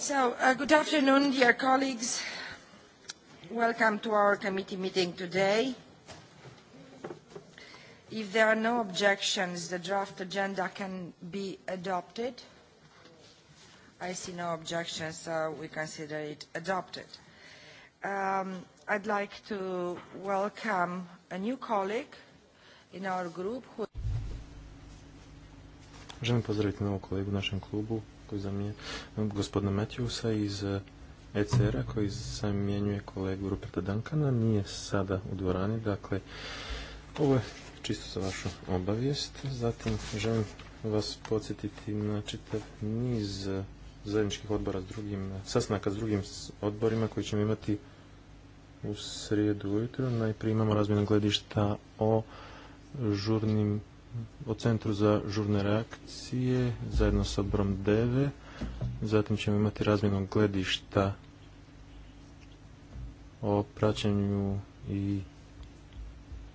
So, uh, good afternoon, dear colleagues. Welcome to our committee meeting today. If there are no objections, the draft agenda can be adopted. I see no objections, so we consider it adopted. Um, I'd like to welcome a new colleague in our group who Želim pozdraviti novog kolegu u našem klubu, koji zamjenjuje gospodina Matiusa iz ECR-a eh, e koji zamjenjuje kolegu Ruperta Dankana. Nije sada u dvorani, dakle ovo je čisto za vašu obavijest. Zatim želim vas podsjetiti na čitav niz eh, zajedničkih odbora s drugim, eh, sastanaka s drugim odborima koji ćemo imati u srijedu ujutro. Najprije imamo razmjenu gledišta o žurnim o Centru za žurne reakcije zajedno sa odborom DEVE. Zatim ćemo imati razmjenu gledišta o praćenju i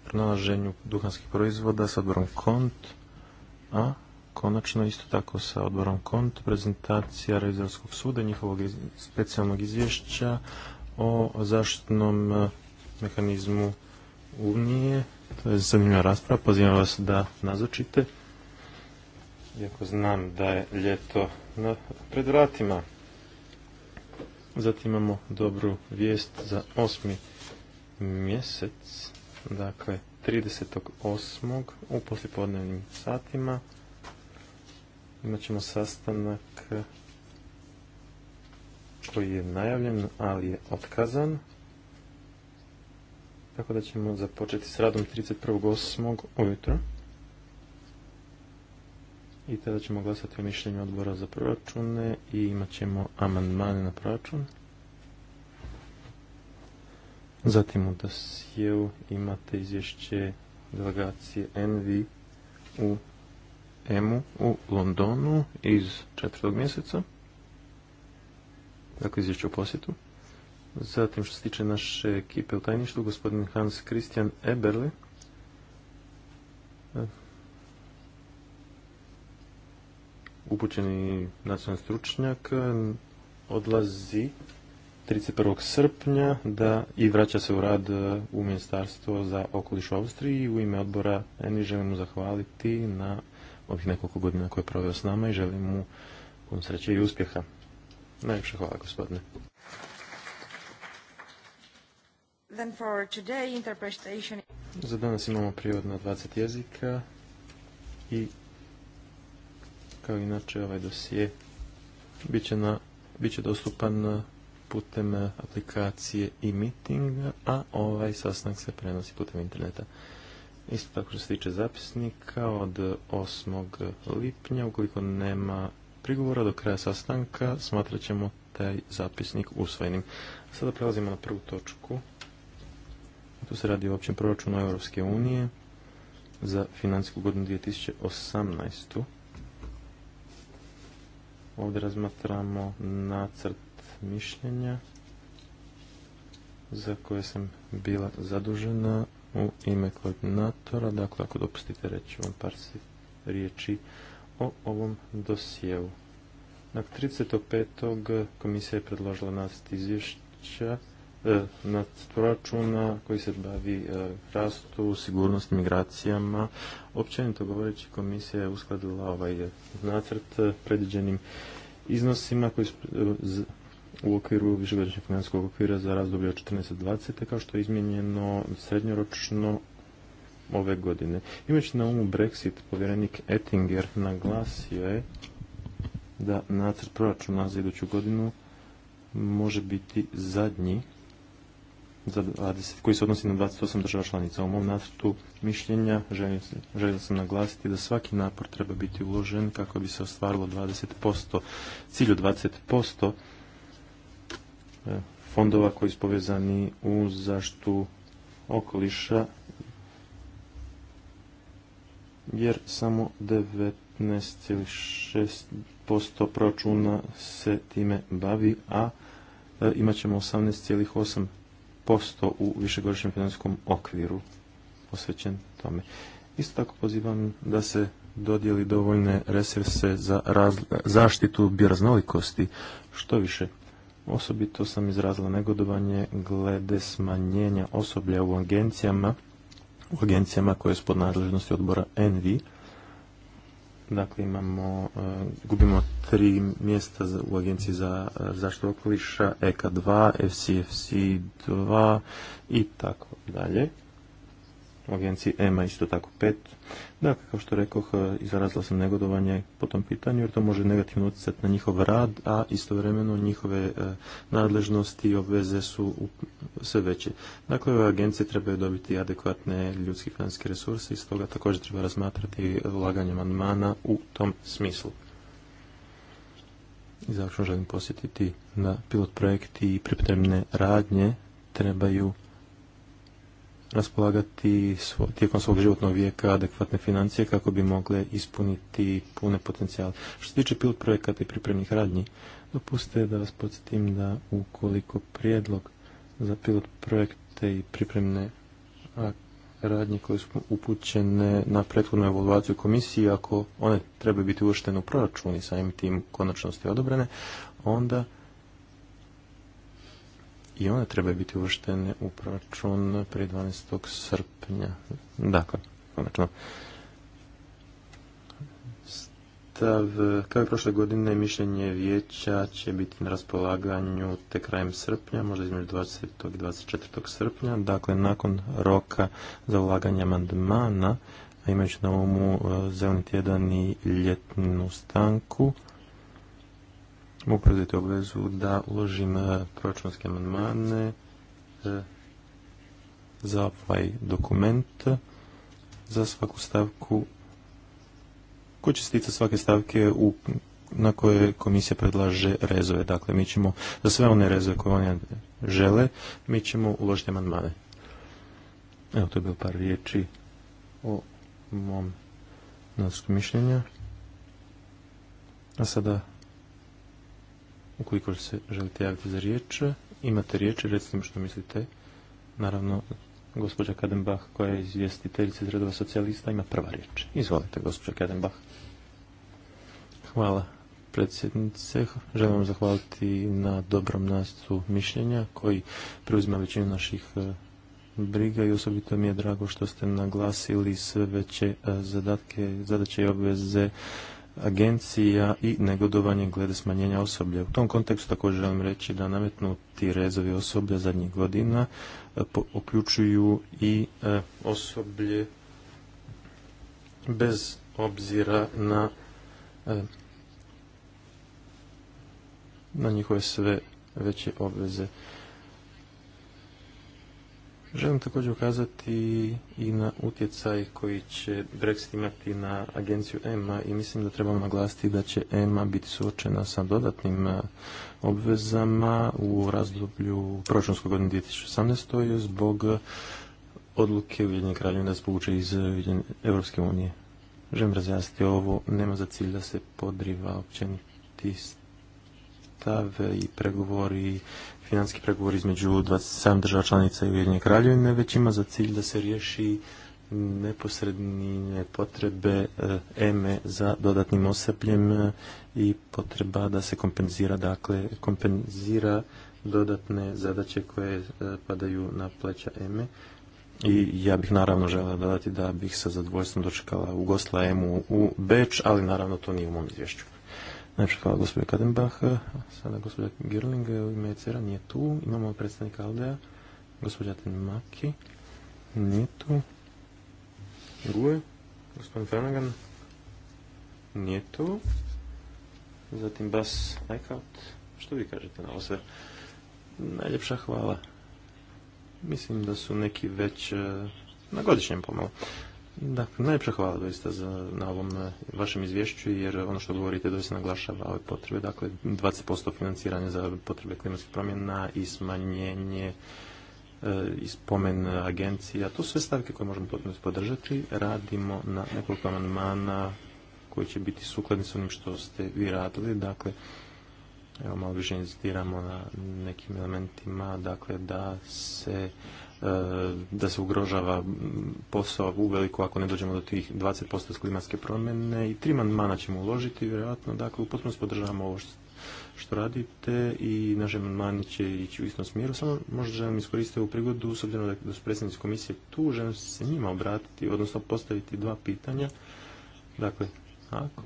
pronalaženju duhanskih proizvoda sa odborom KONT, a konačno isto tako sa odborom KONT prezentacija Revizorskog suda njihovog specijalnog izvješća o zaštitnom eh, mehanizmu Unije to je zanimljiva rasprava. Pozivam vas da nazočite. Iako znam da je ljeto na, pred vratima. Zatim imamo dobru vijest za osmi mjesec. Dakle, 38. u poslipodnevnim satima. Imat ćemo sastanak koji je najavljen, ali je otkazan tako da ćemo započeti s radom 31.8. ujutro. I tada ćemo glasati o mišljenju odbora za proračune i imat ćemo amandmane na proračun. Zatim u imate izvješće delegacije NV u EMU u Londonu iz četvrtog mjeseca. Dakle, izvješće u posjetu. Zatim što se tiče naše ekipe u tajništvu, gospodin Hans Christian Eberle. E, upućeni nacionalni stručnjak odlazi 31. srpnja da i vraća se u rad e, u Ministarstvo za okoliš u Austriji. U ime odbora Eni želim mu zahvaliti na ovih nekoliko godina koje je proveo s nama i želim mu puno sreće i uspjeha. Najljepše hvala gospodine. Za danas imamo prijevod na 20 jezika i kao inače ovaj dosije bit će, dostupan putem aplikacije i meetinga, a ovaj sastanak se prenosi putem interneta. Isto tako što se tiče zapisnika od 8. lipnja, ukoliko nema prigovora do kraja sastanka, smatrat ćemo taj zapisnik usvojenim. Sada prelazimo na prvu točku se radi o općem proračunu Europske unije za financijsku godinu 2018. Ovdje razmatramo nacrt mišljenja za koje sam bila zadužena u ime koordinatora. Dakle, ako dopustite reći vam par riječi o ovom dosijevu. Dakle, trideset 35. komisija je predložila nacrt izvješća E, na proračuna koji se bavi e, rastu, sigurnosti, migracijama. Općenito govoreći komisija je uskladila ovaj nacrt predviđenim iznosima koji e, u okviru višegodišnjeg financijskog okvira za razdoblje od 14 kao što je izmijenjeno srednjoročno ove godine. Imajući na umu Brexit, povjerenik Ettinger naglasio je da nacrt proračuna za iduću godinu može biti zadnji za koji se odnosi na 28 država članica. U mom nastupu mišljenja želio sam naglasiti da svaki napor treba biti uložen kako bi se ostvarilo 20%. Cilju 20% fondova koji su povezani u zaštu okoliša jer samo 19,6% proračuna se time bavi, a e, imat ćemo 18,8% posto u višegodišnjem financijskom okviru posvećen tome. Isto tako pozivam da se dodijeli dovoljne resurse za zaštitu bioraznolikosti. Što više, osobito sam izrazila negodovanje glede smanjenja osoblja u agencijama, u agencijama koje su pod nadležnosti odbora NVI. Dakle, imamo, e, gubimo tri mjesta u Agenciji za e, zaštitu okoliša, EK2, FCFC2 i tako dalje u agenciji EMA isto tako pet. Dakle, kao što rekoh, e, izrazila sam negodovanje po tom pitanju jer to može negativno utjecati na njihov rad, a istovremeno njihove e, nadležnosti i obveze su sve veće. Dakle, ove agencije trebaju dobiti adekvatne ljudski financijske resurse i stoga također treba razmatrati ulaganje manmana u tom smislu. I završno želim posjetiti da pilot projekti i pripremne radnje trebaju raspolagati tijekom svog životnog vijeka adekvatne financije kako bi mogle ispuniti pune potencijale. Što se tiče pilot projekata i pripremnih radnji, dopustite da vas podsjetim da ukoliko prijedlog za pilot projekte i pripremne radnje koje su upućene na prethodnu evaluaciju komisiji, ako one trebaju biti uvrštene u proračun i samim tim konačnosti odobrene, onda i one trebaju biti uvrštene u proračun prije 12. srpnja. Dakle, konačno. Stav, kao i prošle godine, mišljenje vijeća će biti na raspolaganju te krajem srpnja, možda između 20. i 24. srpnja, dakle nakon roka za ulaganje amandmana, a imajući na umu e, zeleni tjedan i ljetnu stanku, možemo preuzeti obvezu da uložim e, proračunske amandmane e, za ovaj dokument za svaku stavku koji će stica svake stavke u, na koje komisija predlaže rezove. Dakle, mi ćemo za sve one rezove koje oni žele, mi ćemo uložiti amandmane. Evo, to je bilo par riječi o mom nacrtu mišljenja. A sada Ukoliko se želite javiti za riječ, imate riječ recimo recite mi što mislite. Naravno, gospođa Kadenbach, koja je izvjestiteljica iz redova socijalista, ima prva riječ. Izvolite, gospođa Kadenbach. Hvala, predsjednice. Želim vam zahvaliti na dobrom nastu mišljenja koji preuzima većinu naših e, briga i osobito mi je drago što ste naglasili sve veće e, zadatke, zadaće i obveze agencija i negodovanje glede smanjenja osoblja. U tom kontekstu također želim reći da nametnuti rezovi osoblja zadnjih godina e, uključuju i e, osoblje bez obzira na e, na njihove sve veće obveze. Želim također ukazati i na utjecaj koji će Brexit imati na agenciju EMA i mislim da trebamo naglasiti da će EMA biti suočena sa dodatnim e, obvezama u razdoblju proračunskog godine 2018. zbog e, odluke Ujedinjeg kraljevine da se povuče iz e, Europske unije. Želim razjasniti ovo, nema za cilj da se podriva općeniti stav i pregovori financijski pregovor između 27 država članica i Ujedinje kraljevine, već ima za cilj da se riješi neposrednije potrebe EME eh, za dodatnim osepljem eh, i potreba da se kompenzira, dakle, kompenzira dodatne zadaće koje eh, padaju na pleća EME. I ja bih naravno želeo dodati da bih sa zadovoljstvom dočekala ugostila EMU u Beč, ali naravno to nije u mom izvješću. Najprej hvala gospođa Kadenbach, sada gospođa Girling u ime Cera nije tu, imamo predstavnika Aldeja, gospođa Tenimaki, nije tu, Guje, gospodin fernagan nije tu, zatim Bas Eichhout, što vi kažete na ovo sve? Najljepša hvala. Mislim da su neki već eh, na godišnjem pomalu. Dakle, najljepša hvala doista na ovom eh, vašem izvješću, jer ono što govorite doista naglašava ove potrebe. Dakle, 20% financiranja za potrebe klimatskih promjena i smanjenje eh, i spomen agencija. To su sve stavke koje možemo potpuno podržati. Radimo na nekoliko amandmana koji će biti sukladni s onim što ste vi radili. Dakle, evo malo više inzitiramo na nekim elementima, dakle da se E, da se ugrožava posao uveliko ako ne dođemo do tih 20% klimatske promjene i tri mandmana ćemo uložiti vjerojatno, dakle u potpunosti podržavamo ovo što radite i naše mandmani će ići u istom smjeru, samo možda želim iskoristiti ovu prigodu, s obzirom da su predsjednici komisije tu, želim se njima obratiti, odnosno postaviti dva pitanja, dakle, ako...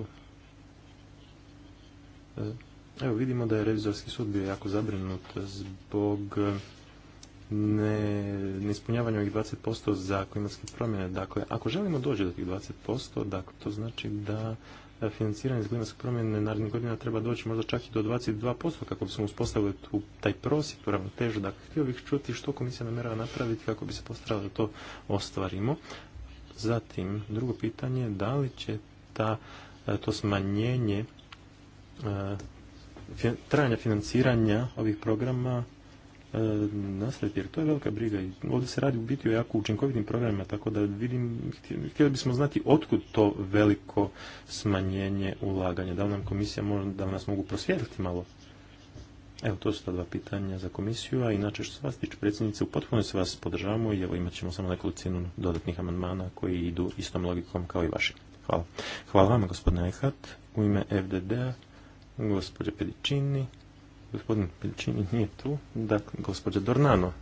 E, evo vidimo da je revizorski sud bio jako zabrinut zbog ne, ne ispunjavanje ovih 20% za klimatske promjene. Dakle, ako želimo doći do tih 20%, dakle, to znači da financiranje za klimatske promjene narednih godina treba doći možda čak i do 22% kako bismo uspostavili tu, taj prosjek, tu ravnotežu. Dakle, htio bih čuti što komisija namjerava napraviti kako bi se postarala da to ostvarimo. Zatim, drugo pitanje, da li će ta, e, to smanjenje e, trajanja financiranja ovih programa E, nastaviti, jer to je velika briga. I ovdje se radi u biti o jako učinkovitim programima, tako da vidim, htjeli bismo znati otkud to veliko smanjenje ulaganja. Da li nam komisija da li nas mogu prosvjediti malo? Evo, to su ta dva pitanja za komisiju, a inače što se vas tiče predsjednice, u potpunosti vas podržavamo i evo imat ćemo samo cijenu dodatnih amandmana koji idu istom logikom kao i vaši. Hvala. Hvala gospodine Ehat. U ime FDD-a, gospodine Pedicini. Gospodin Pilčini nije tu. Dakle, gospođa Dornano.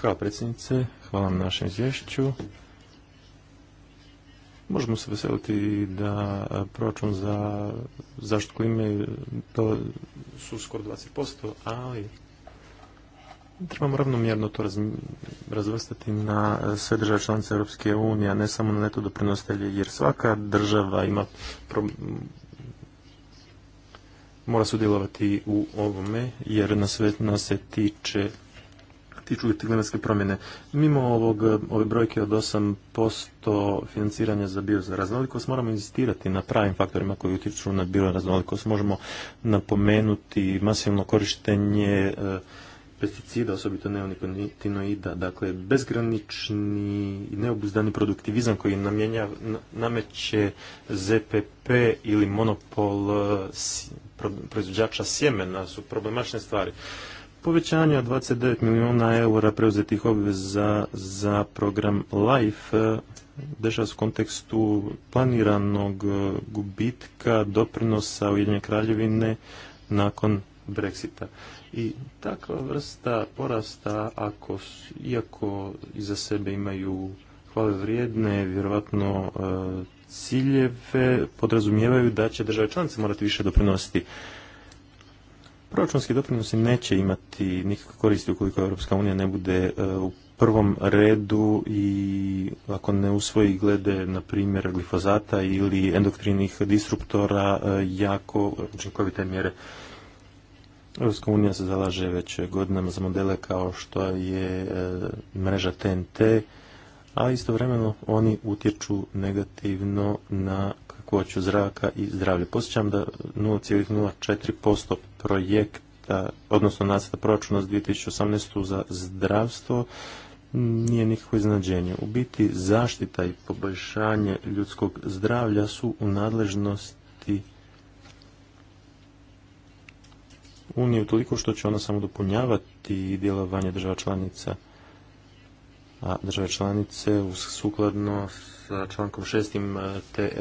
Hvala predsjednice, hvala na našem izvješću. Možemo se veseliti da proračun za zaštitu klime to su skoro 20%, ali trebamo ravnomjerno to razvrstati na sve države članice Europske unije, a ne samo na neto doprinostelje, jer svaka država ima mora sudjelovati u ovome, jer nas se tiče tiču klimatske promjene. Mimo ovog, ove brojke od 8% financiranja za bioraznolikost moramo insistirati na pravim faktorima koji utječu na bioraznolikost. Možemo napomenuti masivno korištenje eh, pesticida, osobito neonikotinoida, dakle bezgranični i neobuzdani produktivizam koji namjenja, nameće ZPP ili monopol eh, proizvođača sjemena su problematične stvari. Povećanje od 29 milijuna eura preuzetih obveza za program LIFE eh, dešava se u kontekstu planiranog eh, gubitka doprinosa Ujedinjene kraljevine nakon Brexita. I takva vrsta porasta, ako, iako iza sebe imaju hvale vrijedne, vjerovatno e, ciljeve, podrazumijevaju da će države članice morati više doprinositi. Proračunski doprinosi neće imati nikakve koristi ukoliko Europska unija ne bude e, u prvom redu i ako ne usvoji glede, na primjer, glifozata ili endoktrinih disruptora e, jako učinkovite mjere. Europska unija se zalaže već godinama za modele kao što je e, mreža TNT, a istovremeno oni utječu negativno na kakvoću zraka i zdravlje. Posjećam da 0,04% projekta, odnosno nasada proračuna za 2018. za zdravstvo nije nikakvo iznadženje. U biti zaštita i poboljšanje ljudskog zdravlja su u nadležnosti unije toliko što će ona samo dopunjavati djelovanje država članica a države članice sukladno sa člankom 6. E,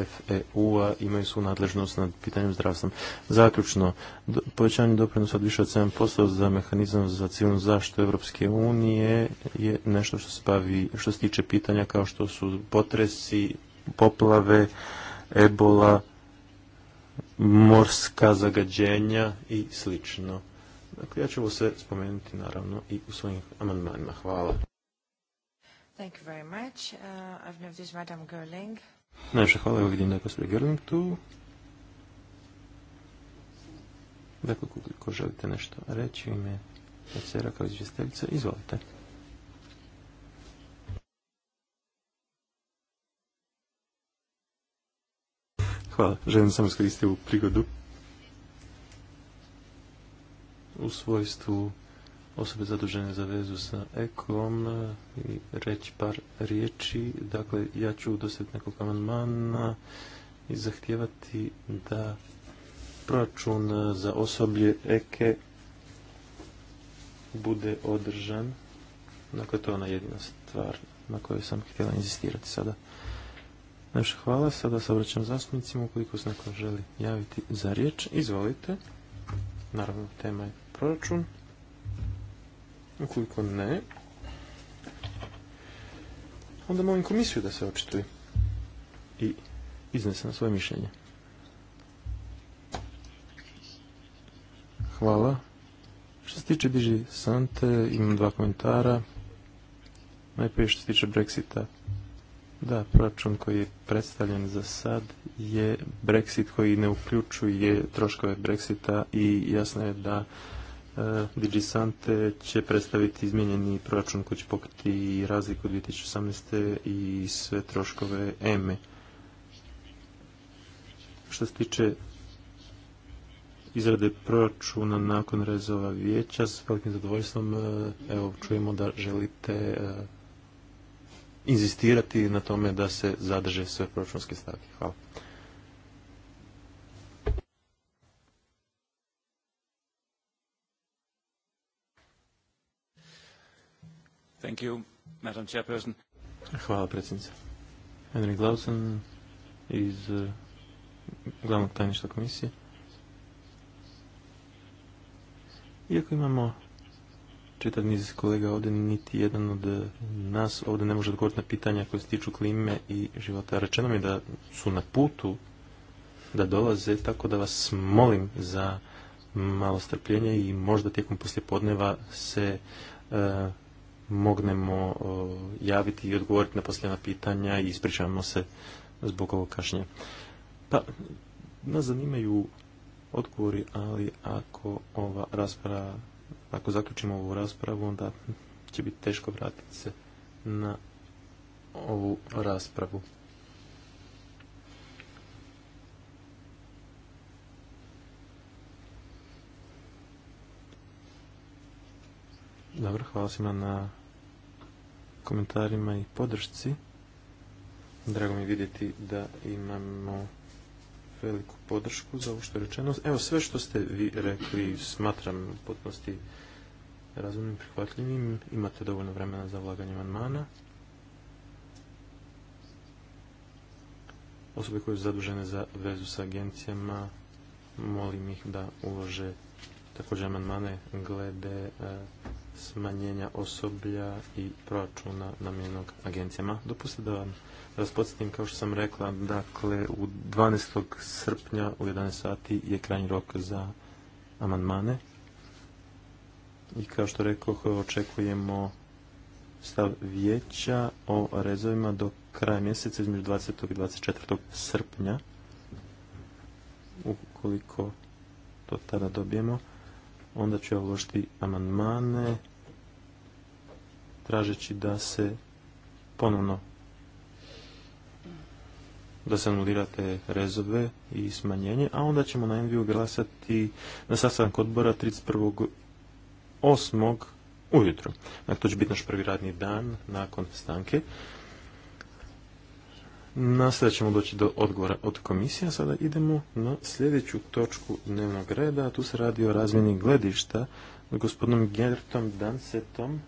TFEU-a imaju su nadležnost nad pitanjem zdravstva. Zaključno, povećanje doprinosa od više od 7% za mehanizam za civilnu zaštitu Evropske unije je nešto što se bavi, što se tiče pitanja kao što su potresi, poplave, ebola, morska zagađenja i slično. Dakle, ja ću ovo sve spomenuti naravno i u svojim amandmanima. Hvala. Thank you very much. Uh, Madame Gerling. Najviše hvala, evo vidim da je gospodin Gerling tu. Dakle, ukoliko želite nešto reći u ime Pacera kao izvjestiteljica, izvolite. Hvala. Želim sam skristi u prigodu u svojstvu osobe zadužene za vezu sa ekom i reći par riječi. Dakle, ja ću dostaviti nekog amandmana i zahtijevati da proračun za osoblje eke bude održan. Dakle, to je ona jedina stvar na kojoj sam htjela inzistirati sada. Najviše hvala. Sada se obraćam zastupnicima ukoliko se neko želi javiti za riječ. Izvolite. Naravno, tema je proračun. Ukoliko ne, onda molim komisiju da se očituje i iznese na svoje mišljenje. Hvala. Što se tiče Diži Sante, imam dva komentara. Najprije što se tiče Brexita. Da, proračun koji je predstavljen za sad je Brexit koji ne uključuje troškove Brexita i jasno je da e, Digisante će predstaviti izmijenjeni proračun koji će pokriti razliku 2018. i sve troškove EME. Što se tiče izrade proračuna nakon rezova vijeća, s velikim zadovoljstvom e, evo, čujemo da želite e, inzistirati na tome da se zadrže sve proračunske stavke. Hvala. Thank you, Madam Chairperson. Hvala predsjednice. Henry Glausen iz eh, glavnog tajništva komisije. Iako imamo čitav niz kolega ovdje, niti jedan od eh, nas ovdje ne može odgovoriti na pitanja koje se tiču klime i života. Rečeno mi da su na putu da dolaze, tako da vas molim za malo strpljenja i možda tijekom poslijepodneva se eh, mognemo eh, javiti i odgovoriti na posljedna pitanja i ispričavamo se zbog ovog kašnja. Pa, nas zanimaju odgovori, ali ako ova rasprava ako zaključimo ovu raspravu, onda će biti teško vratiti se na ovu raspravu. Dobro, hvala svima na komentarima i podršci. Drago mi vidjeti da imamo veliku podršku za ovo što je rečeno. Evo, sve što ste vi rekli smatram u potpunosti razumnim prihvatljivim. Imate dovoljno vremena za vlaganje manmana. Osobe koje su zadužene za vezu sa agencijama, molim ih da ulože također manmane, glede e, smanjenja osoblja i proračuna namjenog agencijama. Dopustite da vam da vas kao što sam rekla, dakle, u 12. srpnja u 11 sati je krajnji rok za amandmane. I kao što rekao, očekujemo stav vijeća o rezovima do kraja mjeseca između 20. i 24. srpnja. Ukoliko to tada dobijemo, onda ću ja uložiti amandmane tražeći da se ponovno da se anulirate rezove i smanjenje, a onda ćemo na Enviju glasati na sastanak odbora 31.8. ujutro. Dakle, to će biti naš prvi radni dan nakon stanke. Nastavit ćemo doći do odgovora od komisija. Sada idemo na sljedeću točku dnevnog reda. Tu se radi o razmjeni gledišta gospodinom Gertom Dansetom.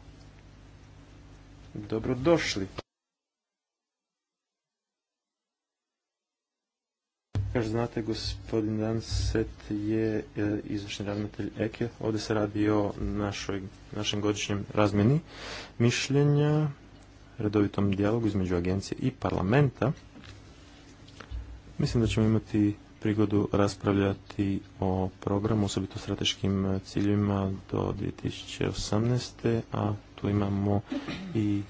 Dobrodošli. Kaže znate, gospodin Danset je e, izvršni ravnatelj EKE. Ovdje se radi o našem godišnjem razmeni mišljenja, redovitom dijalogu između agencije i parlamenta. Mislim da ćemo imati prigodu raspravljati o programu, osobito strateškim e, ciljima do 2018. A tu imamo i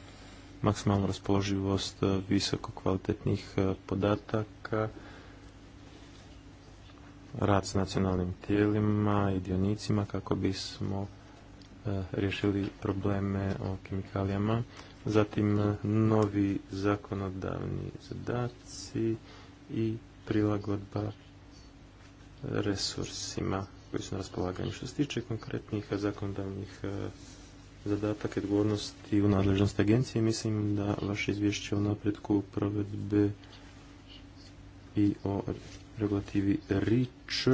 maksimalnu raspoloživost visoko kvalitetnih e, podataka rad s nacionalnim tijelima i dionicima kako bismo e, riješili probleme o kemikalijama. Zatim e, novi zakonodavni zadaci i prilagodba resursima koji su na raspolaganju. Što se tiče konkretnih zakonodavnih e, zadataka i odgovornosti u nadležnosti agencije, mislim da vaše izvješće o napretku provedbe i o regulativi rič.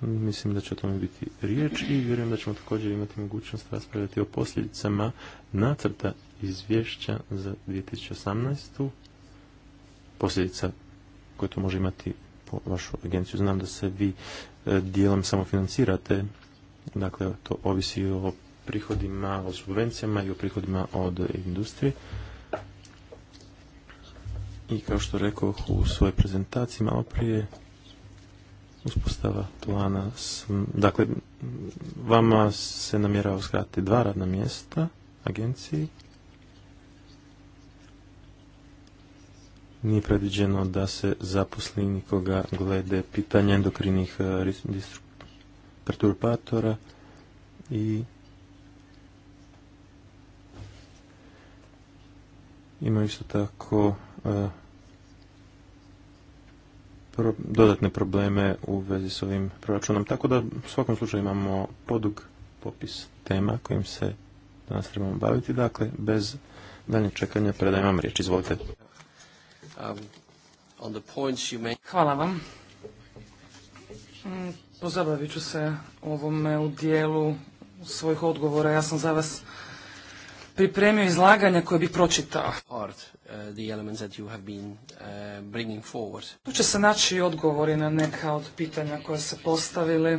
Mislim da će o tome biti riječ i vjerujem da ćemo također imati mogućnost raspravljati o posljedicama nacrta izvješća za 2018. Posljedica koje to može imati po vašu agenciju. Znam da se vi e, dijelom samofinancirate, dakle to ovisi o prihodima, o subvencijama i o prihodima od industrije. I kao što rekao u svojoj prezentaciji malo prije, uspostava plana, dakle, vama se namjera uskratiti dva radna mjesta agenciji. Nije predviđeno da se zaposli nikoga glede pitanje endokrinih e, perturbatora i imaju isto tako E, dodatne probleme u vezi s ovim proračunom. Tako da u svakom slučaju imamo podug popis tema kojim se danas trebamo baviti. Dakle, bez daljnjeg čekanja predajem vam riječ. Izvolite. Um, Hvala vam. Mm, pozabavit ću se ovome u dijelu svojih odgovora. Ja sam za vas pripremio izlaganje koje bih pročitao. Uh, the elements that you have been uh, bringing forward. Tu će se naći odgovori na neka od pitanja koje se postavili.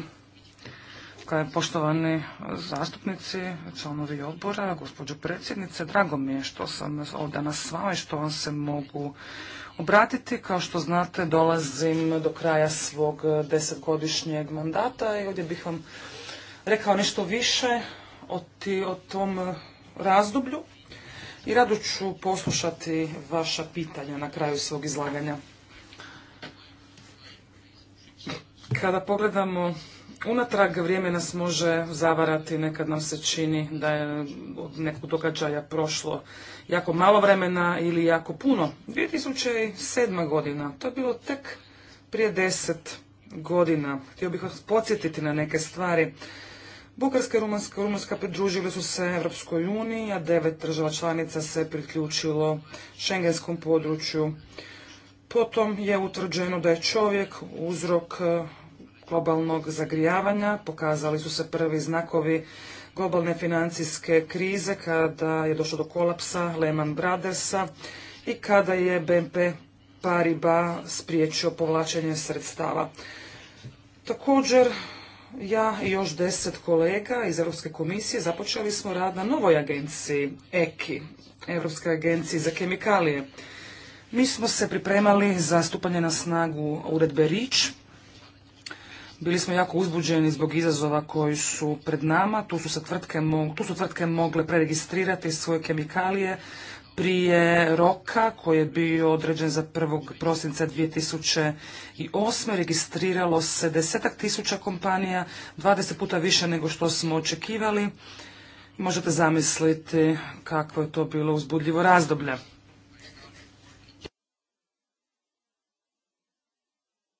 je poštovani zastupnici, članovi odbora, gospođo predsjednice, drago mi je što sam ovdje danas s vama i što vam se mogu obratiti. Kao što znate, dolazim do kraja svog desetgodišnjeg mandata i ovdje bih vam rekao nešto više o, o tom razdoblju i rado ću poslušati vaša pitanja na kraju svog izlaganja. Kada pogledamo unatrag, vrijeme nas može zavarati, nekad nam se čini da je od nekog događaja prošlo jako malo vremena ili jako puno. 2007. godina, to je bilo tek prije deset godina. Htio bih vas podsjetiti na neke stvari. Bukarska i Rumunska, Rumunska pridružili su se Europskoj uniji, a devet država članica se priključilo šengenskom području. Potom je utvrđeno da je čovjek uzrok e, globalnog zagrijavanja. Pokazali su se prvi znakovi globalne financijske krize kada je došlo do kolapsa Lehman Brothersa i kada je BNP Paribas spriječio povlačenje sredstava. Također ja i još deset kolega iz Europske komisije započeli smo rad na novoj agenciji EKI, Europske agenciji za kemikalije. Mi smo se pripremali za stupanje na snagu uredbe RIČ. Bili smo jako uzbuđeni zbog izazova koji su pred nama. Tu su, tu su tvrtke mogle preregistrirati svoje kemikalije prije roka koji je bio određen za 1. prosinca 2008. registriralo se desetak tisuća kompanija, 20 puta više nego što smo očekivali. Možete zamisliti kako je to bilo uzbudljivo razdoblje.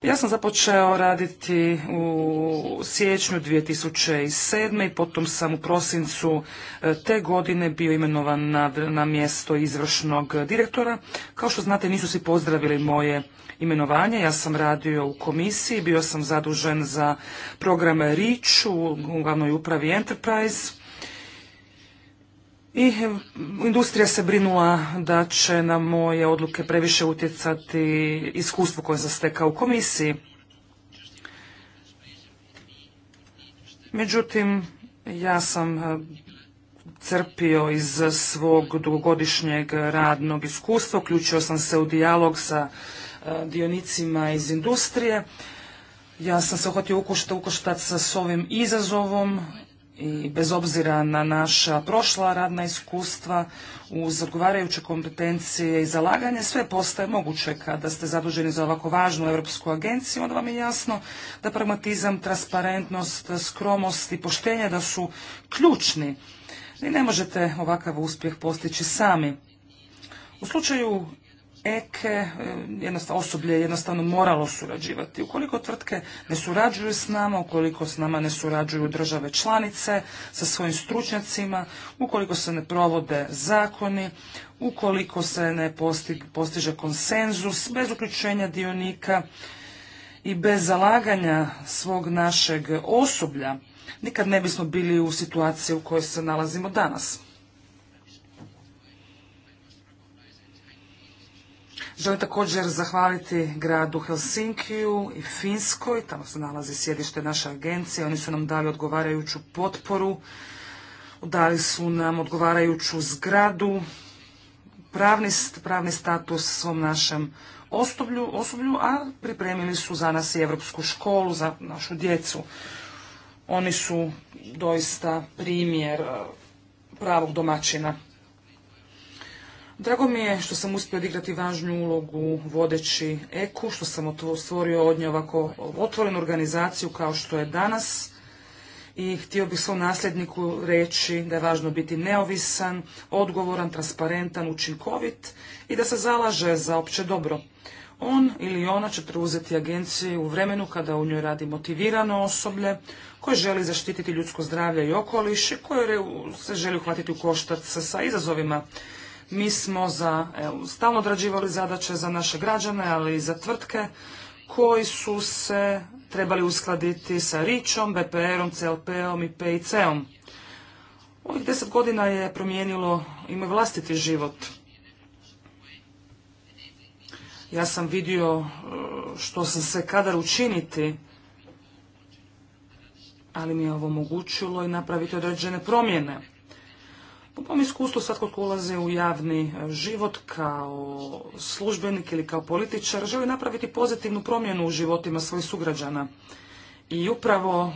Ja sam započeo raditi u siječnju 2007. i potom sam u prosincu e, te godine bio imenovan na, na mjesto izvršnog direktora. Kao što znate nisu svi pozdravili moje imenovanje. Ja sam radio u komisiji, bio sam zadužen za program REACH u glavnoj upravi Enterprise i industrija se brinula da će na moje odluke previše utjecati iskustvo koje sam stekao u komisiji. Međutim, ja sam e, crpio iz svog dugogodišnjeg radnog iskustva, uključio sam se u dijalog sa e, dionicima iz industrije. Ja sam se uhvatio ukoštac s ovim izazovom i bez obzira na naša prošla radna iskustva uz odgovarajuće kompetencije i zalaganje sve postaje moguće kada ste zaduženi za ovako važnu europsku agenciju onda vam je jasno da pragmatizam, transparentnost, skromnost i poštenje da su ključni. i ne možete ovakav uspjeh postići sami. U slučaju Eke, e, jednostavno, osoblje jednostavno moralo surađivati. Ukoliko tvrtke ne surađuju s nama, ukoliko s nama ne surađuju države članice sa svojim stručnjacima, ukoliko se ne provode zakoni, ukoliko se ne postiže konsenzus, bez uključenja dionika i bez zalaganja svog našeg osoblja, nikad ne bismo bili u situaciji u kojoj se nalazimo danas. Želim također zahvaliti gradu Helsinkiju i Finskoj, tamo se nalazi sjedište naše agencije, oni su nam dali odgovarajuću potporu, dali su nam odgovarajuću zgradu, pravni, pravni status svom našem osoblju, osoblju, a pripremili su za nas i Evropsku školu, za našu djecu. Oni su doista primjer eh, pravog domaćina. Drago mi je što sam uspio odigrati važnu ulogu vodeći EKU, što sam stvorio od nje ovako otvorenu organizaciju kao što je danas. I htio bih svom nasljedniku reći da je važno biti neovisan, odgovoran, transparentan, učinkovit i da se zalaže za opće dobro. On ili ona će preuzeti agenciju u vremenu kada u njoj radi motivirano osoblje koje želi zaštititi ljudsko zdravlje i okoliš i koje se želi uhvatiti u koštac sa izazovima mi smo za, evo, stalno odrađivali zadaće za naše građane, ali i za tvrtke koji su se trebali uskladiti sa Ričom, BPR-om, CLP-om i PIC-om. Ovih deset godina je promijenilo i moj vlastiti život. Ja sam vidio e, što sam se kadar učiniti, ali mi je ovo omogućilo i napraviti određene promjene. Po mom iskustvu svatko tko ulazi u javni e, život kao službenik ili kao političar želi napraviti pozitivnu promjenu u životima svojih sugrađana. I upravo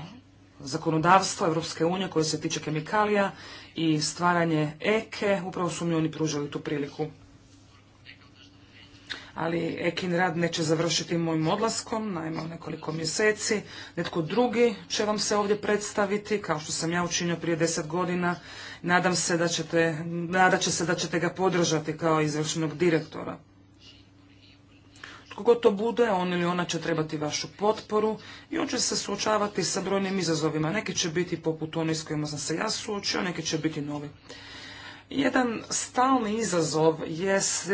zakonodavstvo Europske unije koje se tiče kemikalija i stvaranje EKE, e, upravo su mi oni pružili tu priliku. Ali Ekin rad neće završiti mojim odlaskom, naime nekoliko mjeseci. Netko drugi će vam se ovdje predstaviti, kao što sam ja učinio prije deset godina. Nadam se da ćete, nadat će se da ćete ga podržati kao izvršnog direktora. Tko to bude, on ili ona će trebati vašu potporu i on će se suočavati sa brojnim izazovima. Neki će biti poput onih s kojima sam se ja suočio, neki će biti novi. Jedan stalni izazov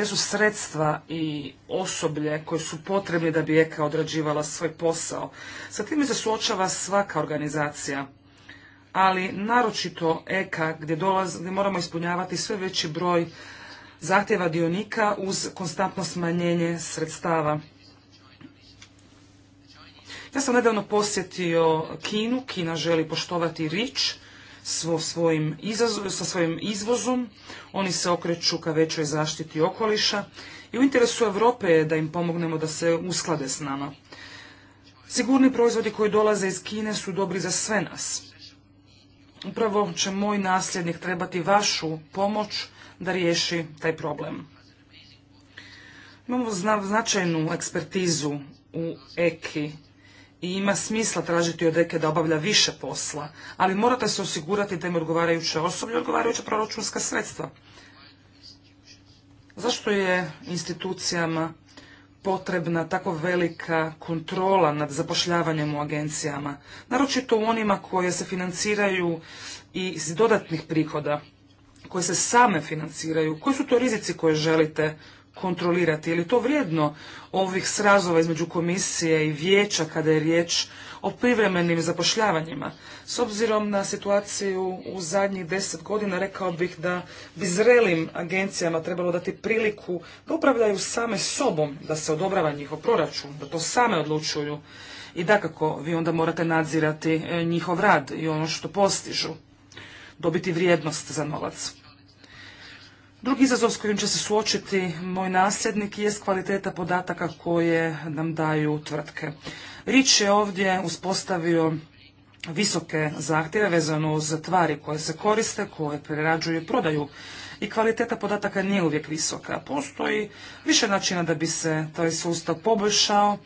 su sredstva i osoblje koje su potrebne da bi EKA odrađivala svoj posao. Sa time se suočava svaka organizacija ali naročito EKA gdje, moramo ispunjavati sve veći broj zahtjeva dionika uz konstantno smanjenje sredstava. Ja sam nedavno posjetio Kinu, Kina želi poštovati rič svo svojim sa svojim izvozom, oni se okreću ka većoj zaštiti okoliša i u interesu Europe je da im pomognemo da se usklade s nama. Sigurni proizvodi koji dolaze iz Kine su dobri za sve nas upravo će moj nasljednik trebati vašu pomoć da riješi taj problem. Imamo značajnu ekspertizu u EKI i ima smisla tražiti od EKE da obavlja više posla, ali morate se osigurati da im odgovarajuće osoblje odgovarajuće proračunska sredstva. Zašto je institucijama potrebna tako velika kontrola nad zapošljavanjem u agencijama, naročito u onima koje se financiraju iz dodatnih prihoda, koje se same financiraju, koji su to rizici koje želite kontrolirati, je li to vrijedno ovih srazova između komisije i vijeća kada je riječ o privremenim zapošljavanjima. S obzirom na situaciju u zadnjih deset godina rekao bih da bi zrelim agencijama trebalo dati priliku da upravljaju same sobom, da se odobrava njihov proračun, da to same odlučuju i dakako vi onda morate nadzirati e, njihov rad i ono što postižu, dobiti vrijednost za novac. Drugi izazov s kojim će se suočiti moj nasljednik je kvaliteta podataka koje nam daju tvrtke. Rič je ovdje uspostavio visoke zahtjeve vezano uz tvari koje se koriste, koje prerađuju i prodaju i kvaliteta podataka nije uvijek visoka. Postoji više načina da bi se taj sustav poboljšao,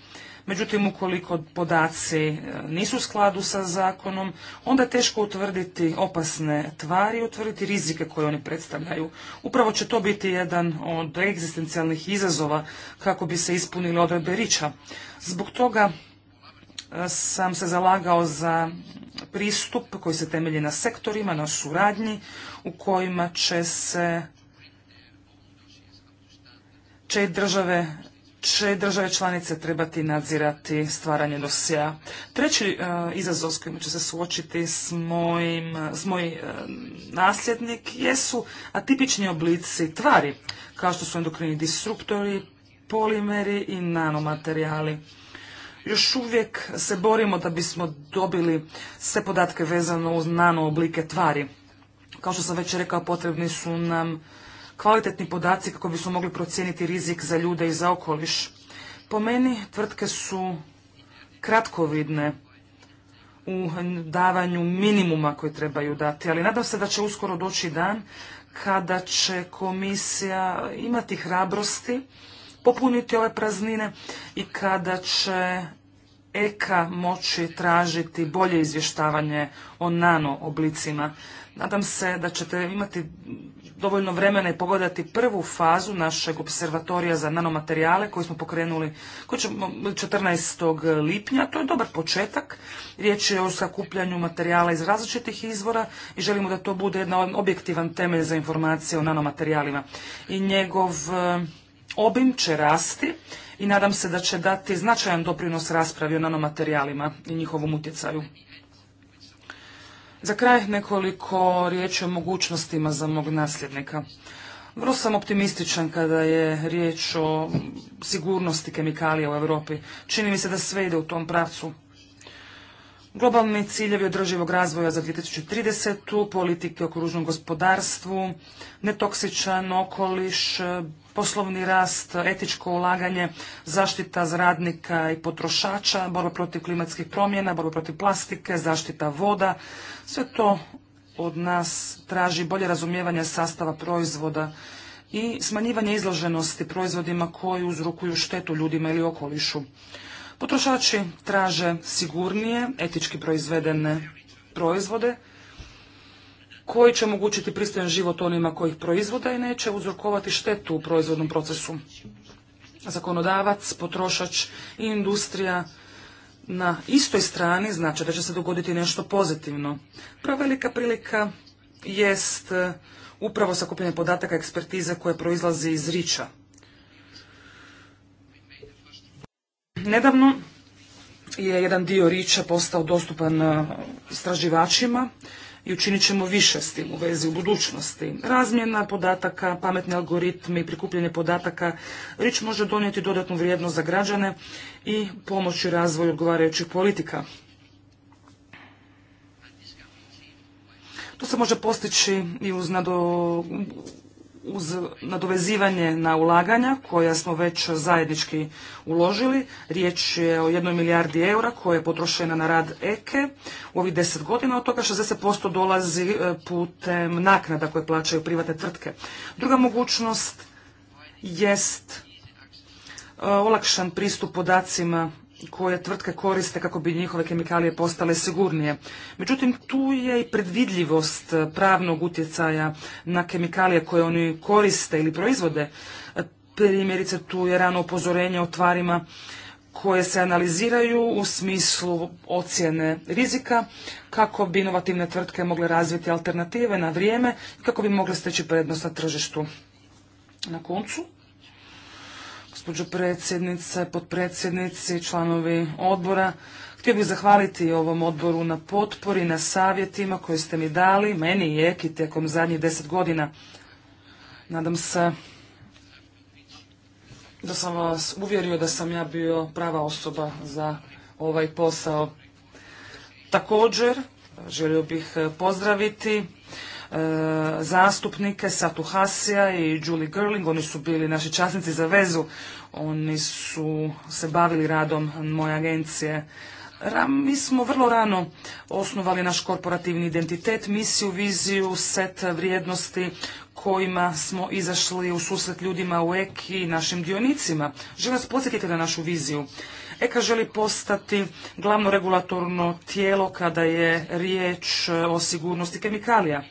međutim ukoliko podaci e, nisu u skladu sa zakonom, onda je teško utvrditi opasne tvari utvrditi rizike koje oni predstavljaju. Upravo će to biti jedan od egzistencijalnih izazova kako bi se ispunili odredbe riča. Zbog toga sam se zalagao za pristup koji se temelji na sektorima, na suradnji u kojima će se će države će države članice trebati nadzirati stvaranje dosija. Treći e, izazov s kojim će se suočiti s mojim, moj e, nasljednik jesu atipični oblici tvari, kao što su endokrini disruptori, polimeri i nanomaterijali još uvijek se borimo da bismo dobili sve podatke vezano uz nano oblike tvari. Kao što sam već rekao, potrebni su nam kvalitetni podaci kako bismo mogli procijeniti rizik za ljude i za okoliš. Po meni, tvrtke su kratkovidne u davanju minimuma koji trebaju dati, ali nadam se da će uskoro doći dan kada će komisija imati hrabrosti popuniti ove praznine i kada će EKA moći tražiti bolje izvještavanje o nano oblicima. Nadam se da ćete imati dovoljno vremena i pogledati prvu fazu našeg observatorija za nanomaterijale koji smo pokrenuli koji 14. lipnja. To je dobar početak. Riječ je o sakupljanju materijala iz različitih izvora i želimo da to bude jedan ovaj objektivan temelj za informacije o nanomaterijalima. I njegov obim će rasti i nadam se da će dati značajan doprinos raspravi o nanomaterijalima i njihovom utjecaju. Za kraj nekoliko riječi o mogućnostima za mog nasljednika. Vrlo sam optimističan kada je riječ o sigurnosti kemikalija u Europi. Čini mi se da sve ide u tom pravcu. Globalni ciljevi održivog razvoja za 2030. politike o kružnom gospodarstvu, netoksičan okoliš, poslovni rast, etičko ulaganje, zaštita radnika i potrošača, borba protiv klimatskih promjena, borba protiv plastike, zaštita voda. Sve to od nas traži bolje razumijevanje sastava proizvoda i smanjivanje izloženosti proizvodima koji uzrokuju štetu ljudima ili okolišu. Potrošači traže sigurnije, etički proizvedene proizvode, koji će omogućiti pristojan život onima koji ih proizvode i neće uzrokovati štetu u proizvodnom procesu. Zakonodavac, potrošač i industrija na istoj strani znači da će se dogoditi nešto pozitivno. Prava velika prilika jest e, upravo sakupljanje podataka ekspertize koje proizlazi iz riča. Nedavno je jedan dio riča postao dostupan e, istraživačima i učinit ćemo više s tim u vezi u budućnosti. Razmjena podataka, pametni algoritmi, prikupljanje podataka, rič može donijeti dodatnu vrijednost za građane i pomoći razvoju odgovarajućih politika. To se može postići i uz nado uz nadovezivanje na ulaganja koja smo već zajednički uložili. Riječ je o jednoj milijardi eura koja je potrošena na rad EKE e u ovih deset godina, od toga 60% dolazi e, putem naknada koje plaćaju privatne tvrtke. Druga mogućnost jest e, olakšan pristup podacima koje tvrtke koriste kako bi njihove kemikalije postale sigurnije. Međutim, tu je i predvidljivost e, pravnog utjecaja na kemikalije koje oni koriste ili proizvode. E, primjerice, tu je rano upozorenje o tvarima koje se analiziraju u smislu ocjene rizika kako bi inovativne tvrtke mogle razviti alternative na vrijeme i kako bi mogle steći prednost na tržištu. Na koncu, gospođo predsjednice, potpredsjednici, članovi odbora. Htio bih zahvaliti ovom odboru na potpori, na savjetima koje ste mi dali, meni i Eki, tijekom zadnjih deset godina. Nadam se da sam vas uvjerio da sam ja bio prava osoba za ovaj posao. Također, želio bih pozdraviti e, zastupnike Satu Hasija i Julie Gerling, oni su bili naši časnici za vezu oni su se bavili radom moje agencije. Mi smo vrlo rano osnovali naš korporativni identitet, misiju, viziju, set vrijednosti kojima smo izašli u susret ljudima u EK i našim dionicima. Želim vas podsjetiti na našu viziju. EKA želi postati glavno regulatorno tijelo kada je riječ o sigurnosti kemikalija.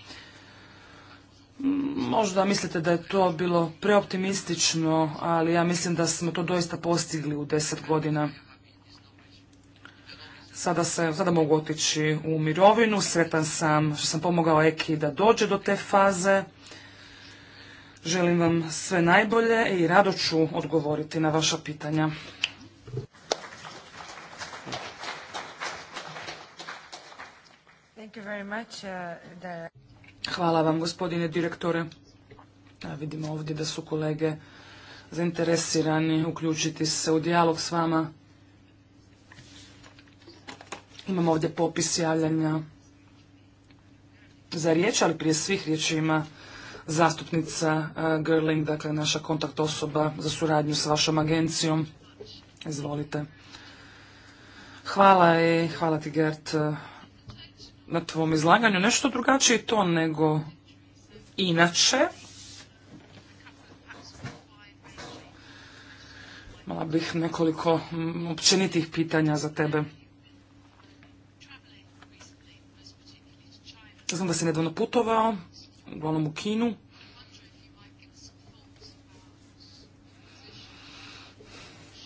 Možda mislite da je to bilo preoptimistično, ali ja mislim da smo to doista postigli u deset godina. Sada, se, sada mogu otići u mirovinu, sretan sam što sam pomogao Eki da dođe do te faze. Želim vam sve najbolje i rado ću odgovoriti na vaša pitanja. Thank you very much, uh, Hvala vam gospodine direktore. Ja vidimo ovdje da su kolege zainteresirani uključiti se u dijalog s vama. Imamo ovdje popis javljanja za riječ, ali prije svih riječi ima zastupnica Girling, dakle naša kontakt osoba za suradnju s vašom agencijom. Izvolite. Hvala i hvala ti Gert na tvom izlaganju nešto drugačiji to nego inače. Mala bih nekoliko općenitih pitanja za tebe. Znam da si nedavno putovao, uglavnom u Kinu.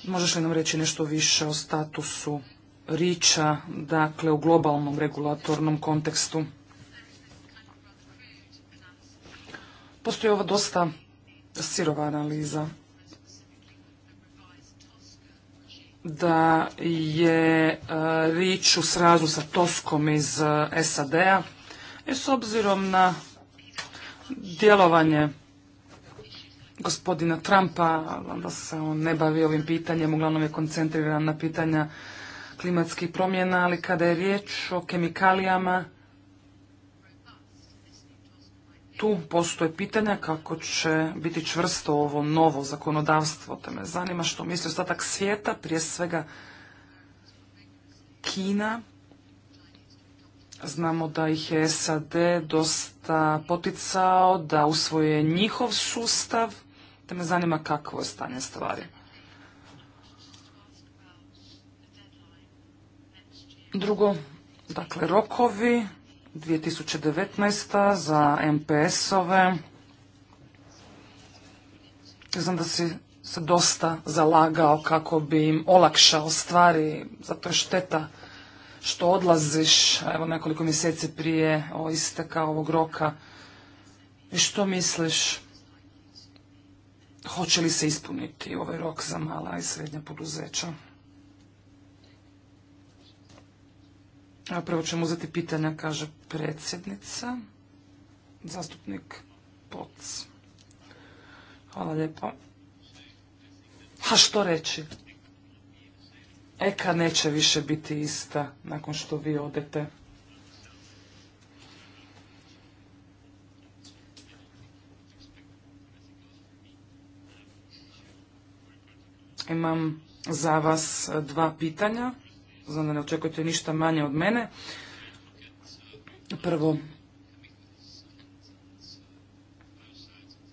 Možeš li nam reći nešto više o statusu riča, dakle u globalnom regulatornom kontekstu. Postoji ova dosta sirova analiza da je e, rič u srazu sa Toskom iz e, SAD-a i e, s obzirom na djelovanje gospodina Trumpa, da se on ne bavi ovim pitanjem, uglavnom je koncentriran na pitanja klimatskih promjena, ali kada je riječ o kemikalijama, tu postoje pitanja kako će biti čvrsto ovo novo zakonodavstvo. Te me zanima što misli ostatak svijeta, prije svega Kina. Znamo da ih je SAD dosta poticao da usvoje njihov sustav, te me zanima kakvo je stanje stvari. Drugo, dakle, rokovi 2019. za MPS-ove. Znam da si se dosta zalagao kako bi im olakšao stvari, zato je šteta što odlaziš, evo nekoliko mjeseci prije isteka ovog roka. I što misliš? Hoće li se ispuniti ovaj rok za mala i srednja poduzeća? A prvo ćemo uzeti pitanja, kaže predsjednica, zastupnik Poc. Hvala lijepo. Ha, što reći? Eka neće više biti ista nakon što vi odete. Imam za vas dva pitanja. Znam da ne očekujete ništa manje od mene. Prvo,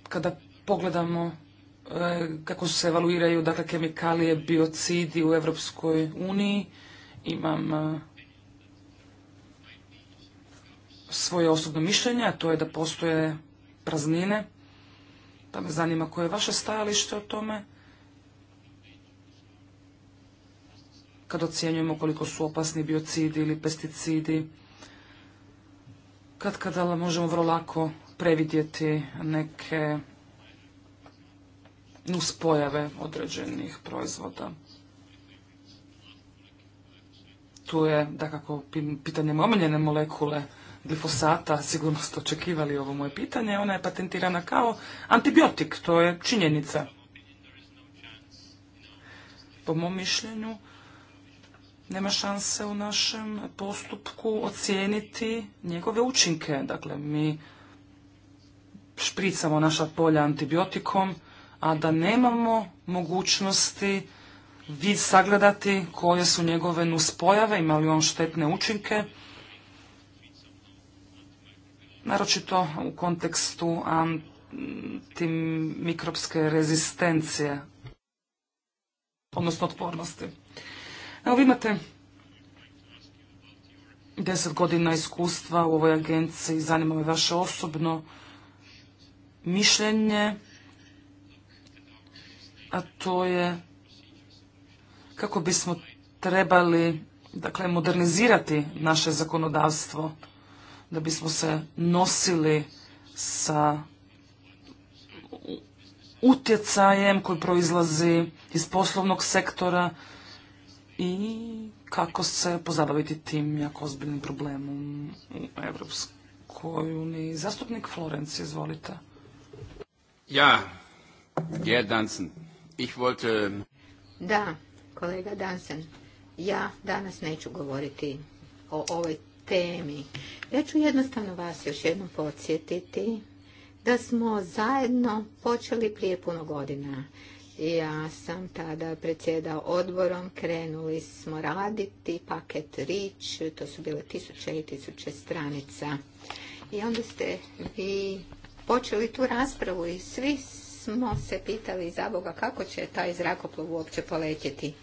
kada pogledamo e, kako se evaluiraju dakle, kemikalije, biocidi u Europskoj uniji, imam e, svoje osobno mišljenje, a to je da postoje praznine, pa me zanima koje je vaše stajalište o tome. kad ocjenjujemo koliko su opasni biocidi ili pesticidi. Kad kada možemo vrlo lako previdjeti neke nuspojave određenih proizvoda. Tu je, da kako pitanje omiljene molekule glifosata, sigurno ste očekivali ovo moje pitanje, ona je patentirana kao antibiotik, to je činjenica. Po mom mišljenju, nema šanse u našem postupku ocijeniti njegove učinke. Dakle, mi špricamo naša polja antibiotikom, a da nemamo mogućnosti vid sagledati koje su njegove nuspojave, ima li on štetne učinke, naročito u kontekstu antimikropske rezistencije, odnosno otpornosti. Evo vi imate deset godina iskustva u ovoj agenciji, zanima me vaše osobno mišljenje, a to je kako bismo trebali dakle, modernizirati naše zakonodavstvo da bismo se nosili sa utjecajem koji proizlazi iz poslovnog sektora, i kako se pozabaviti tim jako ozbiljnim problemom u Evropskoj uniji. Zastupnik Florenc, izvolite. Ja, Gerd Dansen, Da, kolega Dansen, ja danas neću govoriti o ovoj temi. Ja ću jednostavno vas još jednom podsjetiti da smo zajedno počeli prije puno godina. Ja sam tada predsjedao odborom, krenuli smo raditi paket rič, to su bile tisuće i tisuće stranica. I onda ste vi počeli tu raspravu i svi smo se pitali za Boga kako će taj zrakoplov uopće poletjeti.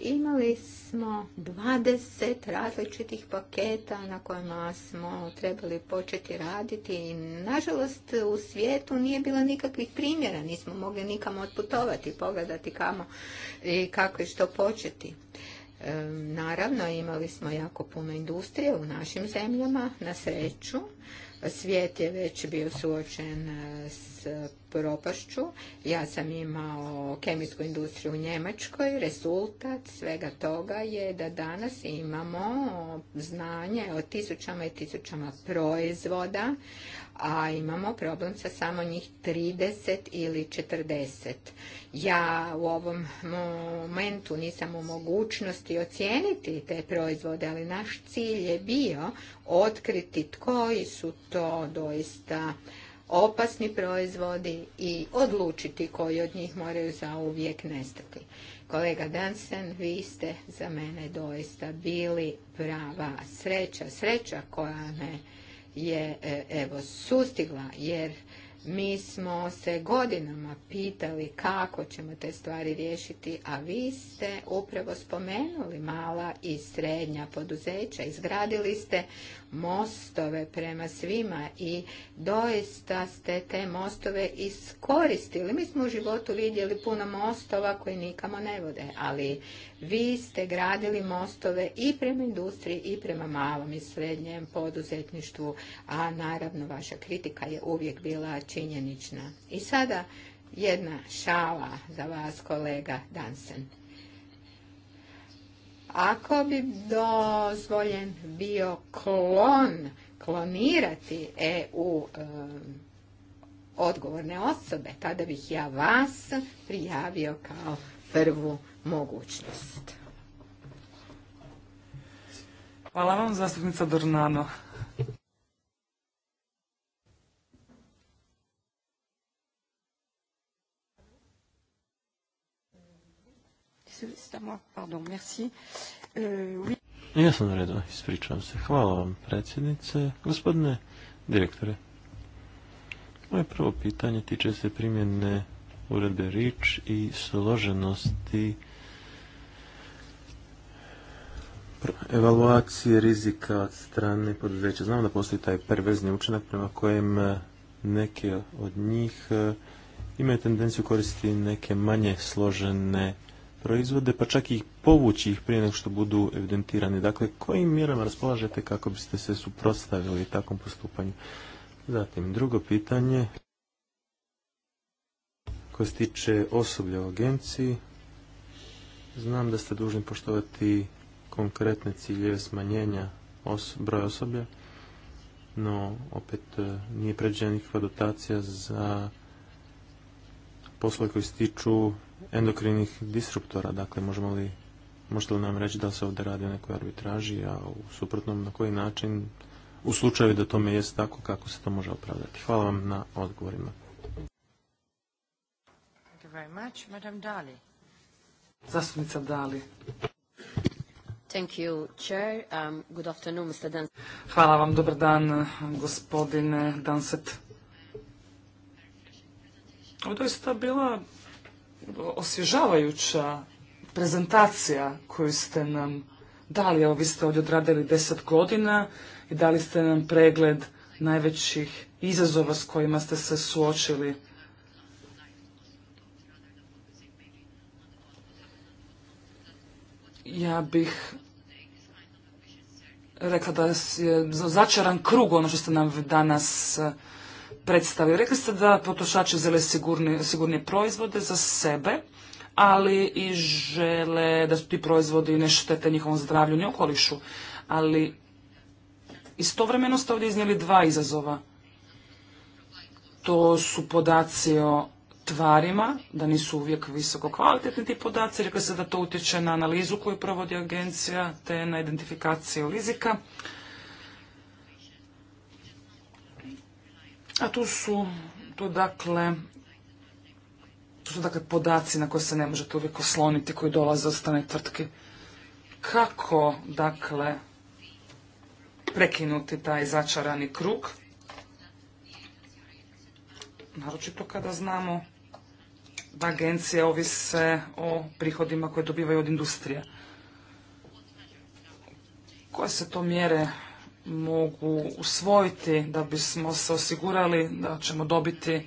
Imali smo 20 različitih paketa na kojima smo trebali početi raditi i nažalost u svijetu nije bilo nikakvih primjera, nismo mogli nikamo otputovati, pogledati kamo i kako i što početi. naravno imali smo jako puno industrije u našim zemljama, na sreću, Svijet je već bio suočen e, s propašću. Ja sam imao kemijsku industriju u Njemačkoj. Rezultat svega toga je da danas imamo znanje o tisućama i tisućama proizvoda, a imamo problem sa samo njih 30 ili 40. Ja u ovom momentu nisam u mogućnosti ocijeniti te proizvode, ali naš cilj je bio otkriti koji su to doista opasni proizvodi i odlučiti koji od njih moraju zauvijek nestati. Kolega Dansen, vi ste za mene doista bili prava sreća, sreća koja me je e, evo sustigla jer mi smo se godinama pitali kako ćemo te stvari riješiti, a vi ste upravo spomenuli mala i srednja poduzeća, izgradili ste mostove prema svima i doista ste te mostove iskoristili. Mi smo u životu vidjeli puno mostova koji nikamo ne vode, ali vi ste gradili mostove i prema industriji i prema malom i srednjem poduzetništvu, a naravno vaša kritika je uvijek bila činjenična. I sada jedna šala za vas kolega Dansen. Ako bi dozvoljen bio klon, klonirati EU odgovorne osobe, tada bih ja vas prijavio kao prvu mogućnost. Hvala vam, zastupnica Dornano. Euh, ja sam na redu, ispričavam se. Hvala vam, predsjednice. Gospodine direktore, moje prvo pitanje tiče se primjene uredbe RIČ i složenosti evaluacije rizika od strane poduzeća. Znamo da postoji taj perverzni učinak prema kojem neke od njih eh, imaju tendenciju koristiti neke manje složene proizvode, pa čak i povući ih prije nego što budu evidentirani. Dakle, kojim mjerama raspolažete kako biste se suprotstavili takvom postupanju? Zatim, drugo pitanje koje se tiče osoblja u agenciji. Znam da ste dužni poštovati konkretne ciljeve smanjenja broja osoblja, no opet e, nije pređena nikakva dotacija za poslove koji se tiču endokrinih disruptora, dakle možemo li, možete li nam reći da se ovdje radi o nekoj arbitraži, a u suprotnom na koji način, u slučaju da tome jest tako, kako se to može opravdati. Hvala vam na odgovorima. Thank you very much. Madam Dali. Zastupnica Dali. Thank you, Chair. Um, good afternoon, Mr. Dan. Hvala vam, dobar dan, gospodine Danset. Ovo je bila osvježavajuća prezentacija koju ste nam dali. Evo, vi ste ovdje odradili deset godina i dali ste nam pregled najvećih izazova s kojima ste se suočili. Ja bih rekla da je začaran krug ono što ste nam danas predstavio. Rekli ste da potrošači žele sigurne sigurnije proizvode za sebe, ali i žele da su ti proizvodi ne štete njihovom zdravlju ni okolišu. Ali istovremeno ste ovdje iznijeli dva izazova. To su podaci o tvarima, da nisu uvijek visoko kvalitetni ti podaci. Rekli ste da to utječe na analizu koju provodi agencija te na identifikaciju rizika. A tu su, tu dakle, tu su dakle podaci na koje se ne možete uvijek osloniti koji dolaze od strane tvrtke. Kako dakle prekinuti taj začarani krug? Naročito kada znamo da agencije ovise o prihodima koje dobivaju od industrije. Koje se to mjere mogu usvojiti da bismo se osigurali da ćemo dobiti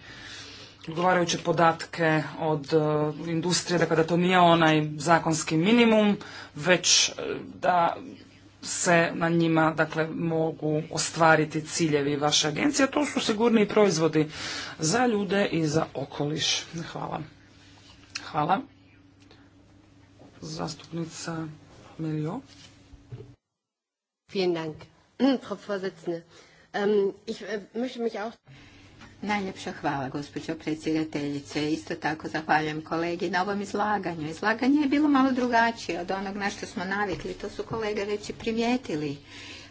odgovarajuće podatke od e, industrije, dakle da to nije onaj zakonski minimum, već e, da se na njima dakle mogu ostvariti ciljevi vaše agencije. To su sigurni proizvodi za ljude i za okoliš. Hvala. Hvala. Zastupnica Melio. Vielen Dank. Ähm, äh, Najljepša hvala, gospođo predsjedateljice. Isto tako zahvaljujem kolegi na ovom izlaganju. Izlaganje je bilo malo drugačije od onog na što smo navikli. To su kolege već i primijetili.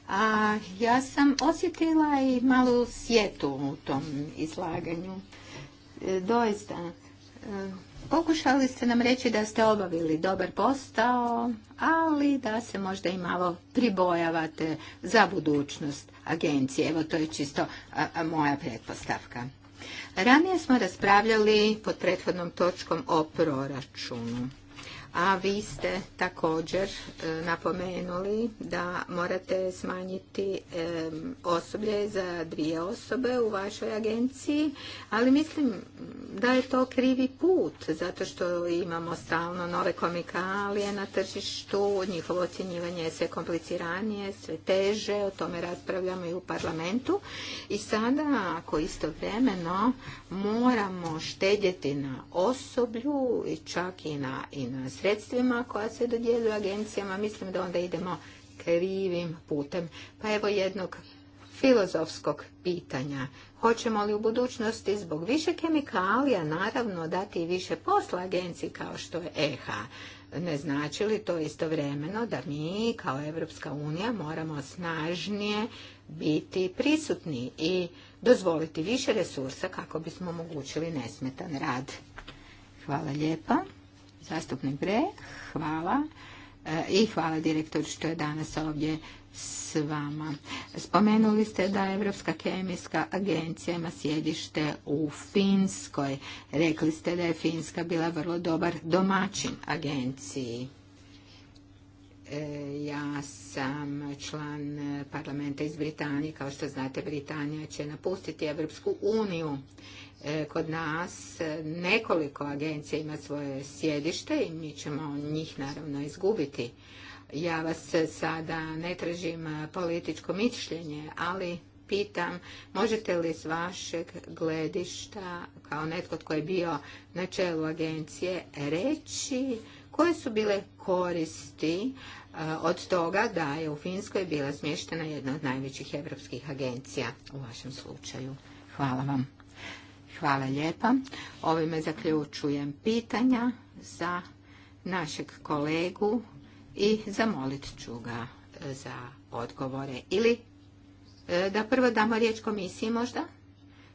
A ja sam osjetila i malu sjetu u tom izlaganju. E, doista, e, Pokušali ste nam reći da ste obavili dobar postao, ali da se možda i malo pribojavate za budućnost agencije. Evo, to je čisto moja pretpostavka. Ranije smo raspravljali pod prethodnom točkom o proračunu a vi ste također e, napomenuli da morate smanjiti osoblje za dvije osobe u vašoj agenciji, ali mislim da je to krivi put, zato što imamo stalno nove komikalije na tržištu, njihovo ocjenjivanje je sve kompliciranije, sve teže, o tome raspravljamo i u parlamentu. I sada, ako istovremeno moramo štedjeti na osoblju i čak i na, i na sredstvima koja se dodjeljuju agencijama, mislim da onda idemo krivim putem. Pa evo jednog filozofskog pitanja. Hoćemo li u budućnosti zbog više kemikalija naravno dati više posla agenciji kao što je EH? Ne znači li to istovremeno da mi kao Evropska unija moramo snažnije biti prisutni i dozvoliti više resursa kako bismo omogućili nesmetan rad? Hvala lijepa zastupnik Bre, hvala e, i hvala direktor što je danas ovdje s vama. Spomenuli ste da Europska kemijska agencija ima sjedište u Finskoj. Rekli ste da je Finska bila vrlo dobar domaćin agenciji. E, ja sam član parlamenta iz Britanije. Kao što znate, Britanija će napustiti Evropsku uniju E, kod nas nekoliko agencija ima svoje sjedište i mi ćemo njih naravno izgubiti. Ja vas sada ne tražim političko mišljenje, ali pitam možete li s vašeg gledišta kao netko tko je bio na čelu agencije reći koje su bile koristi e, od toga da je u Finskoj bila smještena jedna od najvećih europskih agencija u vašem slučaju. Hvala vam. Hvala lijepa. Ovime zaključujem pitanja za našeg kolegu i zamolit ću ga e, za odgovore. Ili e, da prvo damo riječ komisiji možda?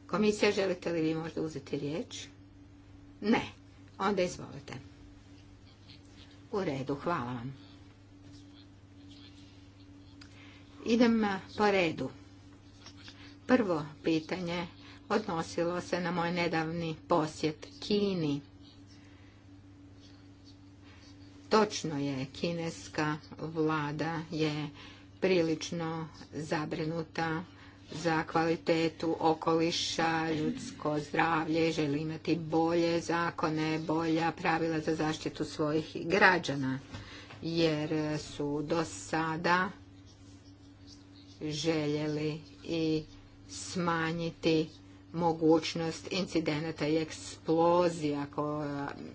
Komisija, želite li vi možda uzeti riječ? Ne. Onda izvolite. U redu, hvala vam. Idem e, po redu. Prvo pitanje odnosilo se na moj nedavni posjet Kini. Točno je, kineska vlada je prilično zabrinuta za kvalitetu okoliša, ljudsko zdravlje, želi imati bolje zakone, bolja pravila za zaštitu svojih građana, jer su do sada željeli i smanjiti mogućnost incidenata i eksplozija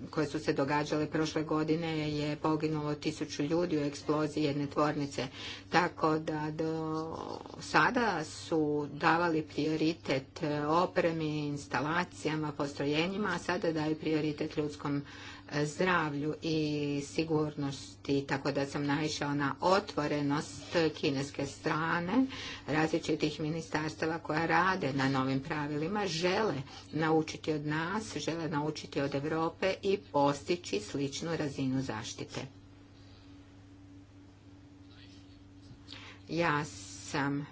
koje su se događale prošle godine je poginulo tisuću ljudi u eksploziji jedne tvornice. Tako da do sada su davali prioritet e, opremi, instalacijama, postrojenjima, a sada daju prioritet ljudskom e, zdravlju i sigurnosti, tako da sam naišao na otvorenost kineske strane, različitih ministarstava koja rade na novim pravilima, žele naučiti od nas, žele naučiti od Europe i postići sličnu razinu zaštite. Ja sam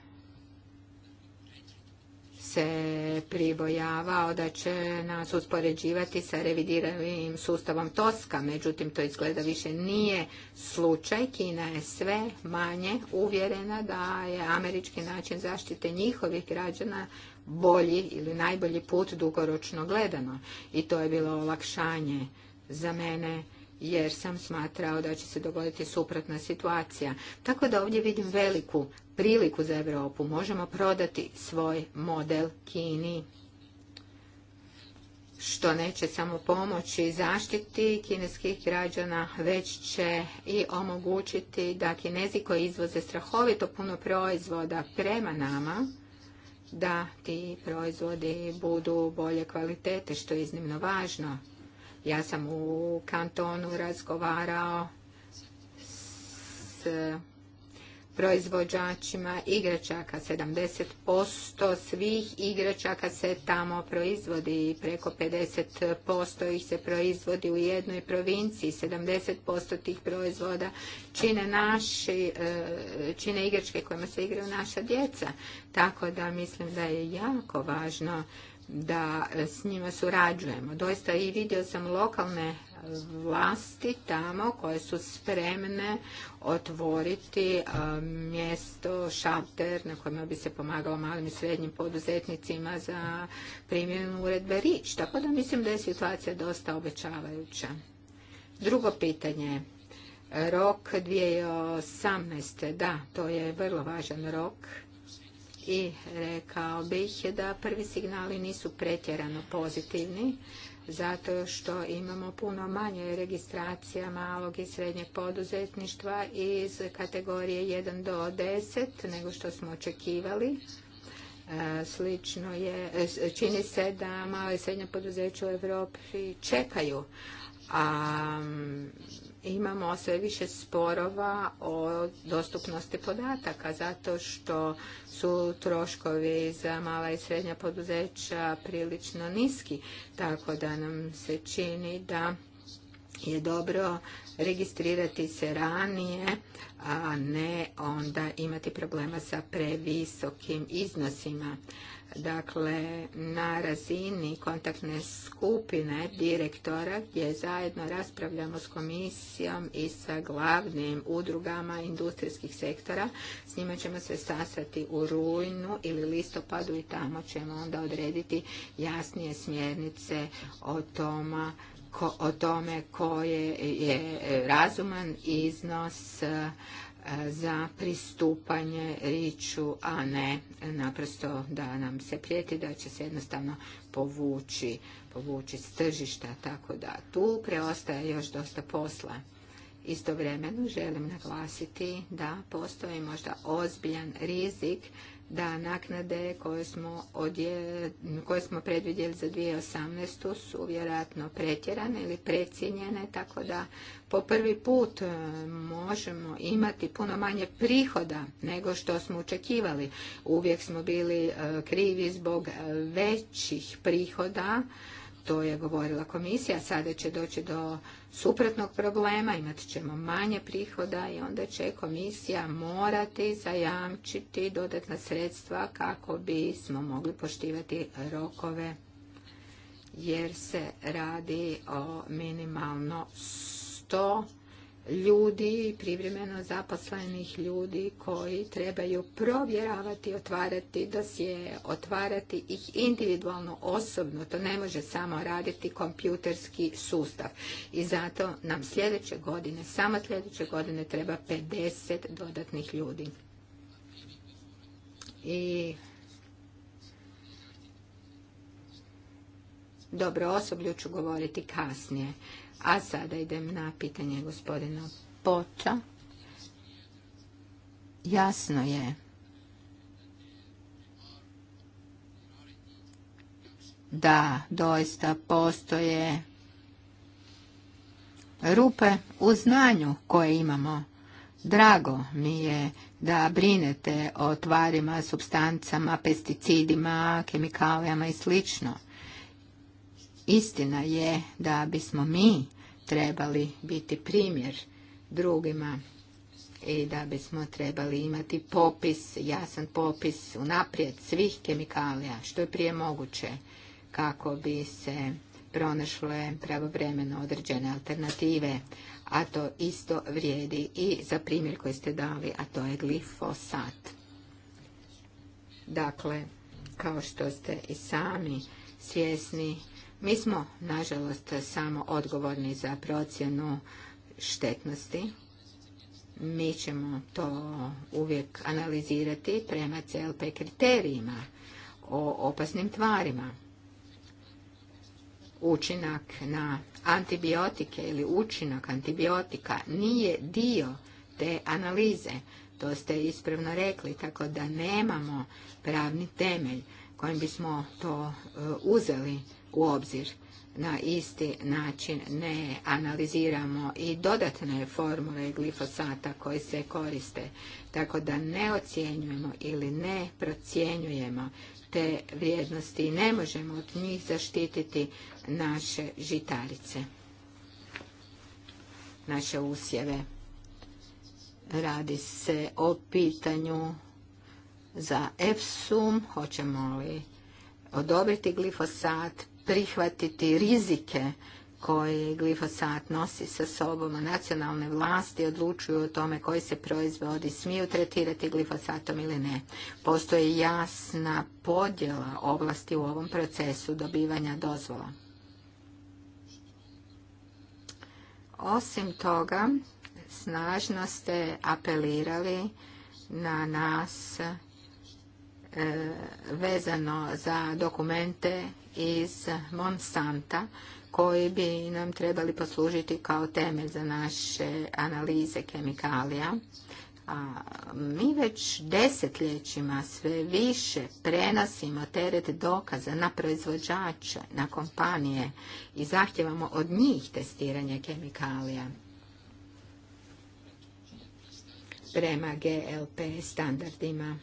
se pribojavao da će nas uspoređivati sa revidiranim sustavom Toska, međutim to izgleda više nije slučaj. Kina je sve manje uvjerena da je američki način zaštite njihovih građana bolji ili najbolji put dugoročno gledano. I to je bilo olakšanje za mene jer sam smatrao da će se dogoditi suprotna situacija. Tako da ovdje vidim veliku priliku za Europu. Možemo prodati svoj model Kini što neće samo pomoći zaštiti kineskih građana, već će i omogućiti da kinezi koji izvoze strahovito puno proizvoda prema nama, da ti proizvodi budu bolje kvalitete, što je iznimno važno. Ja sam u kantonu razgovarao s proizvođačima igračaka. 70% svih igračaka se tamo proizvodi i preko 50% ih se proizvodi u jednoj provinciji. 70% tih proizvoda čine, naši, e, čine igračke kojima se igraju naša djeca. Tako da mislim da je jako važno da s njima surađujemo. Doista i vidio sam lokalne vlasti tamo koje su spremne otvoriti e, mjesto, šalter na kojima bi se pomagalo malim i srednjim poduzetnicima za primjenu uredbe RIČ. Tako da mislim da je situacija dosta obećavajuća. Drugo pitanje. Rok 2018. Da, to je vrlo važan rok i rekao bih da prvi signali nisu pretjerano pozitivni zato što imamo puno manje registracija malog i srednjeg poduzetništva iz kategorije 1 do 10 nego što smo očekivali. E, slično je, e, čini se da malo i srednje poduzeće u Europi čekaju, a imamo sve više sporova o dostupnosti podataka zato što su troškovi za mala i srednja poduzeća prilično niski, tako da nam se čini da je dobro registrirati se ranije, a ne onda imati problema sa previsokim iznosima dakle na razini kontaktne skupine direktora gdje zajedno raspravljamo s komisijom i sa glavnim udrugama industrijskih sektora. S njima ćemo se sastati u rujnu ili listopadu i tamo ćemo onda odrediti jasnije smjernice o o tome koje je razuman iznos za pristupanje riču, a ne naprosto da nam se prijeti da će se jednostavno povući, povući s tržišta, tako da tu preostaje još dosta posla. Istovremeno želim naglasiti da postoji možda ozbiljan rizik da naknade koje smo, odje, koje smo predvidjeli za 2018. su vjerojatno pretjerane ili precijenjene, tako da po prvi put e, možemo imati puno manje prihoda nego što smo očekivali. Uvijek smo bili e, krivi zbog e, većih prihoda, to je govorila komisija, sada će doći do suprotnog problema, imat ćemo manje prihoda i onda će komisija morati zajamčiti dodatna sredstva kako bismo mogli poštivati rokove jer se radi o minimalno 100 ljudi, privremeno zaposlenih ljudi koji trebaju provjeravati, otvarati dosije, otvarati ih individualno, osobno. To ne može samo raditi kompjuterski sustav. I zato nam sljedeće godine, samo sljedeće godine treba 50 dodatnih ljudi. I dobro, osoblju ću govoriti kasnije. A sada idem na pitanje gospodina Poča. Jasno je da doista postoje rupe u znanju koje imamo. Drago mi je da brinete o tvarima, substancama, pesticidima, kemikalijama i slično. Istina je da bismo mi trebali biti primjer drugima i da bismo trebali imati popis, jasan popis unaprijed svih kemikalija, što je prije moguće, kako bi se pronašle pravovremeno određene alternative, a to isto vrijedi i za primjer koji ste dali, a to je glifosat. Dakle, kao što ste i sami svjesni, mi smo, nažalost, samo odgovorni za procjenu štetnosti. Mi ćemo to uvijek analizirati prema CLP kriterijima o opasnim tvarima. Učinak na antibiotike ili učinak antibiotika nije dio te analize. To ste ispravno rekli, tako da nemamo pravni temelj kojim bismo to e, uzeli u obzir na isti način ne analiziramo i dodatne formule glifosata koje se koriste, tako da ne ocjenjujemo ili ne procjenjujemo te vrijednosti i ne možemo od njih zaštititi naše žitarice, naše usjeve. Radi se o pitanju za EFSUM, hoćemo li odobriti glifosat, prihvatiti rizike koji glifosat nosi sa sobom, a nacionalne vlasti odlučuju o tome koji se proizvodi smiju tretirati glifosatom ili ne. Postoji jasna podjela ovlasti u ovom procesu dobivanja dozvola. Osim toga, snažno ste apelirali na nas e, vezano za dokumente iz Monsanta koji bi nam trebali poslužiti kao temelj za naše analize kemikalija. A mi već desetljećima sve više prenosimo teret dokaza na proizvođače, na kompanije i zahtjevamo od njih testiranje kemikalija. prema GLP standardima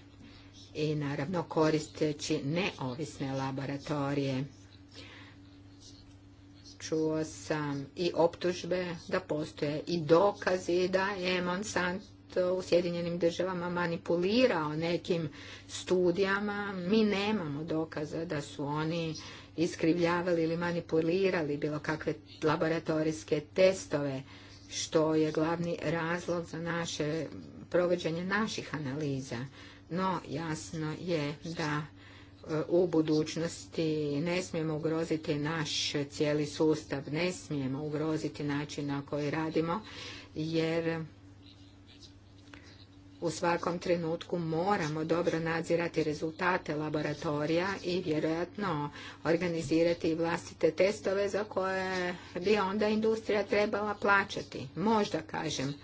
i naravno koristeći neovisne laboratorije. Čuo sam i optužbe da postoje i dokazi da je Monsanto u Sjedinjenim državama manipulirao nekim studijama. Mi nemamo dokaza da su oni iskrivljavali ili manipulirali bilo kakve laboratorijske testove, što je glavni razlog za naše provođenje naših analiza no jasno je da e, u budućnosti ne smijemo ugroziti naš cijeli sustav, ne smijemo ugroziti način na koji radimo, jer u svakom trenutku moramo dobro nadzirati rezultate laboratorija i vjerojatno organizirati vlastite testove za koje bi onda industrija trebala plaćati. Možda, kažem,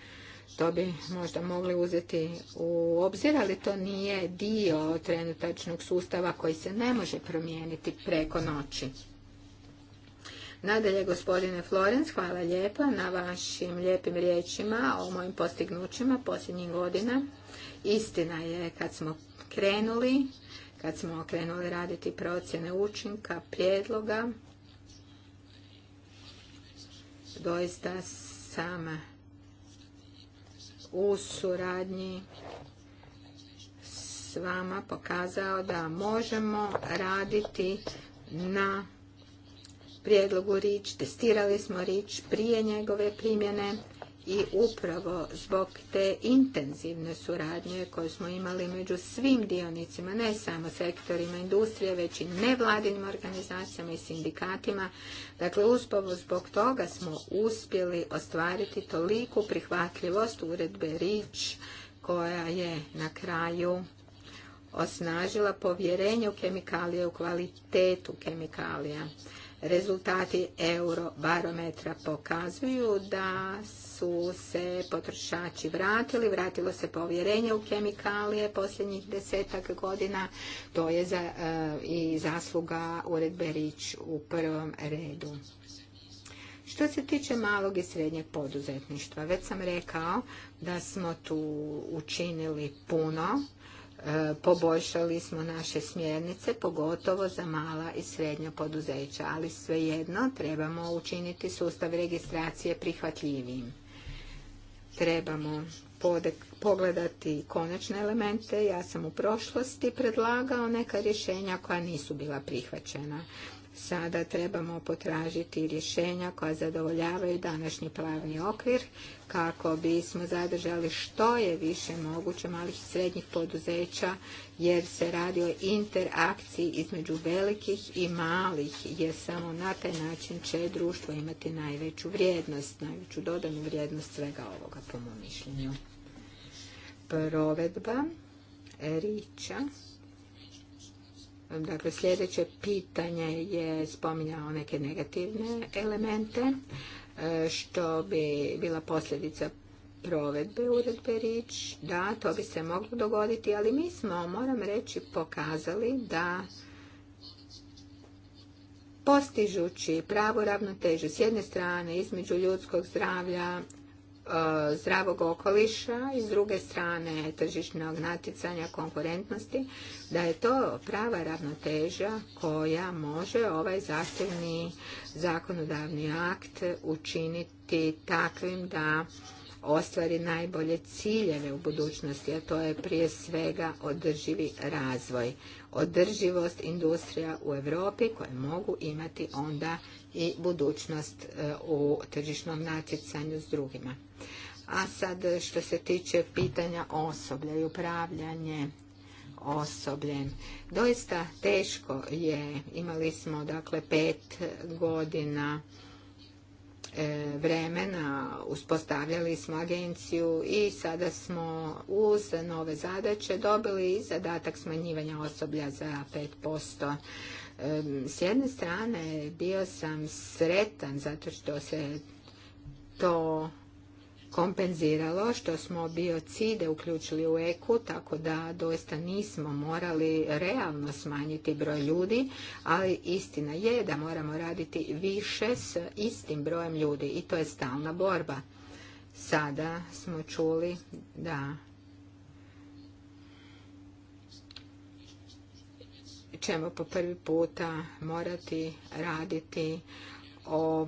to bi možda mogli uzeti u obzir, ali to nije dio trenutačnog sustava koji se ne može promijeniti preko noći. Nadalje, gospodine Florenc, hvala lijepa na vašim lijepim riječima o mojim postignućima posljednjih godina. Istina je kad smo krenuli, kad smo krenuli raditi procjene učinka, prijedloga, doista sama u suradnji s vama pokazao da možemo raditi na prijedlogu Rič, testirali smo Rič prije njegove primjene i upravo zbog te intenzivne suradnje koju smo imali među svim dionicima, ne samo sektorima industrije, već i nevladinim organizacijama i sindikatima. Dakle, uspovo zbog toga smo uspjeli ostvariti toliku prihvatljivost uredbe RIČ koja je na kraju osnažila povjerenje u kemikalije, u kvalitetu kemikalija. Rezultati eurobarometra pokazuju da su se potrošači vratili, vratilo se povjerenje u kemikalije posljednjih desetak godina. To je za, e, i zasluga uredbe Rič u prvom redu. Što se tiče malog i srednjeg poduzetništva, već sam rekao da smo tu učinili puno, e, poboljšali smo naše smjernice, pogotovo za mala i srednja poduzeća, ali svejedno trebamo učiniti sustav registracije prihvatljivim trebamo pogledati konačne elemente. Ja sam u prošlosti predlagao neka rješenja koja nisu bila prihvaćena. Sada trebamo potražiti rješenja koja zadovoljavaju današnji plavni okvir kako bismo zadržali što je više moguće malih i srednjih poduzeća jer se radi o interakciji između velikih i malih jer samo na taj način će društvo imati najveću vrijednost, najveću dodanu vrijednost svega ovoga po mom mišljenju. Provedba riča Dakle, sljedeće pitanje je spominjao neke negativne elemente, e, što bi bila posljedica provedbe uredbe Rič. Da, to bi se moglo dogoditi, ali mi smo, moram reći, pokazali da postižući pravu ravnotežu s jedne strane između ljudskog zdravlja E, zdravog okoliša i s druge strane tržišnog natjecanja konkurentnosti, da je to prava ravnoteža koja može ovaj zahtjevni zakonodavni akt učiniti takvim da ostvari najbolje ciljeve u budućnosti, a to je prije svega održivi razvoj. Održivost industrija u Europi koje mogu imati onda i budućnost e, u tržišnom natjecanju s drugima. A sad e, što se tiče pitanja osoblja i upravljanje osobljem. Doista teško je, imali smo dakle pet godina e, vremena, uspostavljali smo agenciju i sada smo uz nove zadaće dobili i zadatak smanjivanja osoblja za 5%. S jedne strane bio sam sretan zato što se to kompenziralo što smo biocide uključili u eku, tako da doista nismo morali realno smanjiti broj ljudi, ali istina je da moramo raditi više s istim brojem ljudi i to je stalna borba. Sada smo čuli da ćemo po prvi puta morati raditi o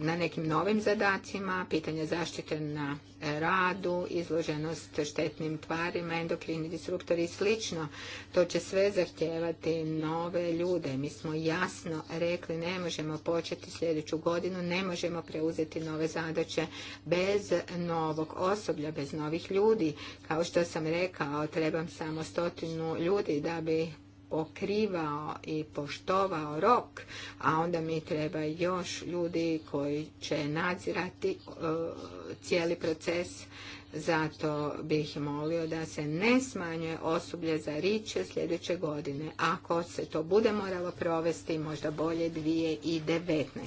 na nekim novim zadacima, pitanje zaštite na radu, izloženost štetnim tvarima, endokrini disruptori i slično. To će sve zahtijevati nove ljude. Mi smo jasno rekli ne možemo početi sljedeću godinu, ne možemo preuzeti nove zadaće bez novog osoblja, bez novih ljudi. Kao što sam rekao, trebam samo stotinu ljudi da bi pokrivao i poštovao rok, a onda mi treba još ljudi koji će nadzirati e, cijeli proces. Zato bih molio da se ne smanjuje osoblje za riče sljedeće godine. Ako se to bude moralo provesti, možda bolje 2019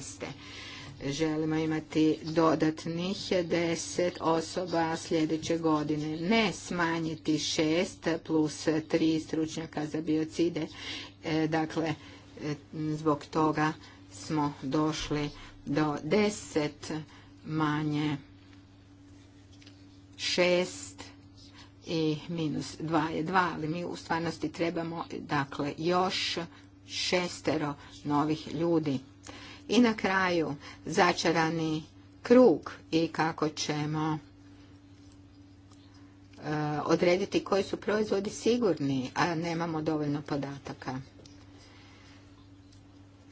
želimo imati dodatnih deset osoba sljedeće godine. Ne smanjiti šest plus tri stručnjaka za biocide. E, dakle, e, zbog toga smo došli do deset manje šest i minus 2 je 2, ali mi u stvarnosti trebamo dakle, još šestero novih ljudi. I na kraju začarani krug i kako ćemo e, odrediti koji su proizvodi sigurni, a nemamo dovoljno podataka.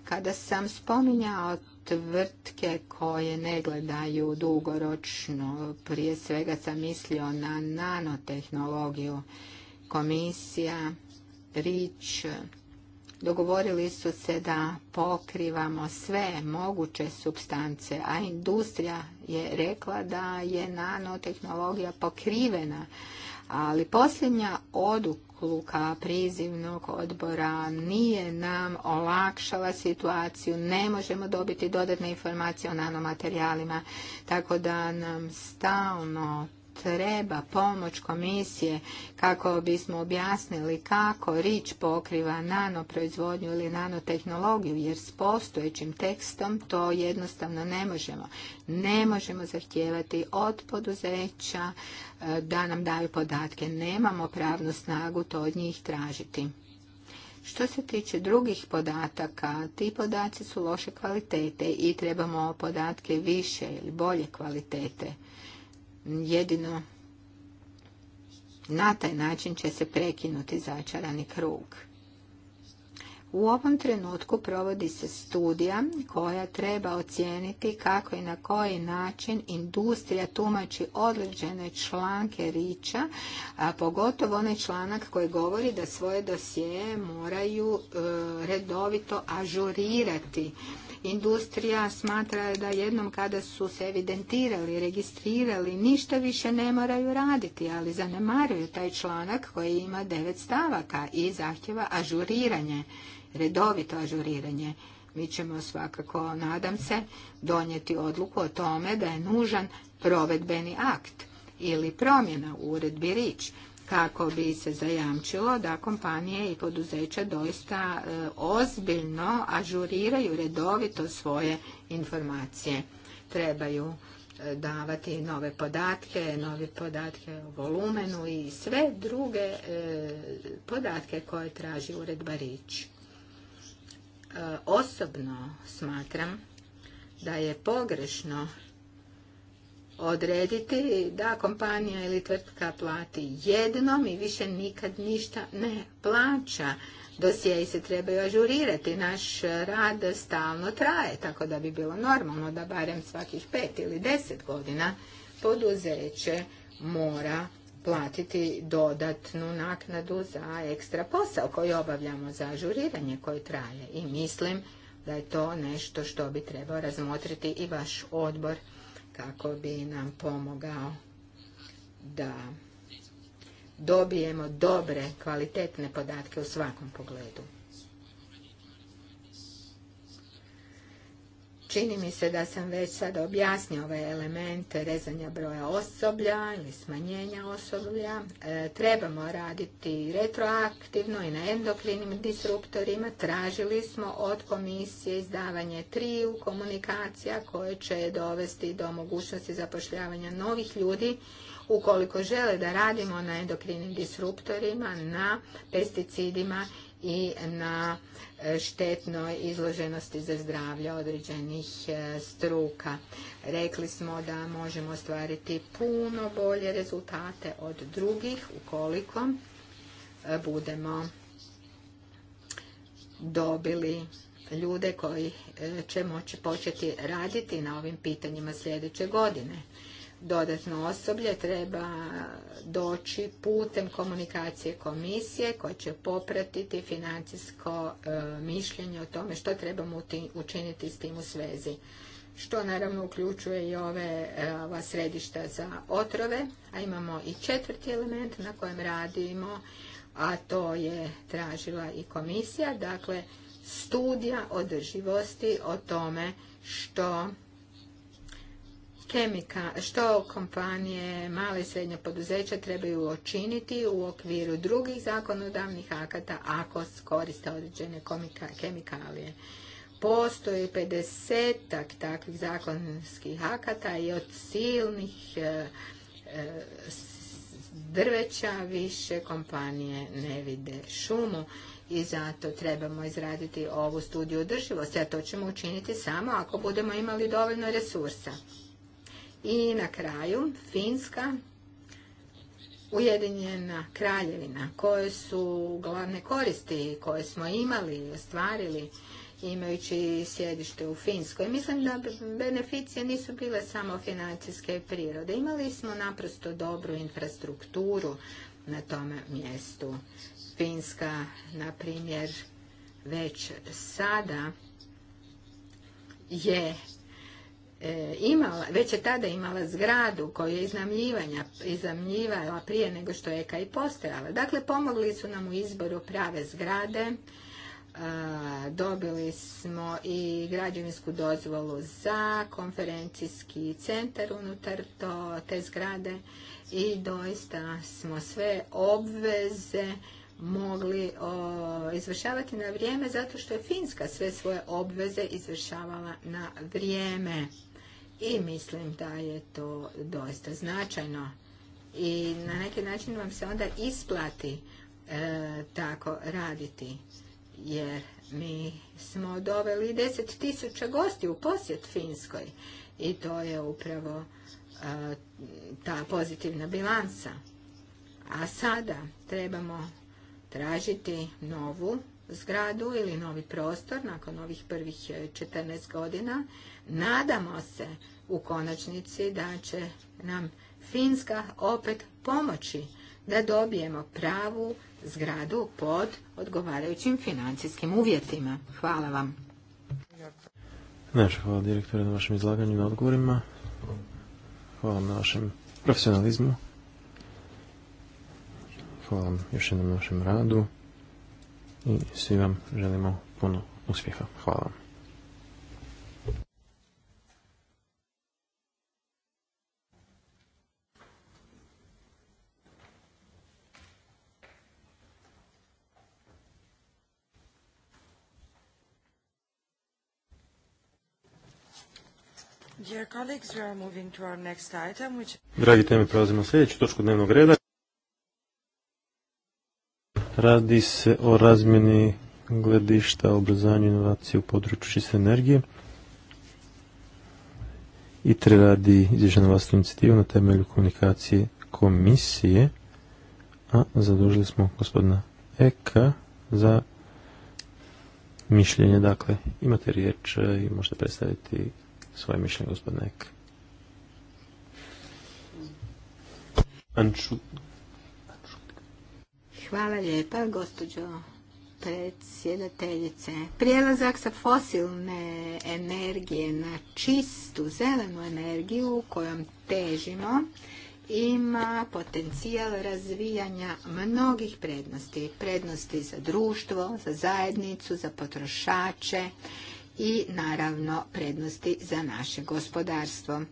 Kada sam spominjao tvrtke koje ne gledaju dugoročno, prije svega sam mislio na nanotehnologiju, komisija, rič, Dogovorili su se da pokrivamo sve moguće substance, a industrija je rekla da je nanotehnologija pokrivena. Ali posljednja odluka prizivnog odbora nije nam olakšala situaciju, ne možemo dobiti dodatne informacije o nanomaterijalima, tako da nam stalno treba pomoć komisije kako bismo objasnili kako rič pokriva nanoproizvodnju ili nanotehnologiju jer s postojećim tekstom to jednostavno ne možemo. Ne možemo zahtijevati od poduzeća e, da nam daju podatke. Nemamo pravnu snagu to od njih tražiti. Što se tiče drugih podataka, ti podaci su loše kvalitete i trebamo podatke više ili bolje kvalitete jedino na taj način će se prekinuti začarani krug. U ovom trenutku provodi se studija koja treba ocijeniti kako i na koji način industrija tumači određene članke riča, a pogotovo onaj članak koji govori da svoje dosije moraju e, redovito ažurirati Industrija smatra da jednom kada su se evidentirali, registrirali, ništa više ne moraju raditi, ali zanemaruju taj članak koji ima devet stavaka i zahtjeva ažuriranje, redovito ažuriranje. Mi ćemo svakako, nadam se, donijeti odluku o tome da je nužan provedbeni akt ili promjena u uredbi Rič kako bi se zajamčilo da kompanije i poduzeća doista e, ozbiljno ažuriraju redovito svoje informacije. Trebaju e, davati nove podatke, nove podatke o volumenu i sve druge e, podatke koje traži uredba Barić. Osobno smatram da je pogrešno odrediti da kompanija ili tvrtka plati jednom i više nikad ništa ne plaća. i se trebaju ažurirati, naš rad stalno traje, tako da bi bilo normalno da barem svakih pet ili deset godina poduzeće mora platiti dodatnu naknadu za ekstra posao koji obavljamo za ažuriranje koje traje. I mislim da je to nešto što bi trebao razmotriti i vaš odbor kako bi nam pomogao da dobijemo dobre, kvalitetne podatke u svakom pogledu. Čini mi se da sam već sad objasnio ove elemente rezanja broja osoblja ili smanjenja osoblja. E, trebamo raditi retroaktivno i na endokrinim disruptorima. Tražili smo od komisije izdavanje triju komunikacija koje će dovesti do mogućnosti zapošljavanja novih ljudi ukoliko žele da radimo na endokrinim disruptorima, na pesticidima i na e, štetnoj izloženosti za zdravlje određenih e, struka. Rekli smo da možemo ostvariti puno bolje rezultate od drugih ukoliko e, budemo dobili ljude koji će moći početi raditi na ovim pitanjima sljedeće godine dodatno osoblje treba doći putem komunikacije komisije koja će popratiti financijsko e, mišljenje o tome što trebamo učiniti s tim u svezi. Što naravno uključuje i ove e, ova središta za otrove, a imamo i četvrti element na kojem radimo, a to je tražila i komisija, dakle studija održivosti o tome što kemika, što kompanije, male i srednje poduzeća trebaju učiniti u okviru drugih zakonodavnih akata ako koriste određene kemikalije. Postoji 50 takvih zakonskih akata i od silnih e, e, drveća više kompanije ne vide šumu i zato trebamo izraditi ovu studiju održivosti, a to ćemo učiniti samo ako budemo imali dovoljno resursa. I na kraju Finska, Ujedinjena kraljevina, koje su glavne koristi koje smo imali i ostvarili imajući sjedište u Finskoj. Mislim da beneficije nisu bile samo financijske prirode. Imali smo naprosto dobru infrastrukturu na tom mjestu. Finska, na primjer, već sada je E, imala, već je tada imala zgradu koju je iznamljivala prije nego što je i postojala. Dakle, pomogli su nam u izboru prave zgrade, e, dobili smo i građevinsku dozvolu za konferencijski centar unutar te zgrade i doista smo sve obveze mogli izvršavati na vrijeme zato što je Finska sve svoje obveze izvršavala na vrijeme i mislim da je to doista značajno i na neki način vam se onda isplati e, tako raditi jer mi smo doveli 10.000 gosti u posjet Finskoj i to je upravo e, ta pozitivna bilansa. A sada trebamo tražiti novu zgradu ili novi prostor nakon ovih prvih 14 e, godina Nadamo se u konačnici da će nam Finska opet pomoći da dobijemo pravu zgradu pod odgovarajućim financijskim uvjetima. Hvala vam. Najče hvala direktore na vašem izlaganju i na odgovorima. Hvala na vašem profesionalizmu. Hvala vam još jednom na vašem radu i svi vam želimo puno uspjeha. Hvala vam. Dragi teme, prelazimo na sljedeću točku dnevnog reda. Radi se o razmjeni gledišta, obrazanju inovacije u području čiste energije. ITRE radi izvješena vlastnu inicijativu na temelju komunikacije komisije, a zadužili smo gospodina Eka za mišljenje. Dakle, imate riječ i možete predstaviti svoje mišljenje, gospod Nek. Hvala lijepa, gospođo predsjedateljice. Prijelazak sa fosilne energije na čistu zelenu energiju kojom težimo ima potencijal razvijanja mnogih prednosti. Prednosti za društvo, za zajednicu, za potrošače i naravno prednosti za naše gospodarstvo.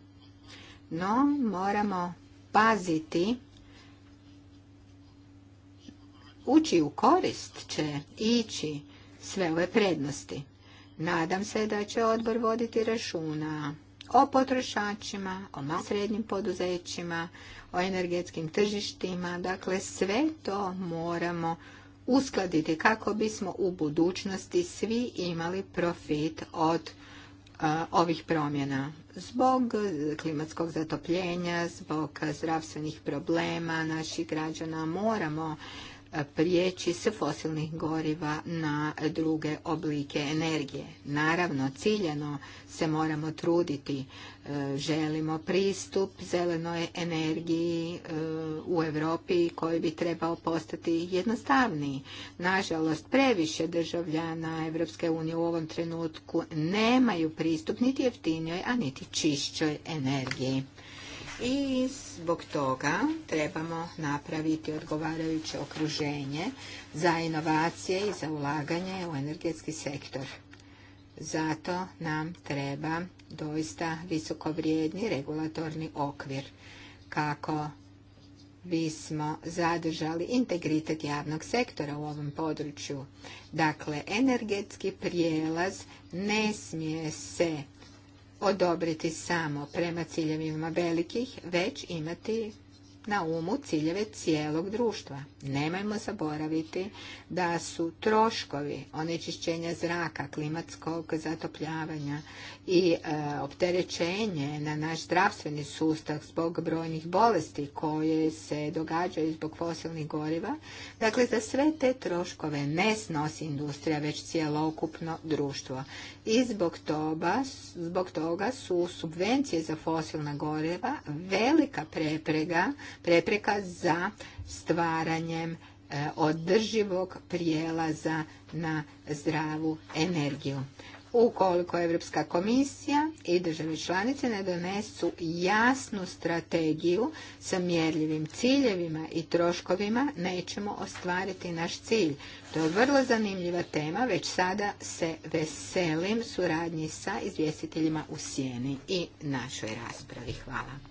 No, moramo paziti ući u korist će ići sve ove prednosti. Nadam se da će odbor voditi računa o potrošačima, o srednjim poduzećima, o energetskim tržištima. Dakle, sve to moramo uskladiti kako bismo u budućnosti svi imali profit od ovih promjena. Zbog klimatskog zatopljenja, zbog zdravstvenih problema naših građana moramo prijeći se fosilnih goriva na druge oblike energije. Naravno, ciljeno se moramo truditi. E, želimo pristup zelenoj energiji e, u Europi koji bi trebao postati jednostavniji. Nažalost, previše državljana Europske unije u ovom trenutku nemaju pristup niti jeftinijoj, a niti čišćoj energiji i zbog toga trebamo napraviti odgovarajuće okruženje za inovacije i za ulaganje u energetski sektor. Zato nam treba doista visokovrijedni regulatorni okvir kako bismo zadržali integritet javnog sektora u ovom području. Dakle, energetski prijelaz ne smije se odobriti samo prema ciljevima velikih, već imati na umu ciljeve cijelog društva. Nemojmo zaboraviti da su troškovi onečišćenja zraka, klimatskog zatopljavanja i e, opterećenje na naš zdravstveni sustav zbog brojnih bolesti koje se događaju zbog fosilnih goriva, dakle za sve te troškove ne snosi industrija, već cijelokupno društvo. I zbog toga, zbog toga su subvencije za fosilna goriva velika preprega prepreka za stvaranjem e, održivog prijelaza na zdravu energiju. Ukoliko Europska komisija i države članice ne donesu jasnu strategiju sa mjerljivim ciljevima i troškovima, nećemo ostvariti naš cilj. To je vrlo zanimljiva tema, već sada se veselim suradnji sa izvjestiteljima u Sijeni i našoj raspravi. Hvala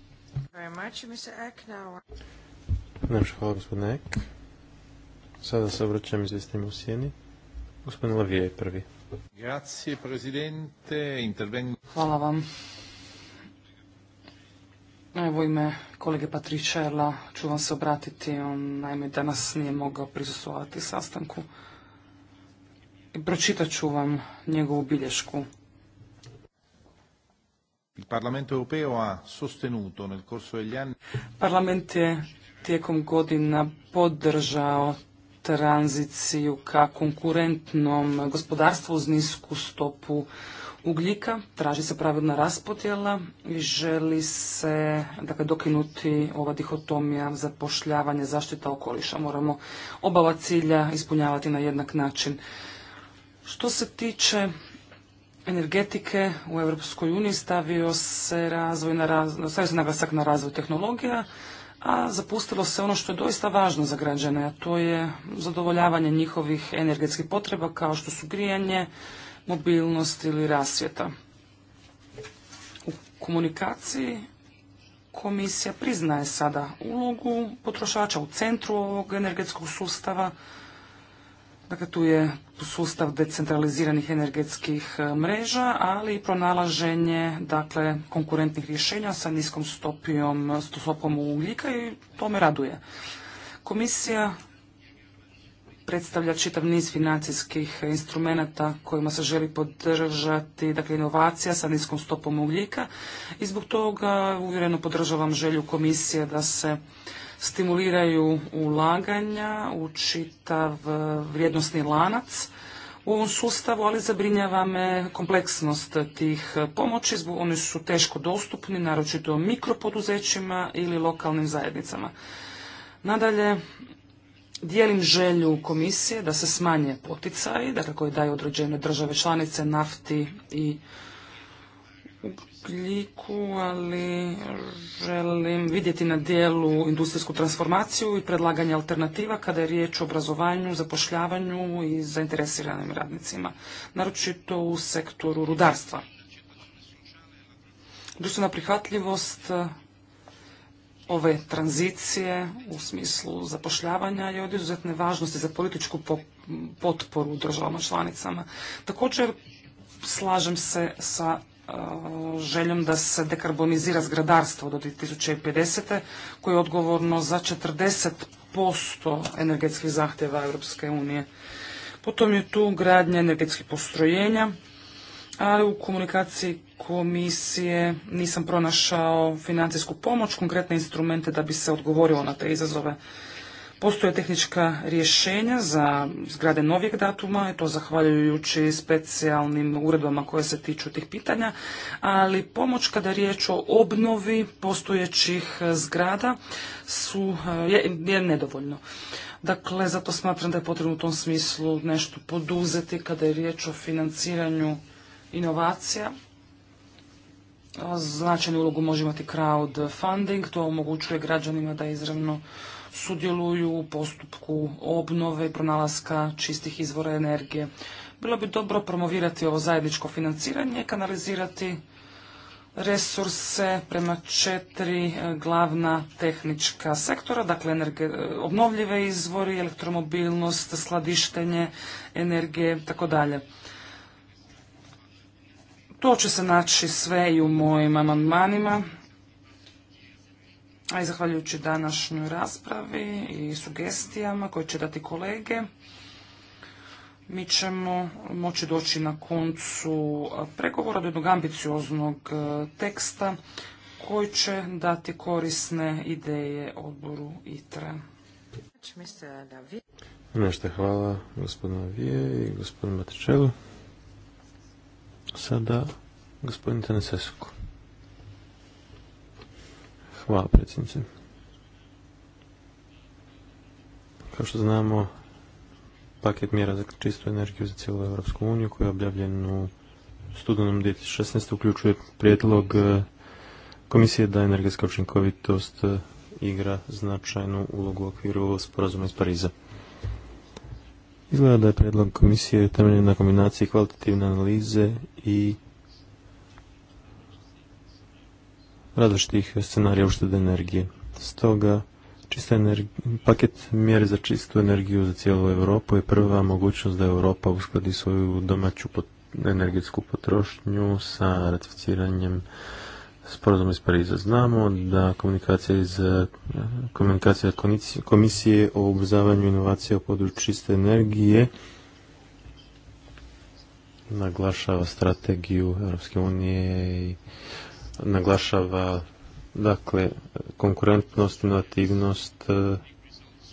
hvala gospodine Ek. Sada se obraćam izvjestim u sjeni. Gospodin Lavija je prvi. Grazie, presidente. Intervengo. Hvala vam. Evo ime kolege Patričela ću vam se obratiti. On naime danas nije mogao prisustovati sastanku. Pročitat ću vam njegovu bilješku. Il Parlamento europeo ha sostenuto nel corso degli anni Parlament je tijekom godina podržao tranziciju ka konkurentnom gospodarstvu uz nisku stopu ugljika, traži se pravilna raspodjela i želi se dakle, dokinuti ova dihotomija zapošljavanje, zaštita okoliša. Moramo obava cilja ispunjavati na jednak način. Što se tiče energetike u Europskoj uniji stavio se razvoj na razvoj, se naglasak na razvoj tehnologija, a zapustilo se ono što je doista važno za građane, a to je zadovoljavanje njihovih energetskih potreba kao što su grijanje, mobilnost ili rasvjeta. U komunikaciji komisija priznaje sada ulogu potrošača u centru ovog energetskog sustava, Dakle, tu je sustav decentraliziranih energetskih e, mreža, ali i pronalaženje dakle, konkurentnih rješenja sa niskom stopijom, stopom ugljika i to me raduje. Komisija predstavlja čitav niz financijskih instrumenata kojima se želi podržati dakle, inovacija sa niskom stopom ugljika i zbog toga uvjereno podržavam želju komisije da se stimuliraju ulaganja u čitav e, vrijednostni lanac u ovom sustavu, ali zabrinjava me kompleksnost tih pomoći. Oni su teško dostupni, naročito mikropoduzećima ili lokalnim zajednicama. Nadalje, dijelim želju komisije da se smanje poticaj, dakle koje daju određene države članice nafti i sliku, ali želim vidjeti na dijelu industrijsku transformaciju i predlaganje alternativa kada je riječ o obrazovanju, zapošljavanju i zainteresiranim radnicima, naročito u sektoru rudarstva. Društvena prihvatljivost eh, ove tranzicije u smislu zapošljavanja je od izuzetne važnosti za političku potporu državama članicama. Također slažem se sa željom da se dekarbonizira zgradarstvo do 2050. koje je odgovorno za 40% energetskih zahtjeva Europske unije. Potom je tu gradnja energetskih postrojenja, ali u komunikaciji komisije nisam pronašao financijsku pomoć, konkretne instrumente da bi se odgovorilo na te izazove. Postoje tehnička rješenja za zgrade novijeg datuma i to zahvaljujući specijalnim uredbama koje se tiču tih pitanja, ali pomoć kada je riječ o obnovi postojećih zgrada su, je, je nedovoljno. Dakle, zato smatram da je potrebno u tom smislu nešto poduzeti kada je riječ o financiranju inovacija. Značajnu ulogu može imati crowdfunding, to omogućuje građanima da izravno sudjeluju u postupku obnove i pronalaska čistih izvora energije. Bilo bi dobro promovirati ovo zajedničko financiranje, kanalizirati resurse prema četiri e, glavna tehnička sektora, dakle e, obnovljive izvori, elektromobilnost, skladištenje energije, tako dalje. To će se naći sve i u mojim amandmanima a i zahvaljujući današnjoj raspravi i sugestijama koje će dati kolege, mi ćemo moći doći na koncu pregovora do jednog ambicioznog e, teksta koji će dati korisne ideje odboru ITRE. Nešto hvala gospodinu Vije i gospodinu Matričelu. Sada gospodin Tanesesku. Hvala predsjednice. Kao što znamo, paket mjera za čistu energiju za cijelu Europsku uniju koji je objavljen u studenom 2016. uključuje prijedlog e, komisije da energetska učinkovitost e, igra značajnu ulogu u okviru sporazuma iz Pariza. Izgleda da je prijedlog komisije temeljen na kombinaciji kvalitativne analize i različitih scenarija uštede energije. Stoga, paket mjere za čistu energiju za cijelu Europu je prva mogućnost da Europa uskladi svoju domaću energetsku potrošnju sa ratificiranjem sporazuma iz Pariza. Znamo da komunikacija iz komunikacija komisije o ubrzavanju inovacija u području čiste energije naglašava strategiju Europske unije i naglašava dakle konkurentnost, inovativnost e,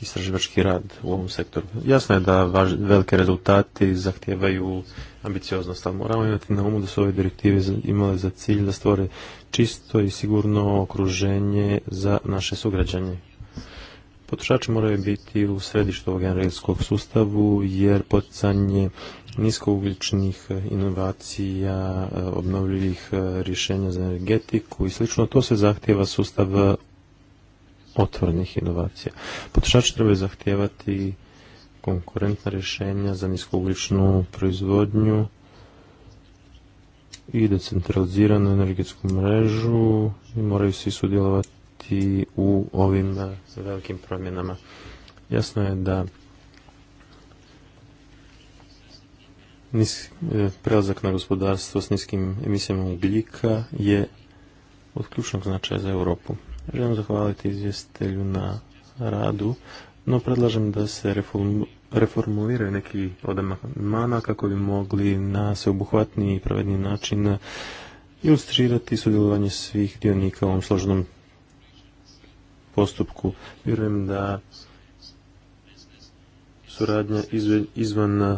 istraživački rad u ovom sektoru. Jasno je da velike rezultati zahtijevaju ambicioznost, ali moramo imati na umu da su ove direktive imale za cilj da stvore čisto i sigurno okruženje za naše sugrađanje. Potrošači moraju biti u središtu ovog energetskog sustavu jer poticanje niskougličnih eh, inovacija, eh, obnovljivih eh, rješenja za energetiku i slično. To se zahtjeva sustav otvornih inovacija. Potrošači trebaju zahtijevati konkurentna rješenja za niskougličnu proizvodnju i decentraliziranu energetsku mrežu i moraju svi sudjelovati u ovim velikim promjenama. Jasno je da E, prelazak na gospodarstvo s niskim emisijama ugljika je od ključnog značaja za Europu. Želim zahvaliti izvjestitelju na radu, no predlažem da se reformuliraju neki od amandmana kako bi mogli na sveobuhvatniji i pravedni način ilustrirati sudjelovanje svih dionika u ovom složenom postupku. Vjerujem da suradnja izvan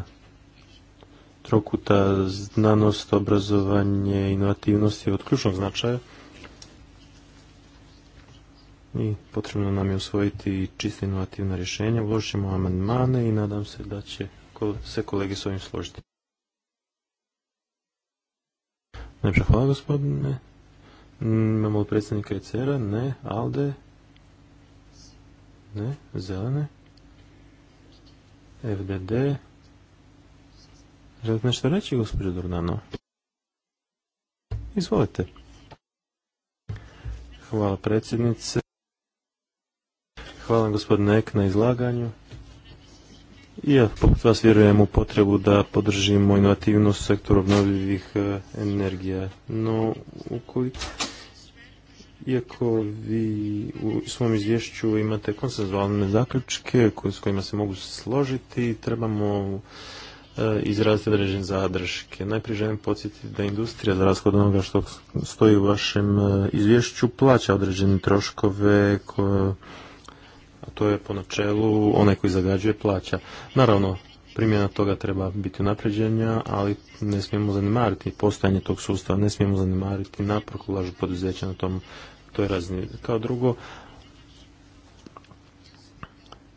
trokuta znanost, obrazovanje, inovativnost je od ključnog značaja i potrebno nam je usvojiti čiste inovativna rješenja. Uložit ćemo amandmane i nadam se da će se kolege s ovim složiti. Najprej hvala gospodine. Imamo predsjednika predstavnika a Ne. Alde? Ne. Zelene? FDD? Želite nešto reći, gospođo Dornano? Izvolite. Hvala predsjednice. Hvala gospodine Ek na izlaganju. I ja poput vas vjerujem u potrebu da podržimo inovativnost sektora obnovljivih e, energija. No, ukoliko iako vi u svom izvješću imate konsenzualne zaključke s kojima se mogu složiti, trebamo E, izraziti određene zadrške. Najprije želim podsjetiti da industrija za rashod onoga što stoji u vašem e, izvješću plaća određene troškove a to je po načelu onaj koji zagađuje plaća. Naravno, primjena toga treba biti napređenja, ali ne smijemo zanimariti postojanje tog sustava, ne smijemo zanimariti napor ulažu poduzeća na tom toj razini. Kao drugo,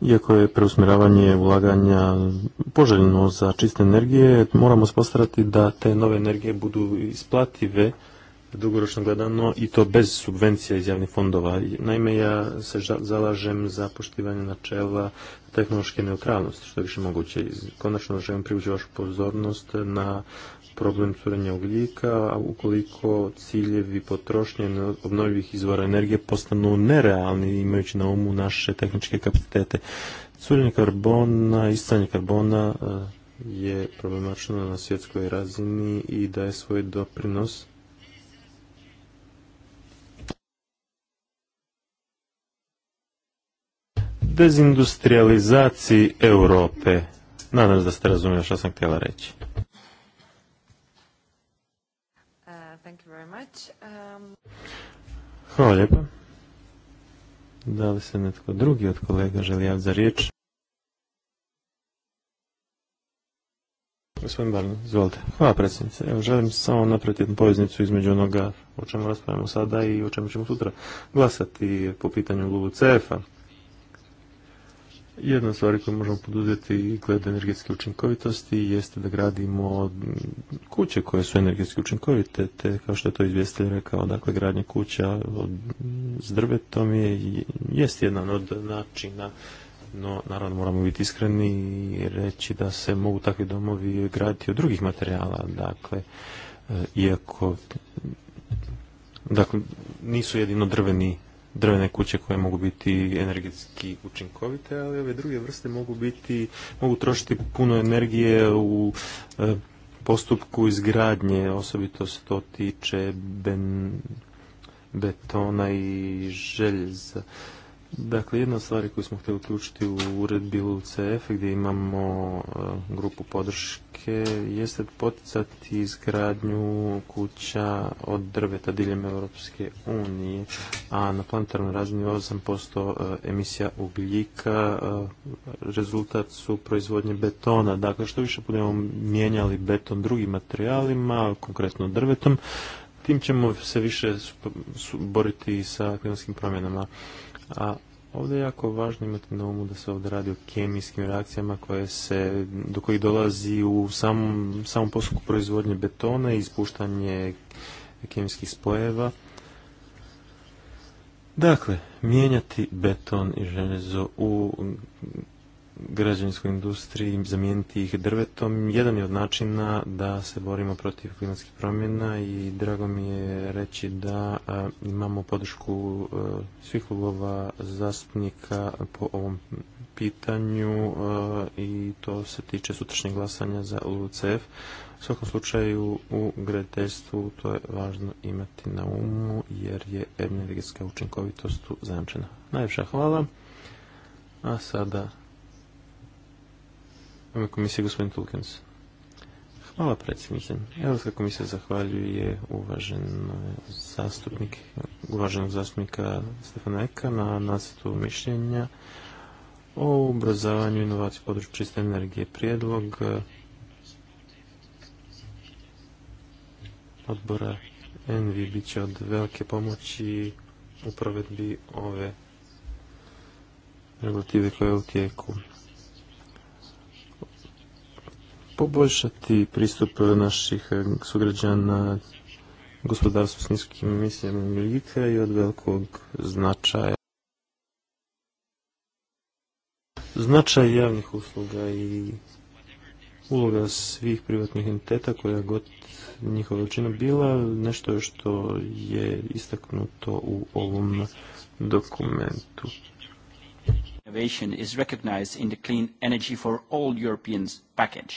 iako je preusmjeravanje ulaganja poželjno za čiste energije, moramo spostarati da te nove energije budu isplative dugoročno gledano i to bez subvencija iz javnih fondova. Naime, ja se zalažem za poštivanje načela tehnološke neutralnosti, što je više moguće. Konačno želim privući vašu pozornost na problem curenja ugljika, a ukoliko ciljevi potrošnje obnovljivih izvora energije postanu nerealni, imajući na umu naše tehničke kapacitete. Curenje karbona, istanje karbona eh, je problemačno na svjetskoj razini i daje svoj doprinos dezindustrializaciji Europe. Nadam se da ste razumjeli što sam htjela reći. Hvala lijepa. Da li se netko drugi od kolega želi javiti za riječ? Gospodin Barno, izvolite. Hvala predsjednice. Evo, želim samo napraviti jednu poveznicu između onoga o čemu raspravljamo sada i o čemu ćemo sutra glasati po pitanju Lulu cefa. Jedna stvar koju možemo poduzeti glede energetske učinkovitosti jeste da gradimo kuće koje su energetski učinkovite, te kao što je to izvjestitelj rekao, dakle gradnja kuća s drvetom je, jest jedan od načina no naravno moramo biti iskreni i reći da se mogu takvi domovi graditi od drugih materijala, dakle, e, iako dakle, nisu jedino drveni drvene kuće koje mogu biti energetski učinkovite, ali ove druge vrste mogu biti, mogu trošiti puno energije u e, postupku izgradnje, osobito se to tiče betona i željeza. Dakle, jedna od stvari koju smo htjeli uključiti u uredbi CF, gdje imamo e, grupu podrške jeste poticati izgradnju kuća od drveta diljem Europske unije, a na planetarnoj razini 8% e, emisija ugljika e, rezultat su proizvodnje betona. Dakle, što više budemo mijenjali beton drugim materijalima, konkretno drvetom, tim ćemo se više boriti sa klimatskim promjenama. A ovdje je jako važno imati na umu da se ovdje radi o kemijskim reakcijama koje se, do kojih dolazi u samom, samom postupku proizvodnje betona i ispuštanje kemijskih spojeva. Dakle, mijenjati beton i železo u građevinskoj industriji, zamijeniti ih drvetom, jedan je od načina da se borimo protiv klimatskih promjena i drago mi je reći da imamo podršku e, svih klubova zastupnika po ovom pitanju e, i to se tiče sutrašnjeg glasanja za UCF. U svakom slučaju u graditeljstvu to je važno imati na umu jer je energetska učinkovitost zajamčena. Najljepša hvala. A sada ime komisije gospodin Tulkens. Hvala predsjednice. Europska komisija zahvaljuje uvažen zastupnik, uvaženog zastupnika Stefana Eka na nacrtu mišljenja o ubrzavanju inovacije području čiste energije. Prijedlog eh, odbora Envi bit će od velike pomoći u provedbi ove regulative koje je u tijeku. poboljšati pristup naših eh, sugrađana gospodarstvu s niskim emisijama ugljika i od velikog značaja. Značaj javnih usluga i uloga svih privatnih entiteta koja god njihova većina bila, nešto je što je istaknuto u ovom dokumentu. Innovation is recognized in the clean energy for all Europeans package.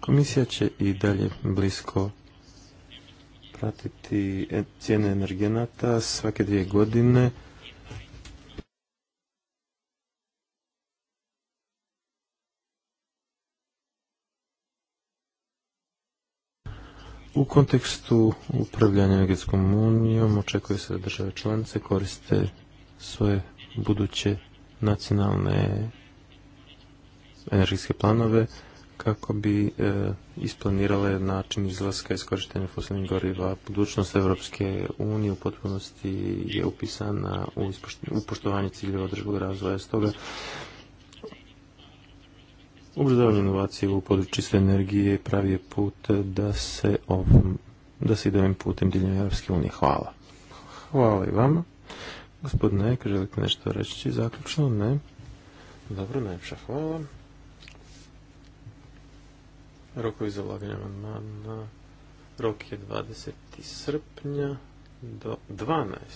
Komisija će i dalje blisko pratiti e, cijene energenata svake dvije godine. U kontekstu upravljanja energetskom unijom očekuje se da države članice koriste svoje buduće nacionalne energetske planove kako bi e, isplanirale način izlaska iskorištenja fosilnih goriva. Budućnost Europske unije u potpunosti je upisana u, poštovanje ciljeva održivog razvoja. Stoga ubrzavanje inovacije u području čiste energije pravi je put da se ovom, da se ide ovim putem diljem Europske unije. Hvala. Hvala i vama. Gospodine, želite nešto reći zaključno? Ne. Dobro, najpša. hvala. Rokovi za ulaganje amandmana. Rok je 20. srpnja do 12.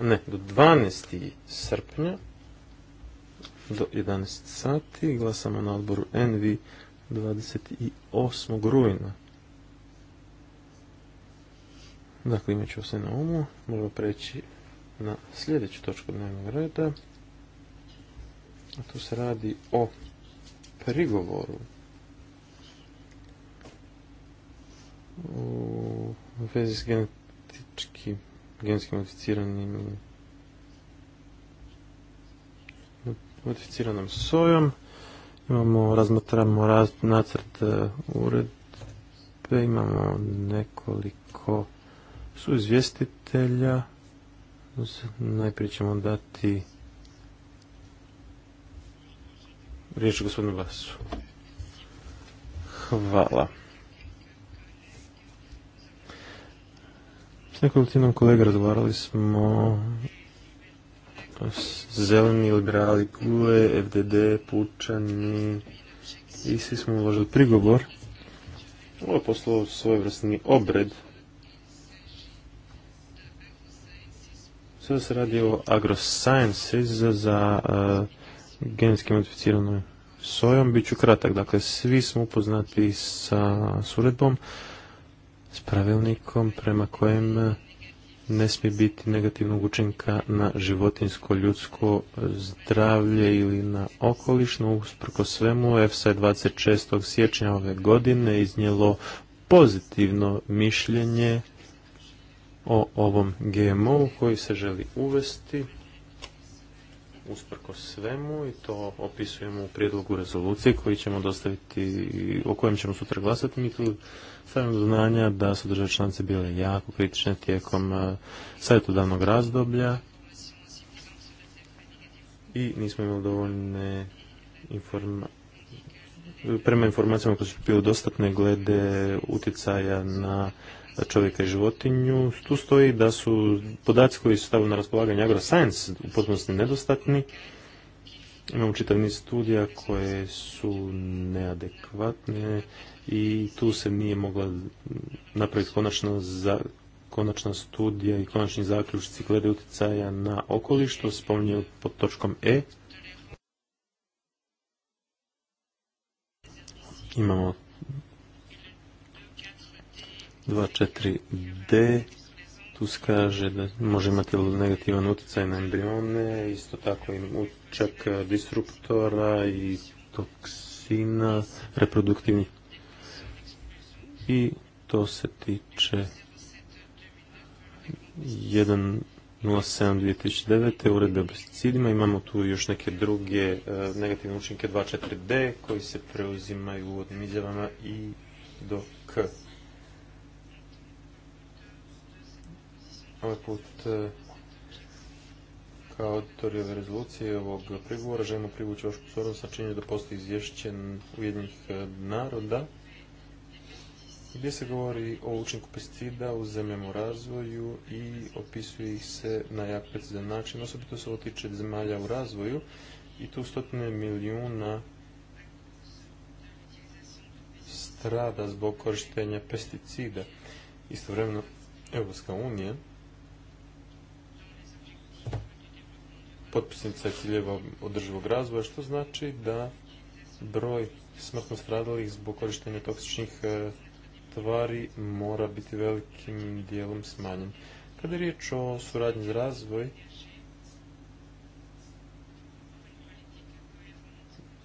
Ne, do 12. srpnja do 11 sati. Glasamo na odboru Envi 28. rujna. Dakle, imat ću se na umu. Možemo preći na sljedeću točku dnevnog reda. A tu se radi o prigovoru u vezi s genetički genetski modificiranim modificiranom sojom. Imamo, razmatramo raz, nacrt e, uredbe, imamo nekoliko suizvjestitelja. Najprije ćemo dati riječ gospodinu Glasu. Hvala. nekolicinom kolega razgovarali smo zeleni, liberali, gule FDD, pučani i svi smo uložili prigovor. Ovo je poslao svojevrsni obred. sada se radi o agrosciences za uh, genetski modificiranoj sojom. Biću kratak, dakle svi smo upoznati sa suredbom s pravilnikom prema kojem e, ne smije biti negativnog učinka na životinsko ljudsko e, zdravlje ili na okolišno. Usprko svemu, EFSA je 26. siječnja ove godine iznijelo pozitivno mišljenje o ovom GMO koji se želi uvesti usprko svemu i to opisujemo u prijedlogu rezolucije koji ćemo dostaviti, o kojem ćemo sutra glasati. Mi tu stavljam do znanja da su države članice bile jako kritične tijekom e, savjetodavnog razdoblja i nismo imali dovoljne informacije prema informacijama koje su bile dostatne glede utjecaja na čovjeka i životinju, tu stoji da su podaci koji su stavili na raspolaganje agroscience u potpunosti nedostatni. Imamo čitav niz studija koje su neadekvatne, i tu se nije mogla napraviti konačna, za, konačna studija i konačni zaključci glede utjecaja na okoliš, što spominje pod točkom E. Imamo 2.4D, tu se kaže da može imati negativan utjecaj na embrione, isto tako i učak disruptora i toksina reproduktivnih i to se tiče 1.07.2009. uredbe o pesticidima. Imamo tu još neke druge e, negativne učinke 2.4D koji se preuzimaju u uvodnim i do K. Ovaj put e, kao auditorije rezolucije ovog prigovora želimo privući vašu pozornost na da postoji izvješćen Ujedinjenih naroda Znači, gdje se govori o učinku pesticida u zemljama u razvoju i opisuje ih se na jak precizan način, osobito se otiče zemalja u razvoju i tu stotine milijuna strada zbog korištenja pesticida. Istovremeno, EU unija potpisnica ciljeva održivog razvoja, što znači da broj smrtno stradalih zbog korištenja toksičnih eh, stvari mora biti velikim dijelom smanjen. Kada je riječ o suradnji za razvoj,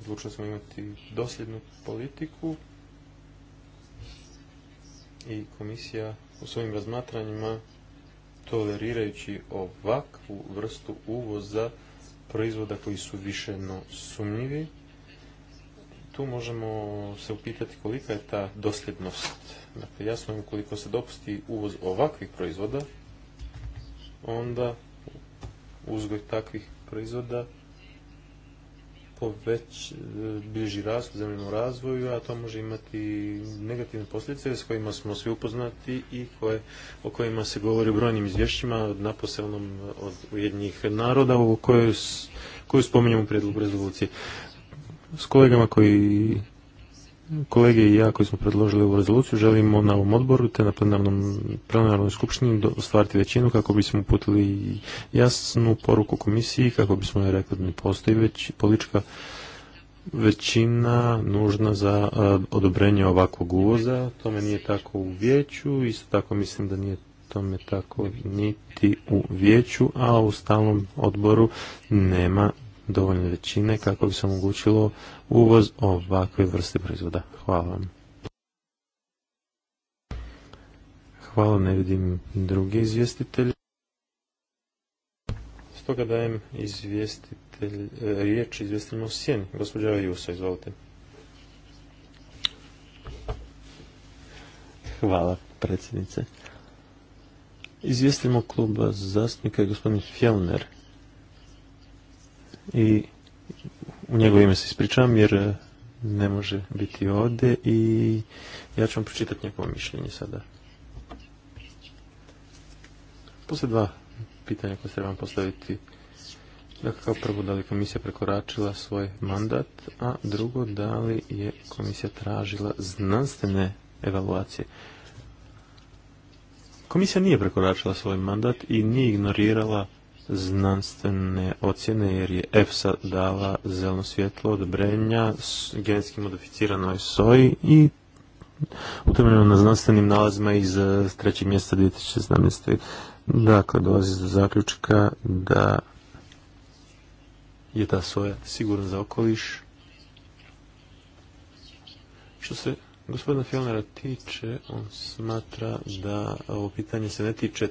odlučili smo imati dosljednu politiku i komisija u svojim razmatranjima tolerirajući ovakvu vrstu uvoza proizvoda koji su više sumnjivi tu možemo se upitati kolika je ta dosljednost. Dakle, jasno je ukoliko se dopusti uvoz ovakvih proizvoda, onda uzgoj takvih proizvoda poveć, e, bliži rast u razvoju, a to može imati negativne posljedice s kojima smo svi upoznati i koje, o kojima se govori u brojnim izvješćima na naposelnom od Ujedinjih naroda u kojoj, koju spominjemo u prijedlogu rezolucije s kolegama koji kolege i ja koji smo predložili ovu rezoluciju želimo na ovom odboru te na plenarnom, plenarnom skupštini ostvariti većinu kako bismo uputili jasnu poruku komisiji kako bismo je rekli da ne postoji već politička većina nužna za odobrenje ovakvog uvoza. Tome nije tako u vijeću, isto tako mislim da nije tome tako niti u vijeću, a u stalnom odboru nema dovoljne većine kako bi se omogućilo uvoz ovakve vrste proizvoda. Hvala vam. Hvala, ne vidim druge izvjestitelje. Stoga dajem izvjestitelj, e, riječ izvjestiteljima u sjeni. Gospođa Jusa, izvolite. Hvala, predsjednice. Izvjestimo kluba zastupnika je gospodin Fjellner i u njegovo ime se ispričavam jer e, ne može biti ovdje i ja ću vam pročitati njegovo mišljenje sada. Poslije dva pitanja koje trebam postaviti. Dakle, kao prvo, da li komisija prekoračila svoj mandat, a drugo, da li je komisija tražila znanstvene evaluacije. Komisija nije prekoračila svoj mandat i nije ignorirala znanstvene ocjene jer je EFSA dala zeleno svjetlo odobrenja genetski modificiranoj soji i utemeljeno na znanstvenim nalazima iz e, trećeg mjesta 2017. Dakle, dolazi do zaključka da je ta soja sigurna za okoliš. Što se gospodina Fjellnera tiče, on smatra da ovo pitanje se ne tiče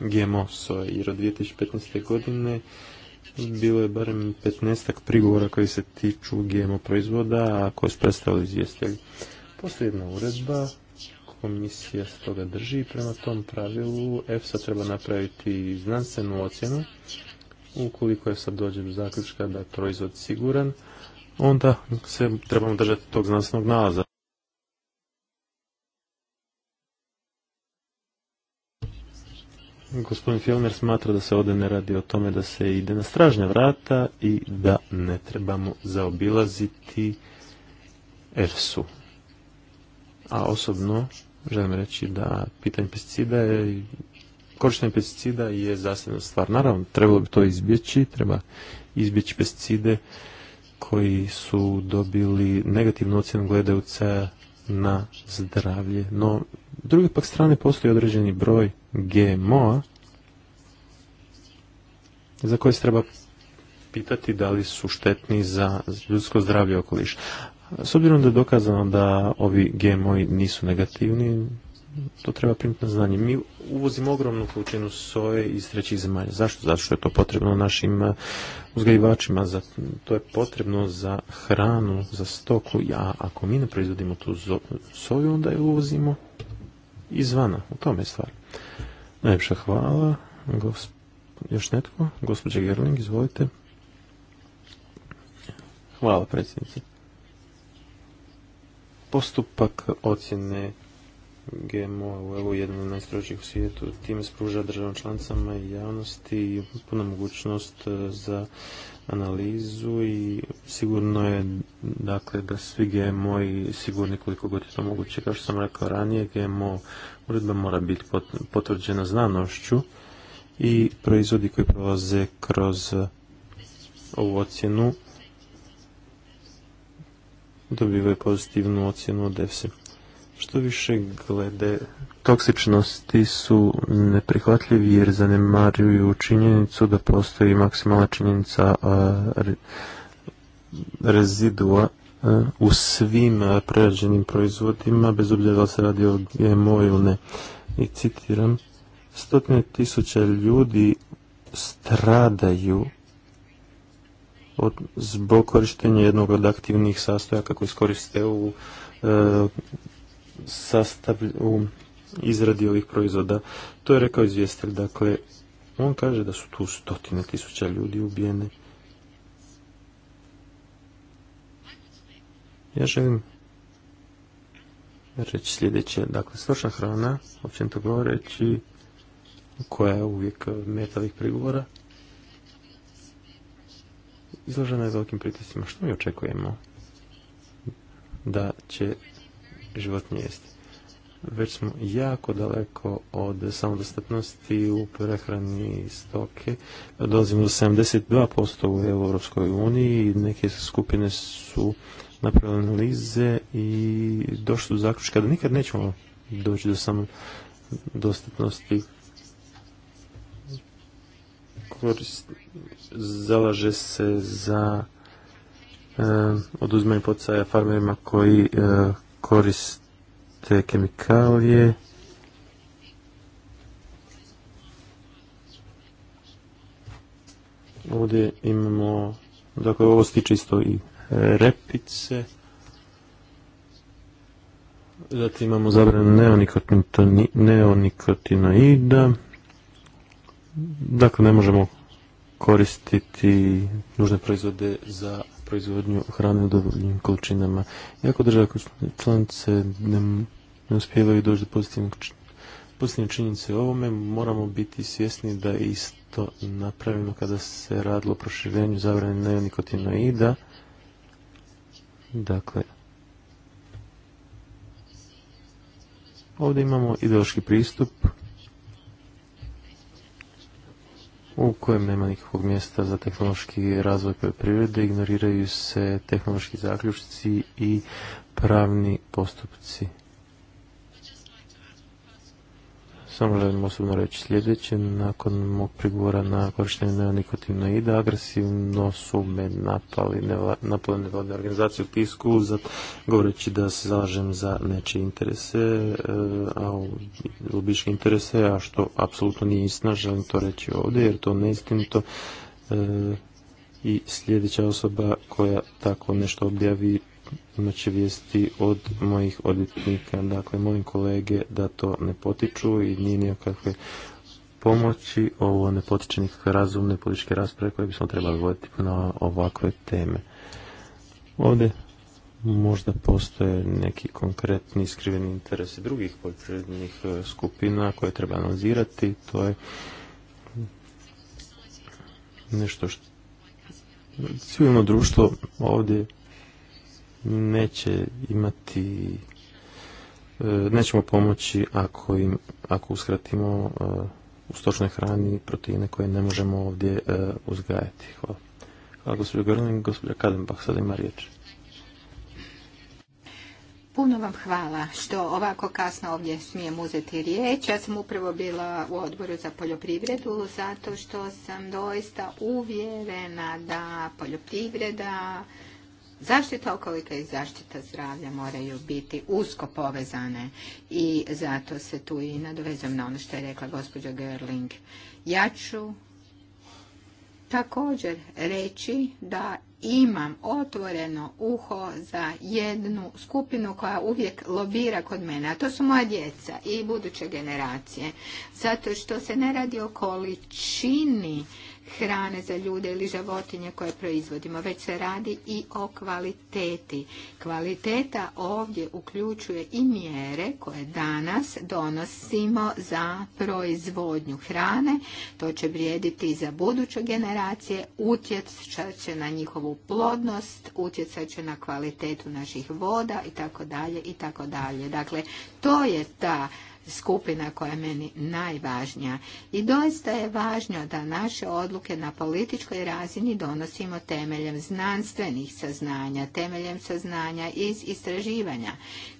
GMO soje, jer od 2015. godine bilo je barem 15 prigovora koji se tiču GMO proizvoda, a koje su predstavili izvjestitelji. Postoji jedna uredba, komisija se toga drži prema tom pravilu EFSA treba napraviti znanstvenu ocjenu. Ukoliko EFSA dođe do zaključka da je proizvod siguran, onda se trebamo držati tog znanstvenog nalaza. Gospodin Filmer smatra da se ovdje ne radi o tome da se ide na stražnja vrata i da ne trebamo zaobilaziti Ersu. A osobno želim reći da pitanje pesticida je korištenje pesticida je zasebna stvar. Naravno, trebalo bi to izbjeći, treba izbjeći pesticide koji su dobili negativnu ocjenu gledajuca na zdravlje. No, druge pak strane postoji određeni broj gmo za koje se treba pitati da li su štetni za ljudsko zdravlje i okoliš. S obzirom da je dokazano da ovi gmo nisu negativni, to treba primiti na znanje. Mi uvozimo ogromnu količinu soje iz trećih zemalja. Zašto? Zato što je to potrebno našim eh, uzgajivačima. To je potrebno za hranu, za stoku. A ako mi ne proizvodimo tu soju, onda je uvozimo izvana. U tome je stvar. Najljepša hvala. Još netko? Gospođa Gerling, izvolite. Hvala predsjednici. Postupak ocjene GMO u EU jedan od najstrožih u svijetu, time spruža državom člancama i javnosti puna mogućnost e, za analizu i sigurno je dakle da svi GMO i sigurni koliko god je to moguće. Kao što sam rekao ranije, GMO uredba mora biti potvrđena znanošću i proizvodi koji prolaze kroz eh, ovu ocjenu dobivaju pozitivnu ocjenu od EFSA što više glede toksičnosti su neprihvatljivi jer zanemaruju činjenicu da postoji maksimalna činjenica rezidua u svim prerađenim proizvodima, bez obzira da se radi o GMO ili ne. I citiram, stotine tisuća ljudi stradaju od, zbog korištenja jednog od aktivnih sastojaka koji iskoriste u e, sastavlj, u izradi ovih proizvoda. To je rekao izvjestelj. Dakle, on kaže da su tu stotine tisuća ljudi ubijene. Ja želim reći sljedeće. Dakle, stočna hrana, općenito govoreći, koja je uvijek metalih prigovora, izložena je velikim pritiscima. Što mi očekujemo? Da će životinje jesti. Već smo jako daleko od samodostatnosti u prehrani stoke. Dolazimo do 72% u Europskoj uniji. Neke skupine su napravili analize i došli do zaključka da nikad nećemo doći do samodostatnosti zalaže se za eh, oduzmanje poticaja farmerima koji eh, koriste kemikalije. Ovdje imamo, dakle ovo stiče isto i repice. Zatim imamo zabranu neonikotinoida. Dakle, ne možemo koristiti nužne proizvode za proizvodnju hrane u dovoljnim količinama. Iako države članice ne, ne uspijevaju doći do pozitivnog činjenice o ovome, moramo biti svjesni da je isto napravljeno kada se radilo o proširenju zabrane neonikotinoida. Dakle, ovdje imamo ideološki pristup u kojem nema nikakvog mjesta za tehnološki razvoj poljoprivrede, ignoriraju se tehnološki zaključci i pravni postupci. Samo želim osobno reći sljedeće, nakon mog prigovora na korištenje ide, agresivno su me napali, neva, napali organizacije u Pisku, za, govoreći da se zalažem za nečije interese, eh, a ljubiške interese, a što apsolutno nije istina, želim to reći ovdje, jer to neistinito. to eh, I sljedeća osoba koja tako nešto objavi imat će vijesti od mojih odvjetnika. Dakle, molim kolege da to ne potiču i nije nijakakve pomoći. Ovo ne potiče nikakve razumne političke rasprave koje bismo trebali voditi na ovakve teme. Ovdje možda postoje neki konkretni iskriveni interesi drugih poljoprivrednih e, skupina koje treba analizirati. To je nešto što civilno društvo ovdje neće imati e, nećemo pomoći ako, im, ako uskratimo e, u stočnoj hrani proteine koje ne možemo ovdje e, uzgajati. Hvala. Hvala gospođo Grlin, gospođa Kadenbach, sada ima riječ. Puno vam hvala što ovako kasno ovdje smijem uzeti riječ. Ja sam upravo bila u odboru za poljoprivredu zato što sam doista uvjerena da poljoprivreda Zaštita okolika i zaštita zdravlja moraju biti usko povezane i zato se tu i nadovezam na ono što je rekla gospođa Gerling. Ja ću također reći da imam otvoreno uho za jednu skupinu koja uvijek lobira kod mene, a to su moja djeca i buduće generacije. Zato što se ne radi o količini hrane za ljude ili životinje koje proizvodimo, već se radi i o kvaliteti. Kvaliteta ovdje uključuje i mjere koje danas donosimo za proizvodnju hrane. To će vrijediti i za buduće generacije, utjecat će na njihovu plodnost, utjecat će na kvalitetu naših voda itd. tako i tako dalje. Dakle, to je ta skupina koja je meni najvažnija. I doista je važno da naše odluke na političkoj razini donosimo temeljem znanstvenih saznanja, temeljem saznanja iz istraživanja.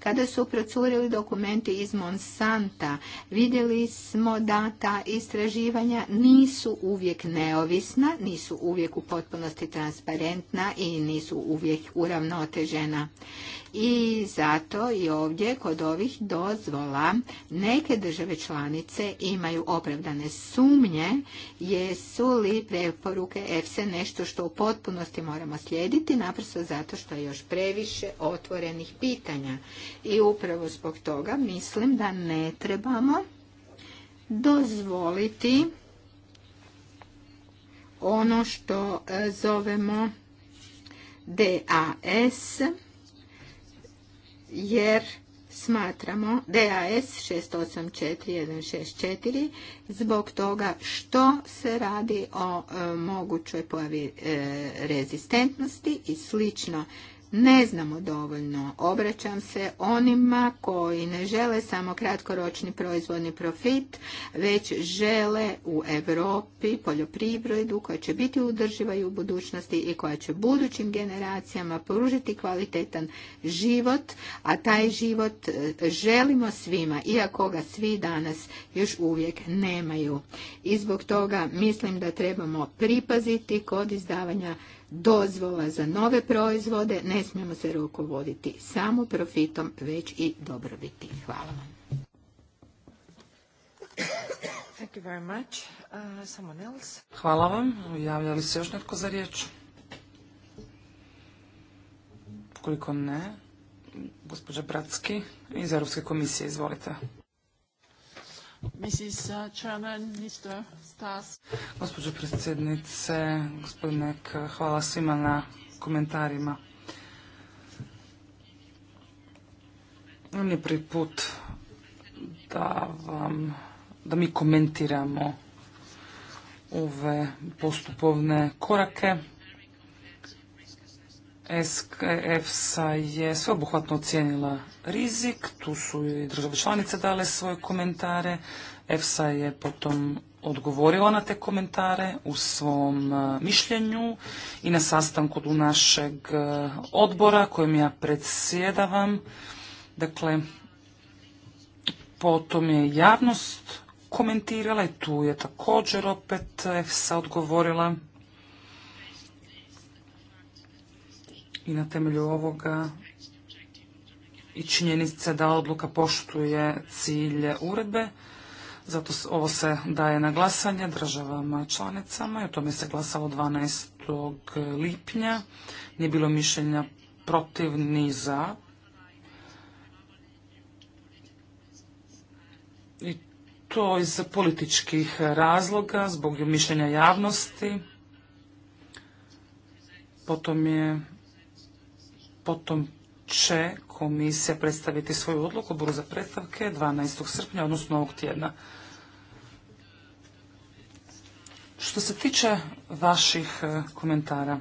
Kada su procurili dokumenti iz Monsanta, vidjeli smo da ta istraživanja nisu uvijek neovisna, nisu uvijek u potpunosti transparentna i nisu uvijek uravnotežena. I zato i ovdje kod ovih dozvola neke države članice imaju opravdane sumnje jesu li preporuke EFSE nešto što u potpunosti moramo slijediti naprosto zato što je još previše otvorenih pitanja. I upravo zbog toga mislim da ne trebamo dozvoliti ono što e, zovemo DAS, jer smatramo DAS 684164 zbog toga što se radi o e, mogućoj pojavi e, rezistentnosti i slično ne znamo dovoljno. Obraćam se onima koji ne žele samo kratkoročni proizvodni profit, već žele u Europi poljoprivredu koja će biti udrživa i u budućnosti i koja će budućim generacijama pružiti kvalitetan život, a taj život e, želimo svima, iako ga svi danas još uvijek nemaju. I zbog toga mislim da trebamo pripaziti kod izdavanja dozvola za nove proizvode, ne smijemo se rukovoditi samo profitom, već i dobrobiti. Hvala vam. Uh, Hvala vam. Javlja li se još netko za riječ? Koliko ne, gospođa Bratski iz Europske komisije, izvolite. Uh, Gospođo predsjednice, gospodine, hvala svima na komentarima. Nije prvi put da vam, da mi komentiramo ove postupovne korake. EFSA je sveobuhvatno ocijenila rizik, tu su i države članice dale svoje komentare. EFSA je potom odgovorila na te komentare u svom mišljenju i na sastanku u našeg odbora kojem ja predsjedavam. Dakle, potom je javnost komentirala i tu je također opet EFSA odgovorila. i na temelju ovoga i činjenice da odluka poštuje cilje uredbe. Zato ovo se daje na glasanje državama članicama i o tome se glasalo 12. lipnja. Nije bilo mišljenja protiv ni za. I to iz političkih razloga, zbog mišljenja javnosti. Potom je Potom će komisija predstaviti svoju odluku odboru za predstavke 12. srpnja, odnosno ovog tjedna. Što se tiče vaših e, komentara,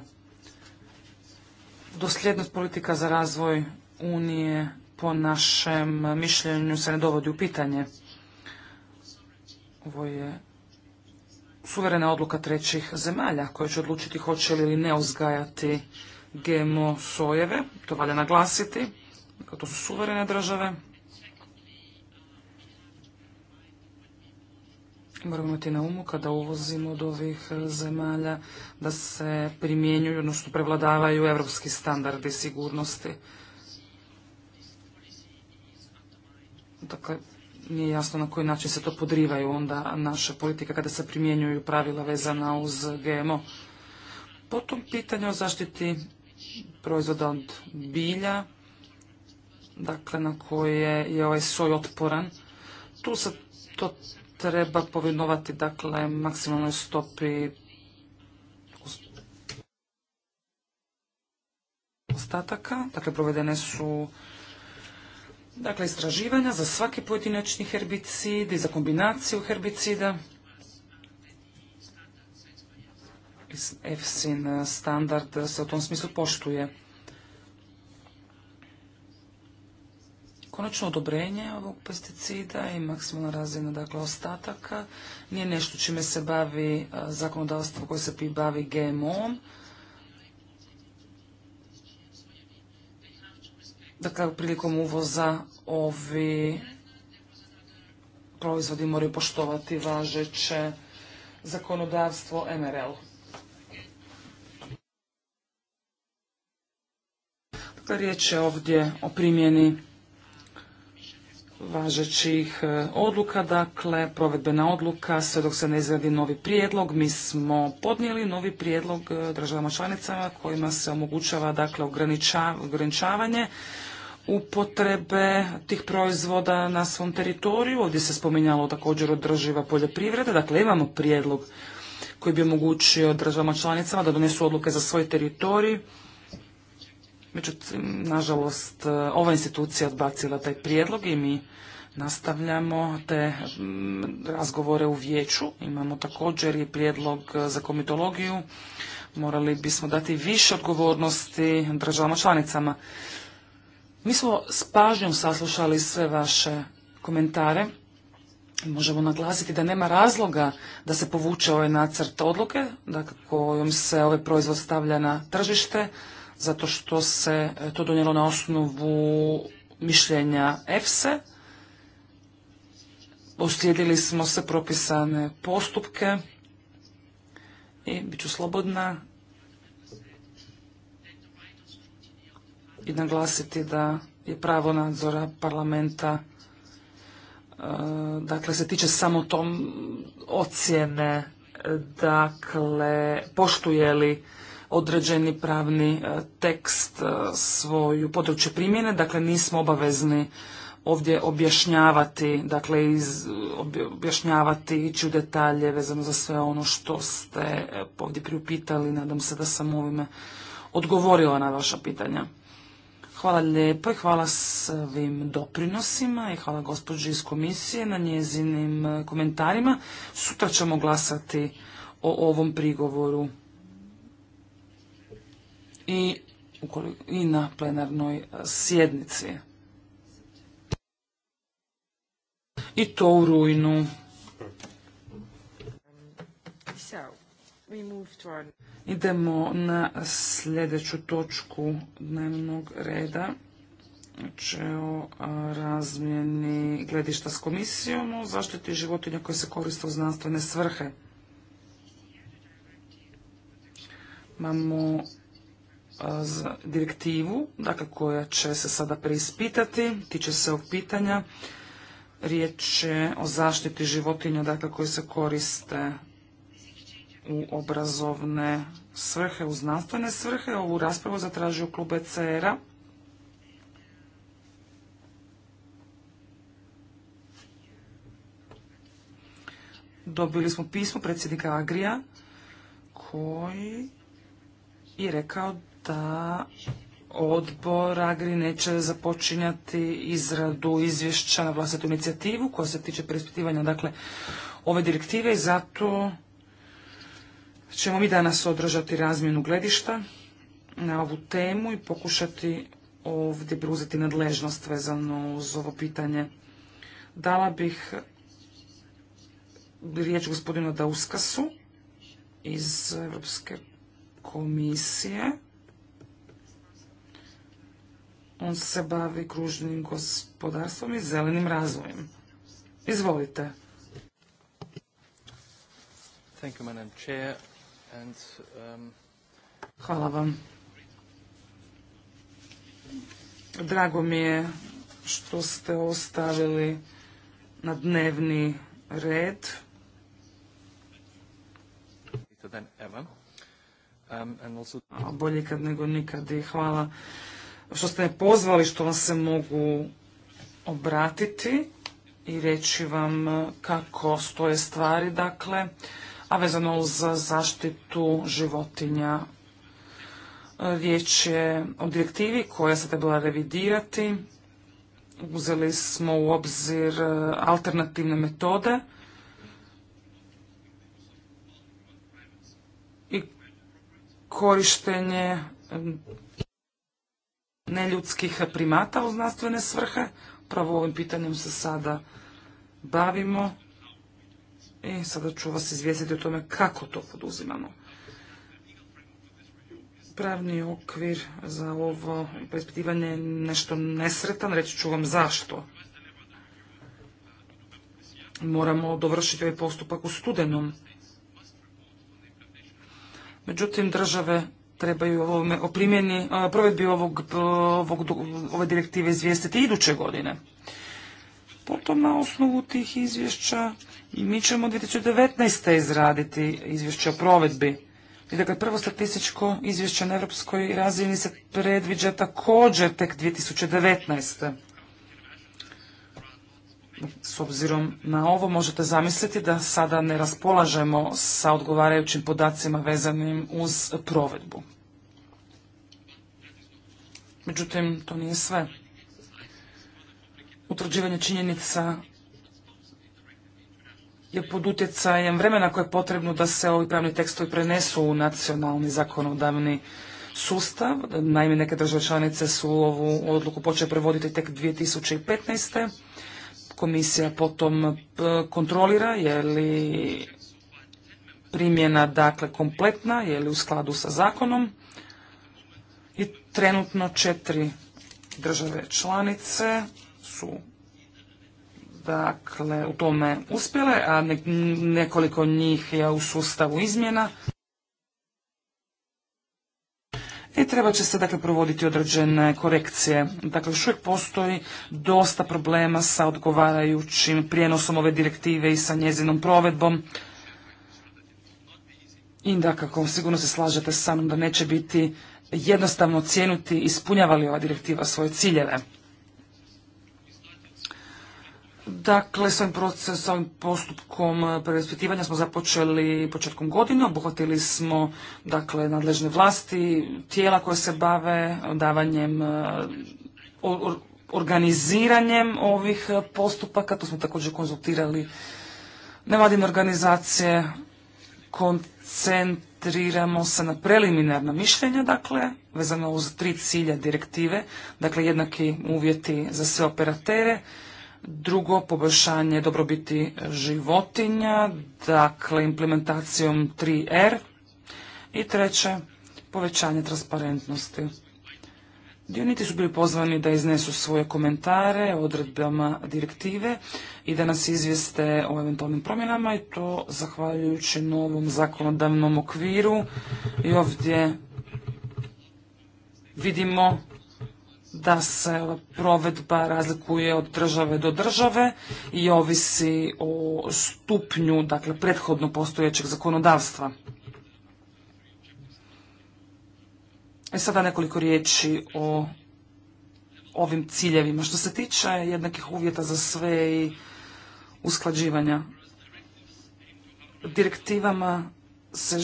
dosljednost politika za razvoj Unije po našem mišljenju se ne dovodi u pitanje. Ovo je suverena odluka trećih zemalja koje će odlučiti hoće li ili ne uzgajati GMO sojeve, to valja naglasiti, to su suverene države. Moramo imati na umu kada uvozimo od ovih eh, zemalja da se primjenjuju, odnosno prevladavaju evropski standardi sigurnosti. Dakle, nije jasno na koji način se to podrivaju onda naše politike kada se primjenjuju pravila vezana uz GMO. Potom pitanje o zaštiti proizvoda od bilja, dakle na koje je ovaj soj otporan. Tu se to treba povinovati dakle maksimalnoj stopi ostataka. Dakle, provedene su dakle, istraživanja za svaki pojedinačni herbicid i za kombinaciju herbicida. EFSIN standard se u tom smislu poštuje. Konačno odobrenje ovog pesticida i maksimalna razina dakle, ostataka nije nešto čime se bavi e, zakonodavstvo koje se bavi gmo Dakle, prilikom uvoza ovi proizvodi moraju poštovati važeće zakonodavstvo MRL. Riječ je ovdje o primjeni važećih e, odluka, dakle provedbena odluka, sve dok se ne izradi novi prijedlog. Mi smo podnijeli novi prijedlog e, državama članicama kojima se omogućava dakle ograničavanje upotrebe tih proizvoda na svom teritoriju. Ovdje se spominjalo također održiva poljoprivreda, dakle imamo prijedlog koji bi omogućio državama članicama da donesu odluke za svoj teritorij Međutim, nažalost, e, ova institucija odbacila taj prijedlog i mi nastavljamo te mm, razgovore u vijeću. Imamo također i prijedlog e, za komitologiju. Morali bismo dati više odgovornosti državama članicama. Mi smo s pažnjom saslušali sve vaše komentare. Možemo naglasiti da nema razloga da se povuče ovaj nacrt odluke, da kojom se ovaj proizvod stavlja na tržište, zato što se e, to donijelo na osnovu mišljenja EFSE. Uslijedili smo se propisane postupke i bit ću slobodna i naglasiti da je pravo nadzora parlamenta e, dakle se tiče samo tom ocjene dakle poštuje li određeni pravni e, tekst e, svoju područje primjene, dakle nismo obavezni ovdje objašnjavati, dakle iz, objašnjavati ići u detalje vezano za sve ono što ste e, ovdje priupitali. Nadam se da sam ovime odgovorila na vaša pitanja. Hvala lijepo i hvala svim doprinosima i hvala gospođi iz komisije na njezinim komentarima. Sutra ćemo glasati o ovom prigovoru i, na plenarnoj e, sjednici. I to u rujnu. Idemo na sljedeću točku dnevnog reda. Znači o razmjeni gledišta s komisijom o zaštiti životinja koje se koriste u znanstvene svrhe. Imamo direktivu, dakle koja će se sada preispitati, tiče se ovog pitanja. Riječ je o zaštiti životinja, dakle koji se koriste u obrazovne svrhe, u znanstvene svrhe. Ovu raspravu zatražio klub ECR-a. Dobili smo pismo predsjednika Agrija koji je rekao da odbor Agri neće započinjati izradu izvješća na vlastitu inicijativu koja se tiče preispitivanja dakle, ove direktive i zato ćemo mi danas održati razmjenu gledišta na ovu temu i pokušati ovdje preuzeti nadležnost vezano uz ovo pitanje. Dala bih riječ gospodinu Dauskasu iz Europske komisije. On se bavi kružnim gospodarstvom i zelenim razvojem. Izvolite. Thank um, Hvala vam. Drago mi je što ste ostavili na dnevni red. Um, bolje kad nego nikad i hvala što ste me pozvali, što vam se mogu obratiti i reći vam e, kako stoje stvari, dakle, a vezano uz zaštitu životinja. E, riječ je o direktivi koja se trebala revidirati. Uzeli smo u obzir e, alternativne metode i korištenje neljudskih primata u znanstvene svrhe. Pravo ovim pitanjem se sada bavimo i sada ću vas izvijestiti o tome kako to poduzimamo. Pravni okvir za ovo preispitivanje je nešto nesretan, reći ću vam zašto. Moramo dovršiti ovaj postupak u studenom. Međutim, države trebaju o primjeni, provedbi ove direktive izvijestiti iduće godine. Potom na osnovu tih izvješća mi ćemo 2019. izraditi izvješće o provedbi. I dakle, prvo statističko izvješće na europskoj razini se predviđa također tek 2019. S obzirom na ovo možete zamisliti da sada ne raspolažemo sa odgovarajućim podacima vezanim uz provedbu. Međutim, to nije sve. Utvrđivanje činjenica je pod utjecajem vremena koje je potrebno da se ovi pravni tekstovi prenesu u nacionalni zakonodavni sustav. Naime, neke države članice su ovu odluku počeli prevoditi tek 2015 komisija potom e, kontrolira, je li primjena dakle kompletna, je li u skladu sa zakonom. I trenutno četiri države članice su dakle u tome uspjele, a nekoliko njih je u sustavu izmjena i treba će se dakle provoditi određene korekcije. Dakle, još uvijek postoji dosta problema sa odgovarajućim prijenosom ove direktive i sa njezinom provedbom. I kako sigurno se slažete sa mnom da neće biti jednostavno cijenuti ispunjava li ova direktiva svoje ciljeve. Dakle, s ovim procesom, ovim postupkom eh, preispitivanja smo započeli početkom godine, obuhvatili smo dakle, nadležne vlasti, tijela koje se bave davanjem, eh, organiziranjem ovih eh, postupaka, to smo također konzultirali nevladine organizacije, koncentriramo se na preliminarna mišljenja, dakle, vezano uz tri cilja direktive, dakle, jednaki uvjeti za sve operatere, Drugo, poboljšanje dobrobiti životinja, dakle implementacijom 3R. I treće, povećanje transparentnosti. Dioniti su bili pozvani da iznesu svoje komentare o odredbama direktive i da nas izvijeste o eventualnim promjenama i to zahvaljujući novom zakonodavnom okviru. I ovdje vidimo da se provedba razlikuje od države do države i ovisi o stupnju dakle prethodno postojećeg zakonodavstva. E sada nekoliko riječi o ovim ciljevima. Što se tiče jednakih uvjeta za sve i usklađivanja direktivama se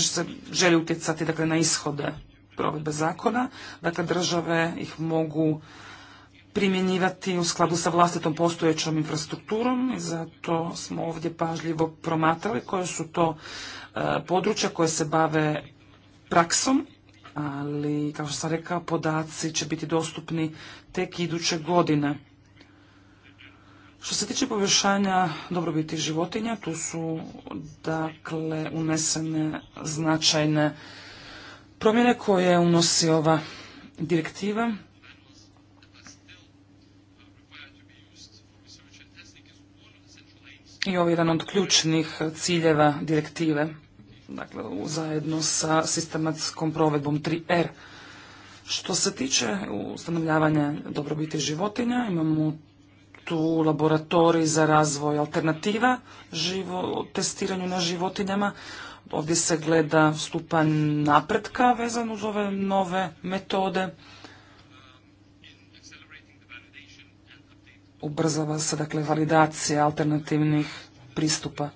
želi utjecati dakle na ishode provedbe zakona. Dakle, države ih mogu primjenjivati u skladu sa vlastitom postojećom infrastrukturom i zato smo ovdje pažljivo promatrali koje su to e, područja koje se bave praksom, ali kao što sam rekao, podaci će biti dostupni tek iduće godine. Što se tiče poboljšanja dobrobiti životinja, tu su dakle unesene značajne promjene koje unosi ova direktiva. I ovo je jedan od ključnih ciljeva direktive, dakle zajedno sa sistematskom provedbom 3R. Er. Što se tiče ustanovljavanja dobrobiti životinja, imamo tu laboratorij za razvoj alternativa živo, testiranju na životinjama ovdje se gleda stupanj napretka vezan uz ove nove metode. Ubrzava se dakle validacija alternativnih pristupa.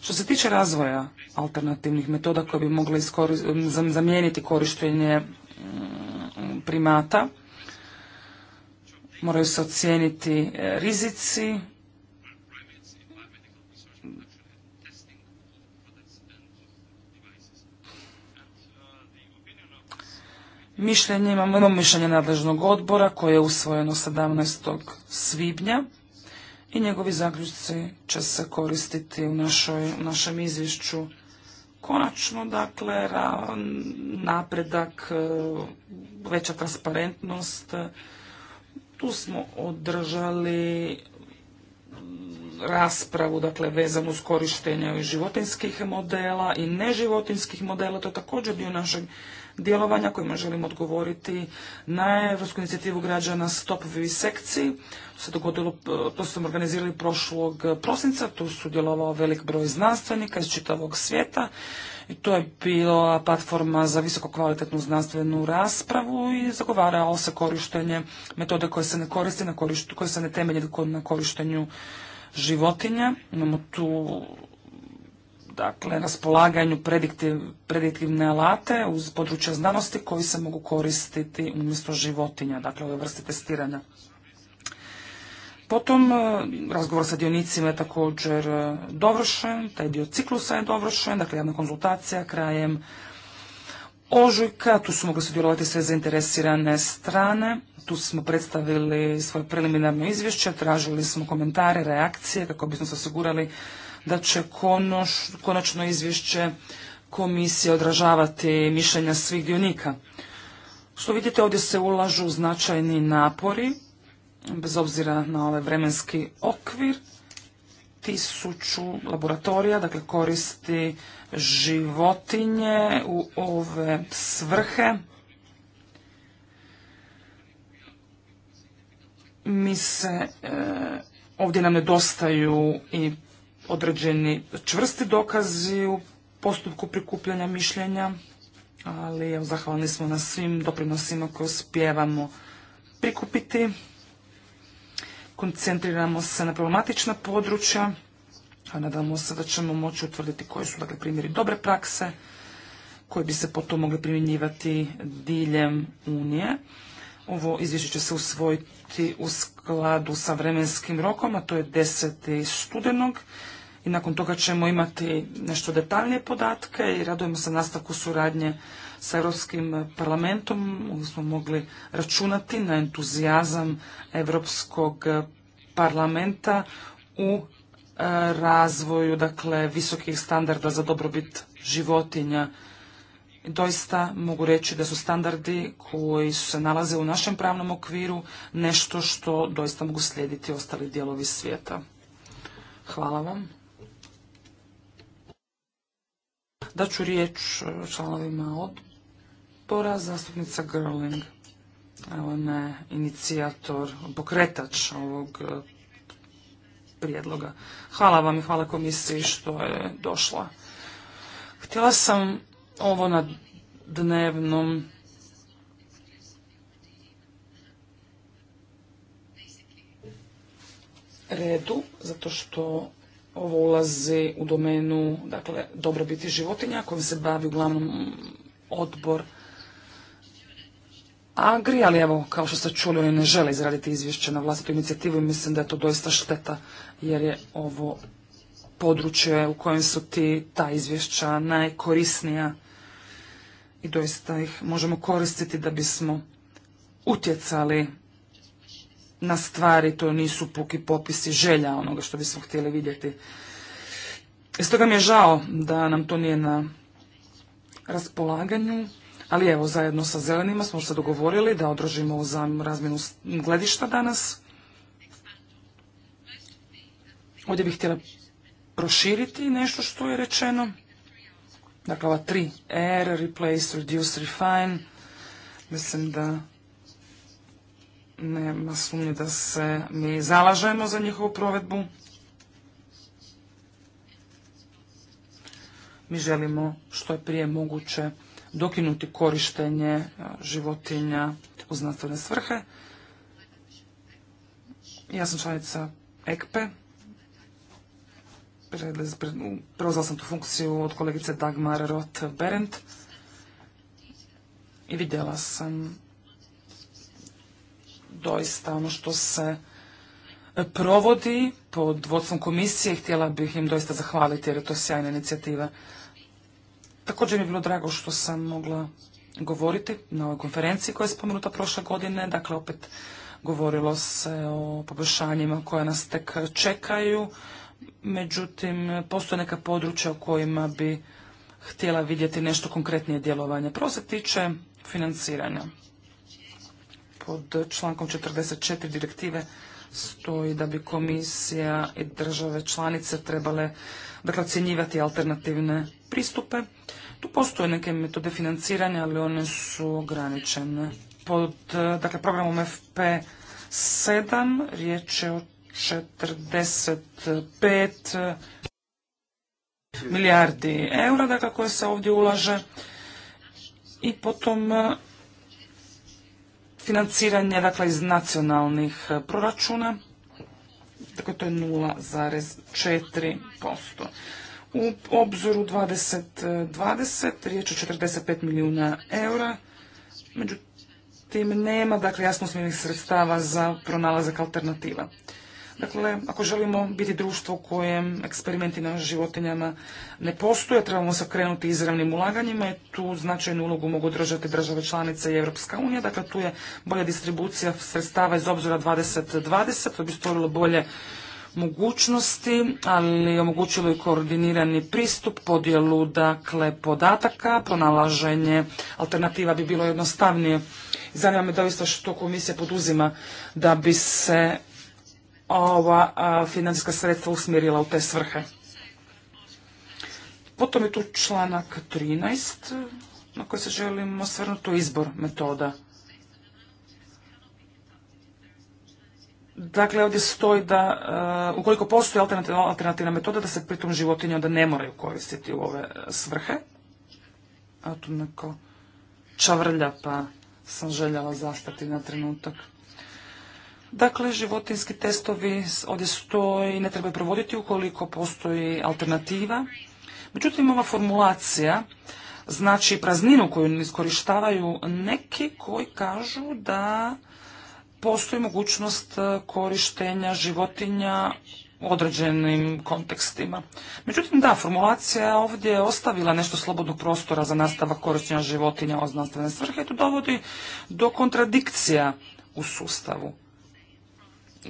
Što se tiče razvoja alternativnih metoda koje bi mogle zamijeniti korištenje mm, primata, moraju se ocijeniti e, rizici, mišljenje, imamo, mišljenje nadležnog odbora koje je usvojeno 17. svibnja i njegovi zaključci će se koristiti u, našem izvješću. Konačno, dakle, napredak, e, veća transparentnost, tu smo održali raspravu, dakle, vezanu uz korištenje životinskih modela i neživotinskih modela, to je također dio našeg djelovanja kojima želimo odgovoriti na Evropsku inicijativu građana Stop Vivisekciji. To se dogodilo, e, to smo organizirali prošlog prosinca, tu su djelovao velik broj znanstvenika iz čitavog svijeta i to je bila platforma za visoko kvalitetnu znanstvenu raspravu i zagovarao se korištenje metode koje se ne koriste, koje se ne temelje na korištenju životinja. Imamo tu dakle, raspolaganju prediktiv, prediktivne alate uz područja znanosti koji se mogu koristiti umjesto životinja, dakle ove vrste testiranja. Potom e, razgovor sa dionicima je također e, dovršen, taj dio ciklusa je dovršen, dakle jedna konzultacija krajem ožujka, tu su mogli sudjelovati sve zainteresirane strane, tu smo predstavili svoje preliminarno izvješće, tražili smo komentare, reakcije kako bismo se osigurali da će konačno izvješće komisije odražavati mišljenja svih dionika. Što vidite, ovdje se ulažu značajni napori, bez obzira na ovaj vremenski okvir, tisuću laboratorija, dakle koristi životinje u ove svrhe. Mi se, eh, ovdje nam nedostaju i određeni čvrsti dokazi u postupku prikupljanja mišljenja, ali evo, zahvalni smo na svim doprinosima koje uspijevamo prikupiti. Koncentriramo se na problematična područja, a nadamo se da ćemo moći utvrditi koji su dakle, primjeri dobre prakse, koji bi se potom mogli primjenjivati diljem Unije. Ovo izvješće će se usvojiti u skladu sa vremenskim rokom, a to je 10. studenog i nakon toga ćemo imati nešto detaljnije podatke i radujemo se nastavku suradnje sa Europskim parlamentom. Mi smo mogli računati na entuzijazam Europskog parlamenta u e, razvoju dakle visokih standarda za dobrobit životinja. Doista mogu reći da su standardi koji se nalaze u našem pravnom okviru nešto što doista mogu slijediti ostali dijelovi svijeta. Hvala vam. Da ću riječ e, članovima odbora, zastupnica Grling. Ona je inicijator, pokretač ovog e, prijedloga. Hvala vam i hvala komisiji što je došla. Htjela sam ovo na dnevnom redu, zato što ovo ulazi u domenu dakle, dobrobiti životinja kojim se bavi uglavnom odbor Agri, ali evo, kao što ste čuli, oni ne žele izraditi izvješće na vlastitu inicijativu i mislim da je to doista šteta, jer je ovo područje u kojem su ti ta izvješća najkorisnija i doista ih možemo koristiti da bismo utjecali na stvari, to nisu puki popisi želja onoga što bismo htjeli vidjeti. Stoga mi je žao da nam to nije na raspolaganju, ali evo, zajedno sa zelenima smo se dogovorili da održimo ovu razmjenu gledišta danas. Ovdje bih htjela proširiti nešto što je rečeno. Dakle, ova tri R, replace, reduce, refine. Mislim da nema sumnje da se mi zalažemo za njihovu provedbu. Mi želimo što je prije moguće dokinuti korištenje e, životinja u znanstvene svrhe. Ja sam članica EKPE. Preuzela sam tu funkciju od kolegice Dagmar Roth-Berendt i vidjela sam doista ono što se e, provodi pod vodstvom komisije i htjela bih im doista zahvaliti jer je to sjajna inicijativa. Također mi je bilo drago što sam mogla govoriti na ovoj konferenciji koja je spomenuta prošle godine. Dakle, opet govorilo se o poboljšanjima koja nas tek čekaju. Međutim, postoje neka područja u kojima bi htjela vidjeti nešto konkretnije djelovanje. Prvo se tiče financiranja pod člankom 44 direktive stoji da bi komisija i države članice trebale dakle, ocjenjivati alternativne pristupe. Tu postoje neke metode financiranja, ali one su ograničene. Pod dakle, programom FP7 riječ je o 45 milijardi eura dakle, koje se ovdje ulaže i potom financiranje dakle, iz nacionalnih e, proračuna, dakle to je 0,4%. U obzoru 2020 riječ o 45 milijuna eura, međutim nema dakle, jasno sredstava za pronalazak alternativa. Dakle, ako želimo biti društvo u kojem eksperimenti na životinjama ne postoje, trebamo se krenuti izravnim ulaganjima i tu značajnu ulogu mogu držati države članice i Europska unija. Dakle, tu je bolja distribucija sredstava iz obzora 2020, to bi stvorilo bolje mogućnosti, ali omogućilo i koordinirani pristup, podjelu dakle podataka, pronalaženje alternativa bi bilo jednostavnije. Zanima me doista što komisija poduzima da bi se ova financijska sredstva usmjerila u te svrhe. Potom je tu članak 13 na koji se želimo osvrnuti izbor metoda. Dakle, ovdje stoji da ukoliko postoji alternativna, alternativna metoda da se pritom životinje onda ne moraju koristiti u ove svrhe. A tu neko čavrlja pa sam željela zastati na trenutak. Dakle, životinski testovi ovdje stoji, ne treba provoditi ukoliko postoji alternativa. Međutim, ova formulacija znači prazninu koju iskorištavaju neki koji kažu da postoji mogućnost e, korištenja životinja u određenim kontekstima. Međutim, da, formulacija ovdje je ostavila nešto slobodnog prostora za nastavak korištenja životinja o znanstvene svrhe i to dovodi do kontradikcija u sustavu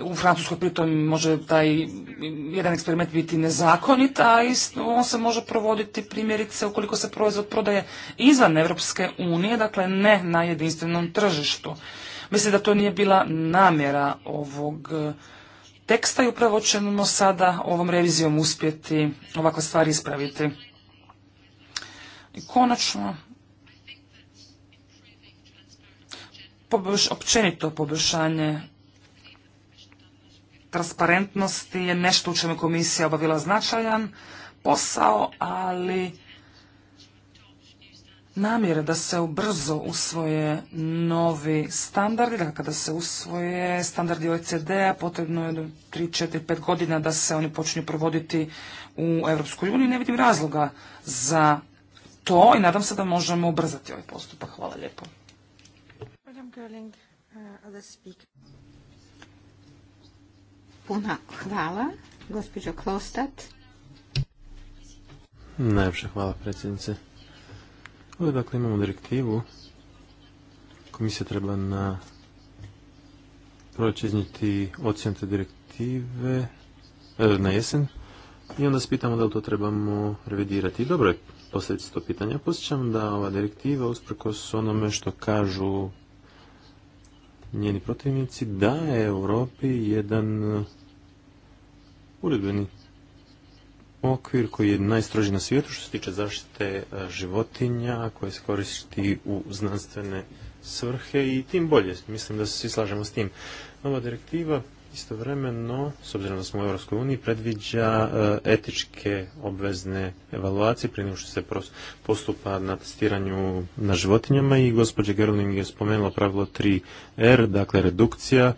u Francuskoj pritom može taj jedan eksperiment biti nezakonit, a on se može provoditi primjerice ukoliko se proizvod prodaje izvan Europske unije, dakle ne na jedinstvenom tržištu. Mislim da to nije bila namjera ovog e, teksta i upravo ćemo sada ovom revizijom uspjeti ovakve stvari ispraviti. I konačno, općenito poboljšanje transparentnosti je nešto u čemu komisija obavila značajan posao, ali namjere da se ubrzo usvoje novi standardi, dakle kada se usvoje standardi OECD-a, potrebno je 3, 4, 5 godina da se oni počinju provoditi u Europskoj uniji. Ne vidim razloga za to i nadam se da možemo ubrzati ovaj postupak. Hvala lijepo. Puno hvala, gospođo Klostat. Najopša hvala, predsjednice. dakle imamo direktivu. Komisija treba na proći iznijeti direktive eh, na jesen i onda se pitamo da li to trebamo revidirati. dobro je postaviti to pitanje. Posjećam da ova direktiva, usprkos onome što kažu njeni protivnici daje Europi jedan uh, uredbeni okvir koji je najstroži na svijetu što se tiče zaštite uh, životinja koje se koristi u znanstvene svrhe i tim bolje. Mislim da se svi slažemo s tim. Nova direktiva Istovremeno, s obzirom da smo u EU, predviđa e, etičke obvezne evaluacije prije nego što se postupa na testiranju na životinjama i gospođa Gerling je spomenula pravilo 3R, dakle redukcija,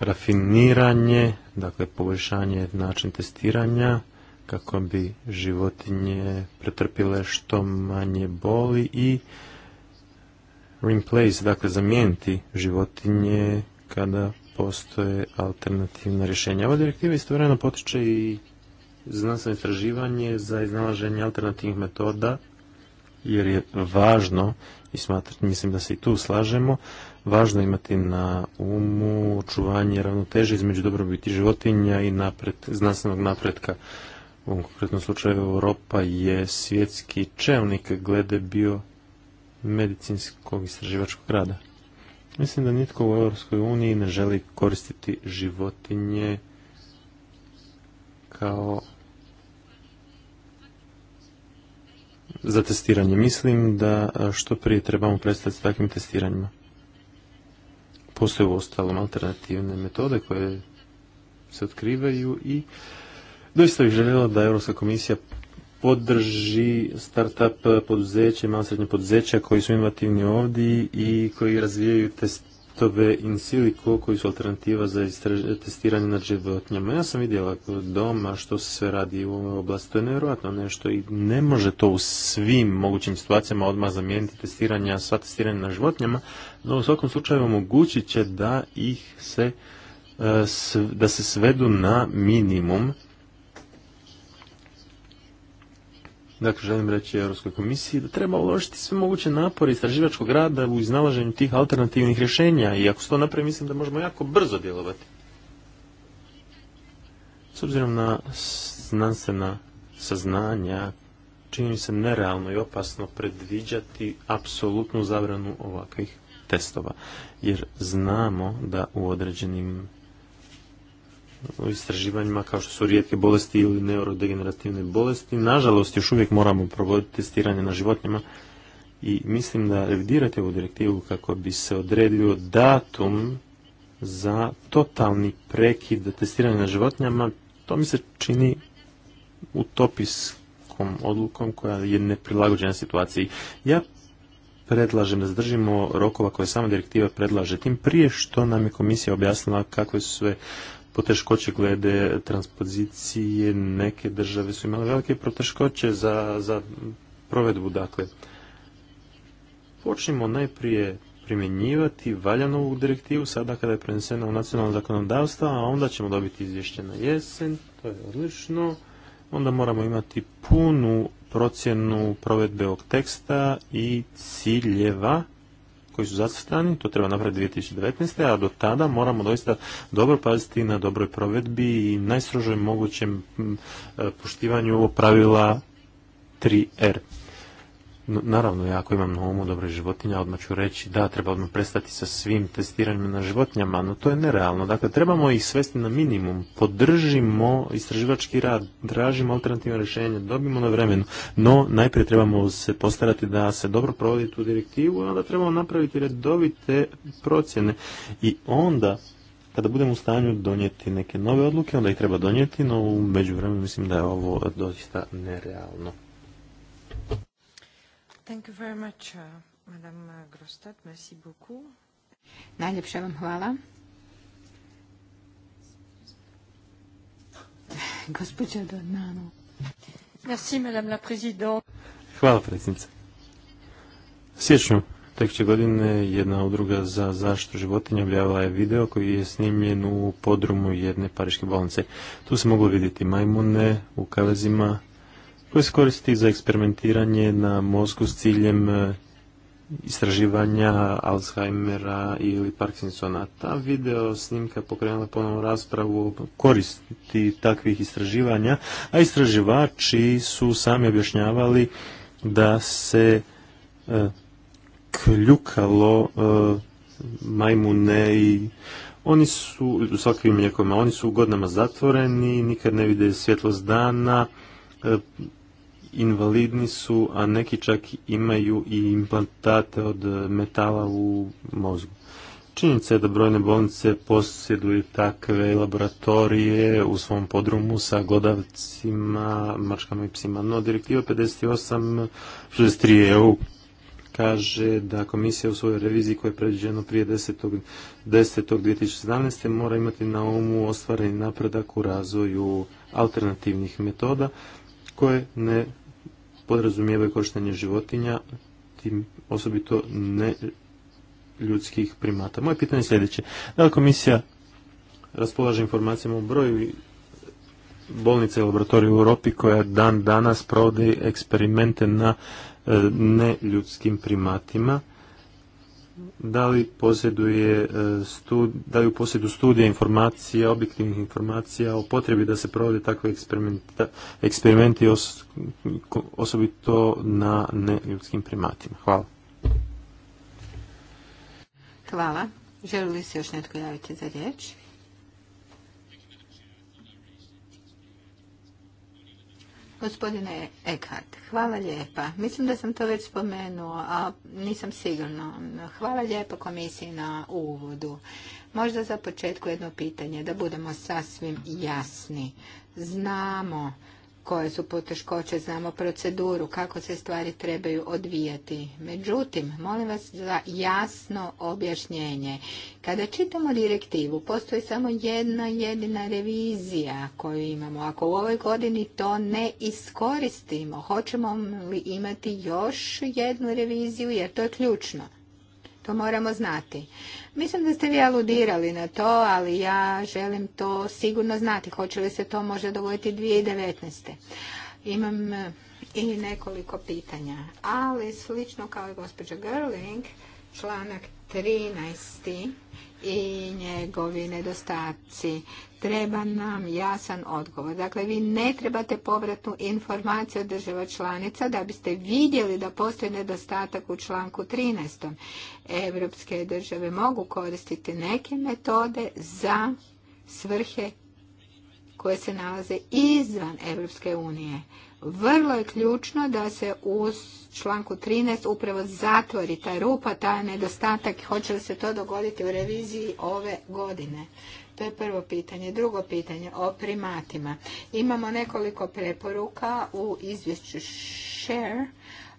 rafiniranje, dakle poboljšanje način testiranja kako bi životinje pretrpile što manje boli i replace, dakle zamijeniti životinje kada postoje alternativna rješenja. Ova direktiva istovremeno potiče i znanstveno istraživanje za iznalaženje alternativnih metoda, jer je važno, i smatrati, mislim da se i tu slažemo, važno imati na umu očuvanje ravnoteže između dobrobiti životinja i napred, znanstvenog napretka. U ovom konkretnom slučaju Europa je svjetski čelnik glede bio medicinskog istraživačkog rada. Mislim da nitko u Europskoj uniji ne želi koristiti životinje kao za testiranje. Mislim da što prije trebamo prestati s takvim testiranjima. Postoje u ostalom alternativne metode koje se otkrivaju i doista bih željela da Europska komisija podrži startup poduzeće, malo srednje poduzeća koji su inovativni ovdje i koji razvijaju testove in silico koji su alternativa za testiranje nad životinjama. Ja sam vidjela doma što se sve radi u ovoj oblasti, to je nevjerojatno nešto i ne može to u svim mogućim situacijama odmah zamijeniti testiranja, sva testiranja na životinjama, no u svakom slučaju omogućit će da ih se e, da se svedu na minimum Dakle, želim reći Europskoj komisiji da treba uložiti sve moguće napore istraživačkog rada u iznalaženju tih alternativnih rješenja i ako se to napravi, mislim da možemo jako brzo djelovati. S obzirom na znanstvena saznanja, čini mi se nerealno i opasno predviđati apsolutnu zabranu ovakvih testova, jer znamo da u određenim istraživanjima kao što su rijetke bolesti ili neurodegenerativne bolesti. Nažalost, još uvijek moramo provoditi testiranje na životinjama i mislim da revidirate ovu direktivu kako bi se odredio datum za totalni prekid testiranja na životinjama. To mi se čini utopiskom odlukom koja je neprilagođena situaciji. Ja predlažem da zadržimo rokova koje sama direktiva predlaže, tim prije što nam je komisija objasnila kakve su sve poteškoće glede transpozicije. Neke države su imale velike poteškoće za, za provedbu. Dakle, počnimo najprije primjenjivati valjanu ovu direktivu sada kada je prenesena u nacionalno zakonodavstvo, a onda ćemo dobiti izvješće na jesen, to je odlično. Onda moramo imati punu procjenu provedbe ovog teksta i ciljeva koji su zacrtani, to treba napraviti 2019. a do tada moramo doista dobro paziti na dobroj provedbi i najstrožem mogućem e, poštivanju pravila 3R. Naravno, ja ako imam na umu dobre životinje, odmah ću reći da, treba odmah prestati sa svim testiranjima na životinjama, no to je nerealno. Dakle, trebamo ih svesti na minimum. Podržimo istraživački rad, tražimo alternativne rješenja, dobimo na vremenu, no najprije trebamo se postarati da se dobro provodi tu direktivu, a onda trebamo napraviti redovite procjene i onda kada budemo u stanju donijeti neke nove odluke, onda ih treba donijeti, no u međuvremenu mislim da je ovo doista nerealno. Thank you very much, uh, Madame Merci beaucoup. Najljepša vam hvala. Gospođa Donano. Merci, Madame la Présidente. Hvala, predsjednice. Sjećam tekuće godine jedna udruga za zaštitu životinja objavila je video koji je snimljen u podrumu jedne pariške bolnice. Tu se moglo vidjeti majmune u kavezima koje se koristi za eksperimentiranje na mozgu s ciljem e, istraživanja Alzheimera ili Parkinsona. Ta video snimka pokrenula ponovno raspravu o koristi takvih istraživanja, a istraživači su sami objašnjavali da se e, kljukalo e, majmune i oni su u svakim mlijekovima oni su godinama zatvoreni, nikad ne vide svjetlost dana, invalidni su, a neki čak imaju i implantate od metala u mozgu. Činjenica je da brojne bolnice posjeduju takve laboratorije u svom podrumu sa godavcima, mačkama i psima. No, direktiva 58.63 EU kaže da komisija u svojoj reviziji koja je predviđena prije 10. sedamnaest mora imati na umu ostvaren napredak u razvoju alternativnih metoda koje ne podrazumijevaju korištenje životinja, tim osobito ne ljudskih primata. Moje pitanje je sljedeće. Da li komisija raspolaže informacijama o broju bolnice i laboratorije u Europi koja dan danas provodi eksperimente na e, neljudskim primatima da li posjeduje e, u posjedu studija informacija, objektivnih informacija o potrebi da se provode takve eksperimenti osobito na neljudskim primatima. Hvala. Hvala. Želi li se još netko javiti za riječ? Gospodine Eckhart, hvala lijepa. Mislim da sam to već spomenuo, a nisam sigurno. Hvala lijepa komisiji na uvodu. Možda za početku jedno pitanje, da budemo sasvim jasni. Znamo koje su poteškoće, znamo proceduru, kako se stvari trebaju odvijati. Međutim, molim vas za jasno objašnjenje. Kada čitamo direktivu, postoji samo jedna jedina revizija koju imamo. Ako u ovoj godini to ne iskoristimo, hoćemo li imati još jednu reviziju, jer to je ključno. To moramo znati. Mislim da ste vi aludirali na to, ali ja želim to sigurno znati. Hoće li se to možda dogoditi 2019. Imam eh, i nekoliko pitanja, ali slično kao i gospođa Gerling, članak 13. i njegovi nedostaci. Treba nam jasan odgovor. Dakle, vi ne trebate povratnu informaciju od država članica da biste vidjeli da postoji nedostatak u članku 13. Evropske države mogu koristiti neke metode za svrhe koje se nalaze izvan Evropske unije. Vrlo je ključno da se u članku 13 upravo zatvori ta rupa, taj nedostatak. Hoće li se to dogoditi u reviziji ove godine? To je prvo pitanje. Drugo pitanje o primatima. Imamo nekoliko preporuka u izvješću Share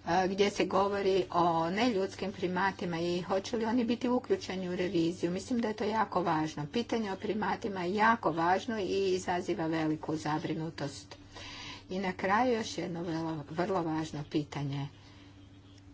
eh, gdje se govori o neljudskim primatima i hoće li oni biti uključeni u reviziju. Mislim da je to jako važno. Pitanje o primatima je jako važno i izaziva veliku zabrinutost. I na kraju još jedno vrlo, važno pitanje.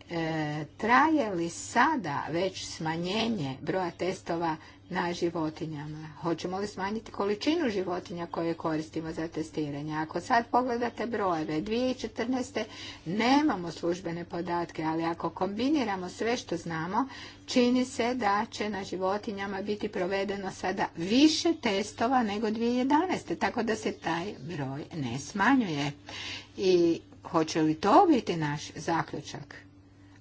Eh, traje li sada već smanjenje broja testova na životinjama? Hoćemo li smanjiti količinu životinja koje koristimo za testiranje? Ako sad pogledate brojeve, 2014. nemamo službene podatke, ali ako kombiniramo sve što znamo, čini se da će na životinjama biti provedeno sada više testova nego 2011. Tako da se taj broj ne smanjuje. I hoće li to biti naš zaključak?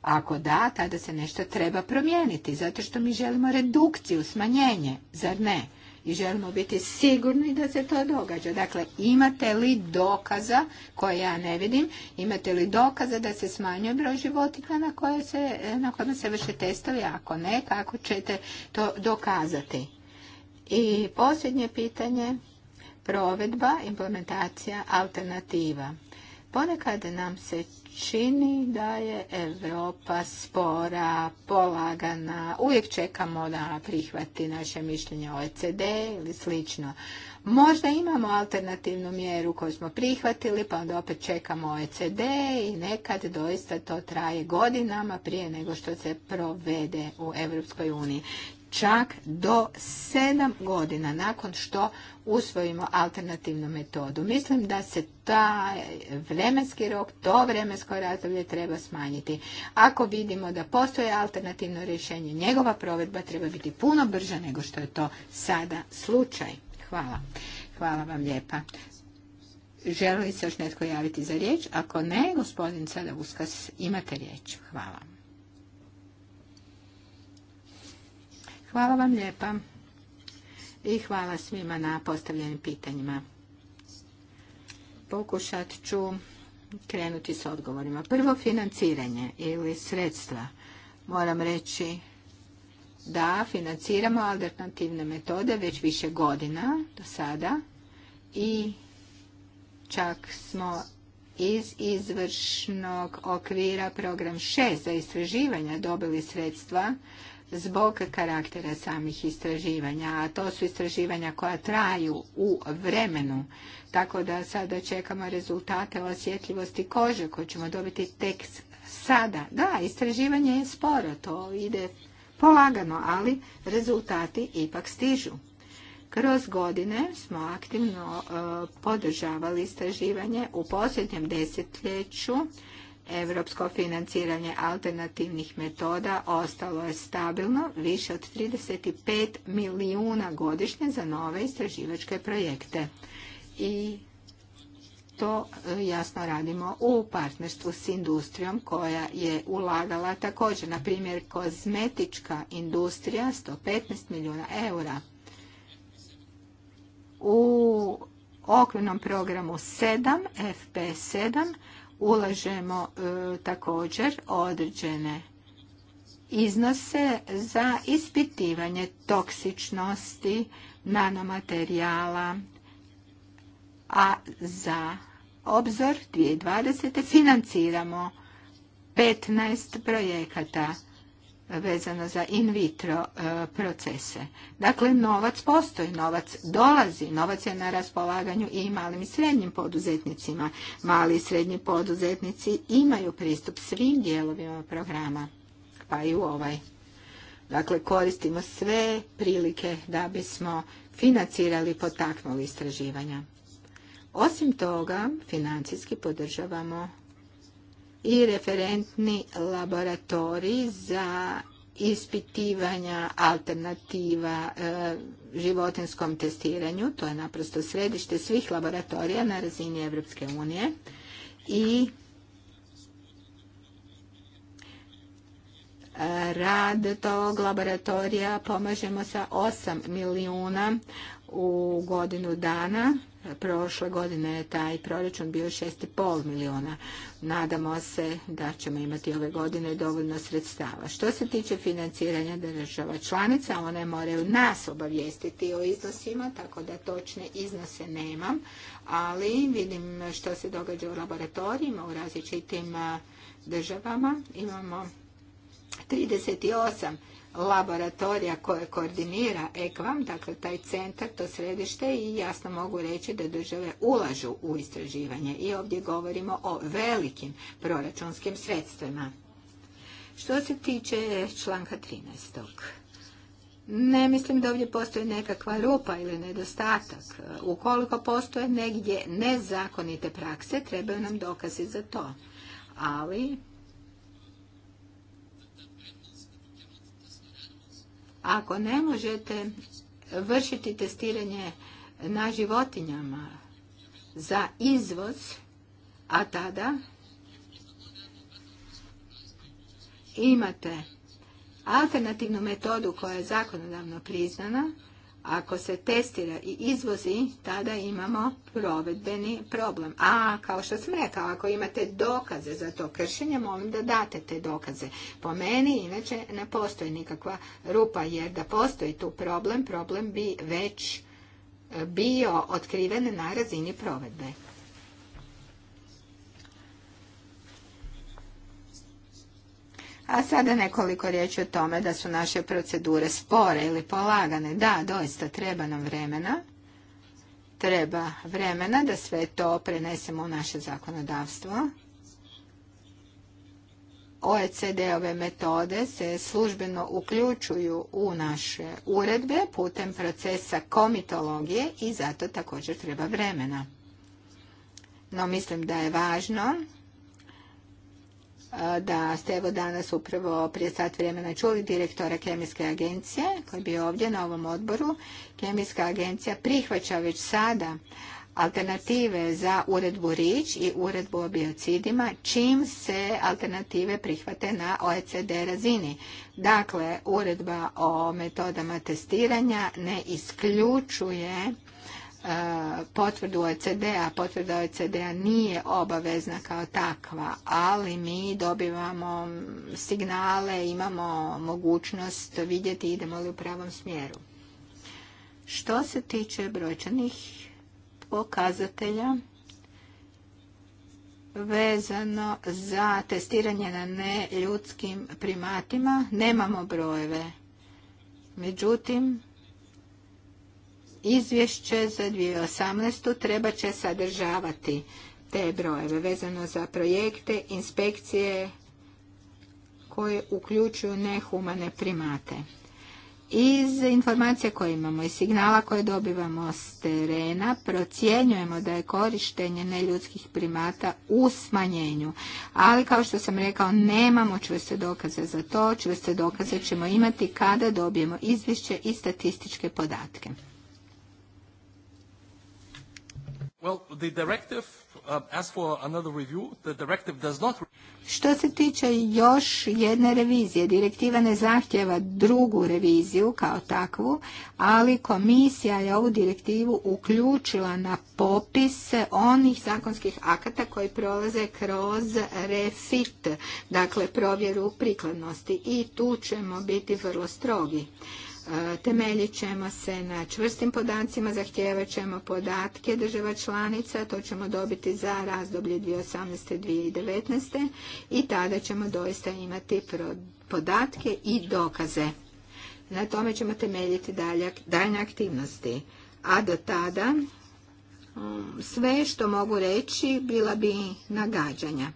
Ako da, tada se nešto treba promijeniti, zato što mi želimo redukciju, smanjenje, zar ne? I želimo biti sigurni da se to događa. Dakle, imate li dokaza, koje ja ne vidim, imate li dokaza da se smanjuje broj životinja na, koje se, kojima se vrše testovi? Ako ne, kako ćete to dokazati? I posljednje pitanje, provedba, implementacija, alternativa. Ponekad nam se čini da je Europa spora, polagana, uvijek čekamo da prihvati naše mišljenje OECD ili slično. Možda imamo alternativnu mjeru koju smo prihvatili, pa onda opet čekamo OECD i nekad doista to traje godinama prije nego što se provede u Europskoj uniji čak do sedam godina nakon što usvojimo alternativnu metodu. Mislim da se taj vremenski rok, to vremensko razdoblje treba smanjiti. Ako vidimo da postoje alternativno rješenje, njegova provedba treba biti puno brža nego što je to sada slučaj. Hvala. Hvala vam lijepa. Želi li se još netko javiti za riječ? Ako ne, gospodin Uskas imate riječ. Hvala. Hvala vam lijepa i hvala svima na postavljenim pitanjima. Pokušat ću krenuti s odgovorima. Prvo, financiranje ili sredstva. Moram reći da financiramo alternativne metode već više godina do sada i čak smo iz izvršnog okvira program 6 za istraživanja dobili sredstva zbog karaktera samih istraživanja, a to su istraživanja koja traju u vremenu. Tako da sada čekamo rezultate o osjetljivosti kože koju ćemo dobiti tek sada. Da, istraživanje je sporo, to ide polagano, ali rezultati ipak stižu. Kroz godine smo aktivno e, podržavali istraživanje u posljednjem desetljeću Europsko financiranje alternativnih metoda ostalo je stabilno više od 35 milijuna godišnje za nove istraživačke projekte. I to e, jasno radimo u partnerstvu s industrijom koja je ulagala također, na primjer, kozmetička industrija 115 milijuna eura. U okvirnom programu 7, FP7, ulažemo e, također određene iznose za ispitivanje toksičnosti nanomaterijala, a za obzor 2020. financiramo 15 projekata vezano za in vitro e, procese. Dakle, novac postoji, novac dolazi, novac je na raspolaganju i malim i srednjim poduzetnicima. Mali i srednji poduzetnici imaju pristup svim dijelovima programa, pa i u ovaj. Dakle, koristimo sve prilike da bismo financirali i potaknuli istraživanja. Osim toga, financijski podržavamo i referentni laboratori za ispitivanja alternativa e, životinskom testiranju. To je naprosto središte svih laboratorija na razini Evropske unije. I e, rad tog laboratorija pomažemo sa 8 milijuna u godinu dana. Prošle godine je taj proračun bio 6,5 milijuna. Nadamo se da ćemo imati ove godine dovoljno sredstava. Što se tiče financiranja država članica, one moraju nas obavijestiti o iznosima, tako da točne iznose nemam, ali vidim što se događa u laboratorijima, u različitim državama. Imamo 38 laboratorija koje koordinira EKVAM, dakle taj centar, to središte i jasno mogu reći da države ulažu u istraživanje i ovdje govorimo o velikim proračunskim sredstvima. Što se tiče članka 13. Ne mislim da ovdje postoji nekakva rupa ili nedostatak. Ukoliko postoje negdje nezakonite prakse, trebaju nam dokazi za to. Ali Ako ne možete vršiti testiranje na životinjama za izvoz, a tada imate alternativnu metodu koja je zakonodavno priznana, ako se testira i izvozi, tada imamo provedbeni problem. A, kao što sam rekao, ako imate dokaze za to kršenje, molim da date te dokaze. Po meni, inače, ne postoji nikakva rupa, jer da postoji tu problem, problem bi već e, bio otkriven na razini provedbe. A sada nekoliko riječi o tome da su naše procedure spore ili polagane. Da, doista treba nam vremena. Treba vremena da sve to prenesemo u naše zakonodavstvo. OECD-ove metode se službeno uključuju u naše uredbe putem procesa komitologije i zato također treba vremena. No mislim da je važno da ste evo danas upravo prije sat vremena čuli direktora Kemijske agencije koji je ovdje na ovom odboru. Kemijska agencija prihvaća već sada alternative za uredbu RIČ i uredbu o biocidima, čim se alternative prihvate na OECD razini. Dakle, uredba o metodama testiranja ne isključuje E, potvrdu OECD-a. Potvrda OECD-a nije obavezna kao takva, ali mi dobivamo signale, imamo mogućnost vidjeti idemo li u pravom smjeru. Što se tiče brojčanih pokazatelja, vezano za testiranje na ljudskim primatima nemamo brojeve. Međutim, izvješće za 2018. treba će sadržavati te brojeve vezano za projekte, inspekcije koje uključuju nehumane primate. Iz informacije koje imamo i signala koje dobivamo s terena procjenjujemo da je korištenje neljudskih primata u smanjenju. Ali kao što sam rekao nemamo čvrste dokaze za to, čvrste dokaze ćemo imati kada dobijemo izvješće i statističke podatke. Što se tiče još jedne revizije, direktiva ne zahtjeva drugu reviziju kao takvu, ali komisija je ovu direktivu uključila na popis onih zakonskih akata koji prolaze kroz refit, dakle provjeru prikladnosti i tu ćemo biti vrlo strogi. Temeljit ćemo se na čvrstim podacima, zahtijevat ćemo podatke država članica, to ćemo dobiti za razdoblje 2018. 2019. i tada ćemo doista imati podatke i dokaze. Na tome ćemo temeljiti daljne aktivnosti. A do tada um, sve što mogu reći bila bi nagađanja.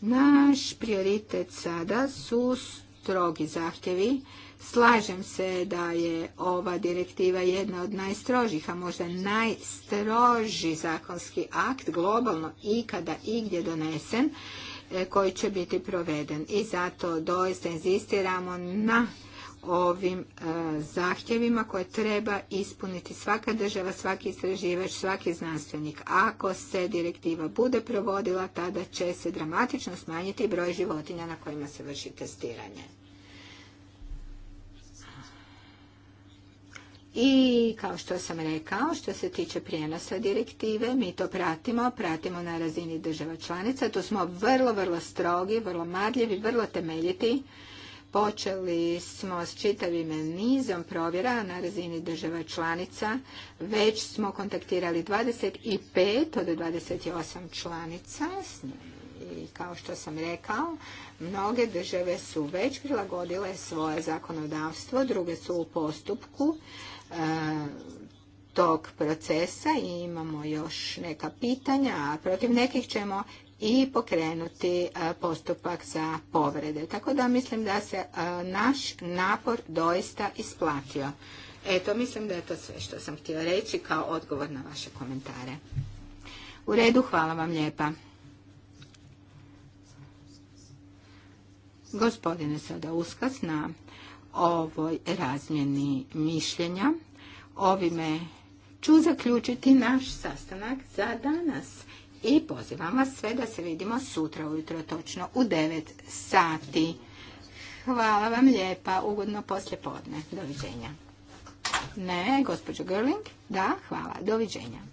Naš prioritet sada su strogi zahtjevi Slažem se da je ova direktiva jedna od najstrožih, a možda najstroži zakonski akt globalno ikada igdje donesen e, koji će biti proveden. I zato doista inzistiramo na ovim e, zahtjevima koje treba ispuniti svaka država, svaki istraživač, svaki znanstvenik. Ako se direktiva bude provodila, tada će se dramatično smanjiti broj životinja na kojima se vrši testiranje. I kao što sam rekao, što se tiče prijenosa direktive, mi to pratimo, pratimo na razini država članica. Tu smo vrlo, vrlo strogi, vrlo marljivi, vrlo temeljiti. Počeli smo s čitavim nizom provjera na razini država članica. Već smo kontaktirali 25 od 28 članica i kao što sam rekao, mnoge države su već prilagodile svoje zakonodavstvo, druge su u postupku. E, tog procesa i imamo još neka pitanja, a protiv nekih ćemo i pokrenuti e, postupak za povrede. Tako da mislim da se e, naš napor doista isplatio. Eto, mislim da je to sve što sam htio reći kao odgovor na vaše komentare. U redu, hvala vam lijepa. Gospodine Sada Uskas na ovoj razmjeni mišljenja. Ovime ću zaključiti naš sastanak za danas i pozivam vas sve da se vidimo sutra ujutro točno u 9 sati. Hvala vam lijepa, ugodno poslje podne. Doviđenja. Ne, gospođo Grling, da, hvala, doviđenja.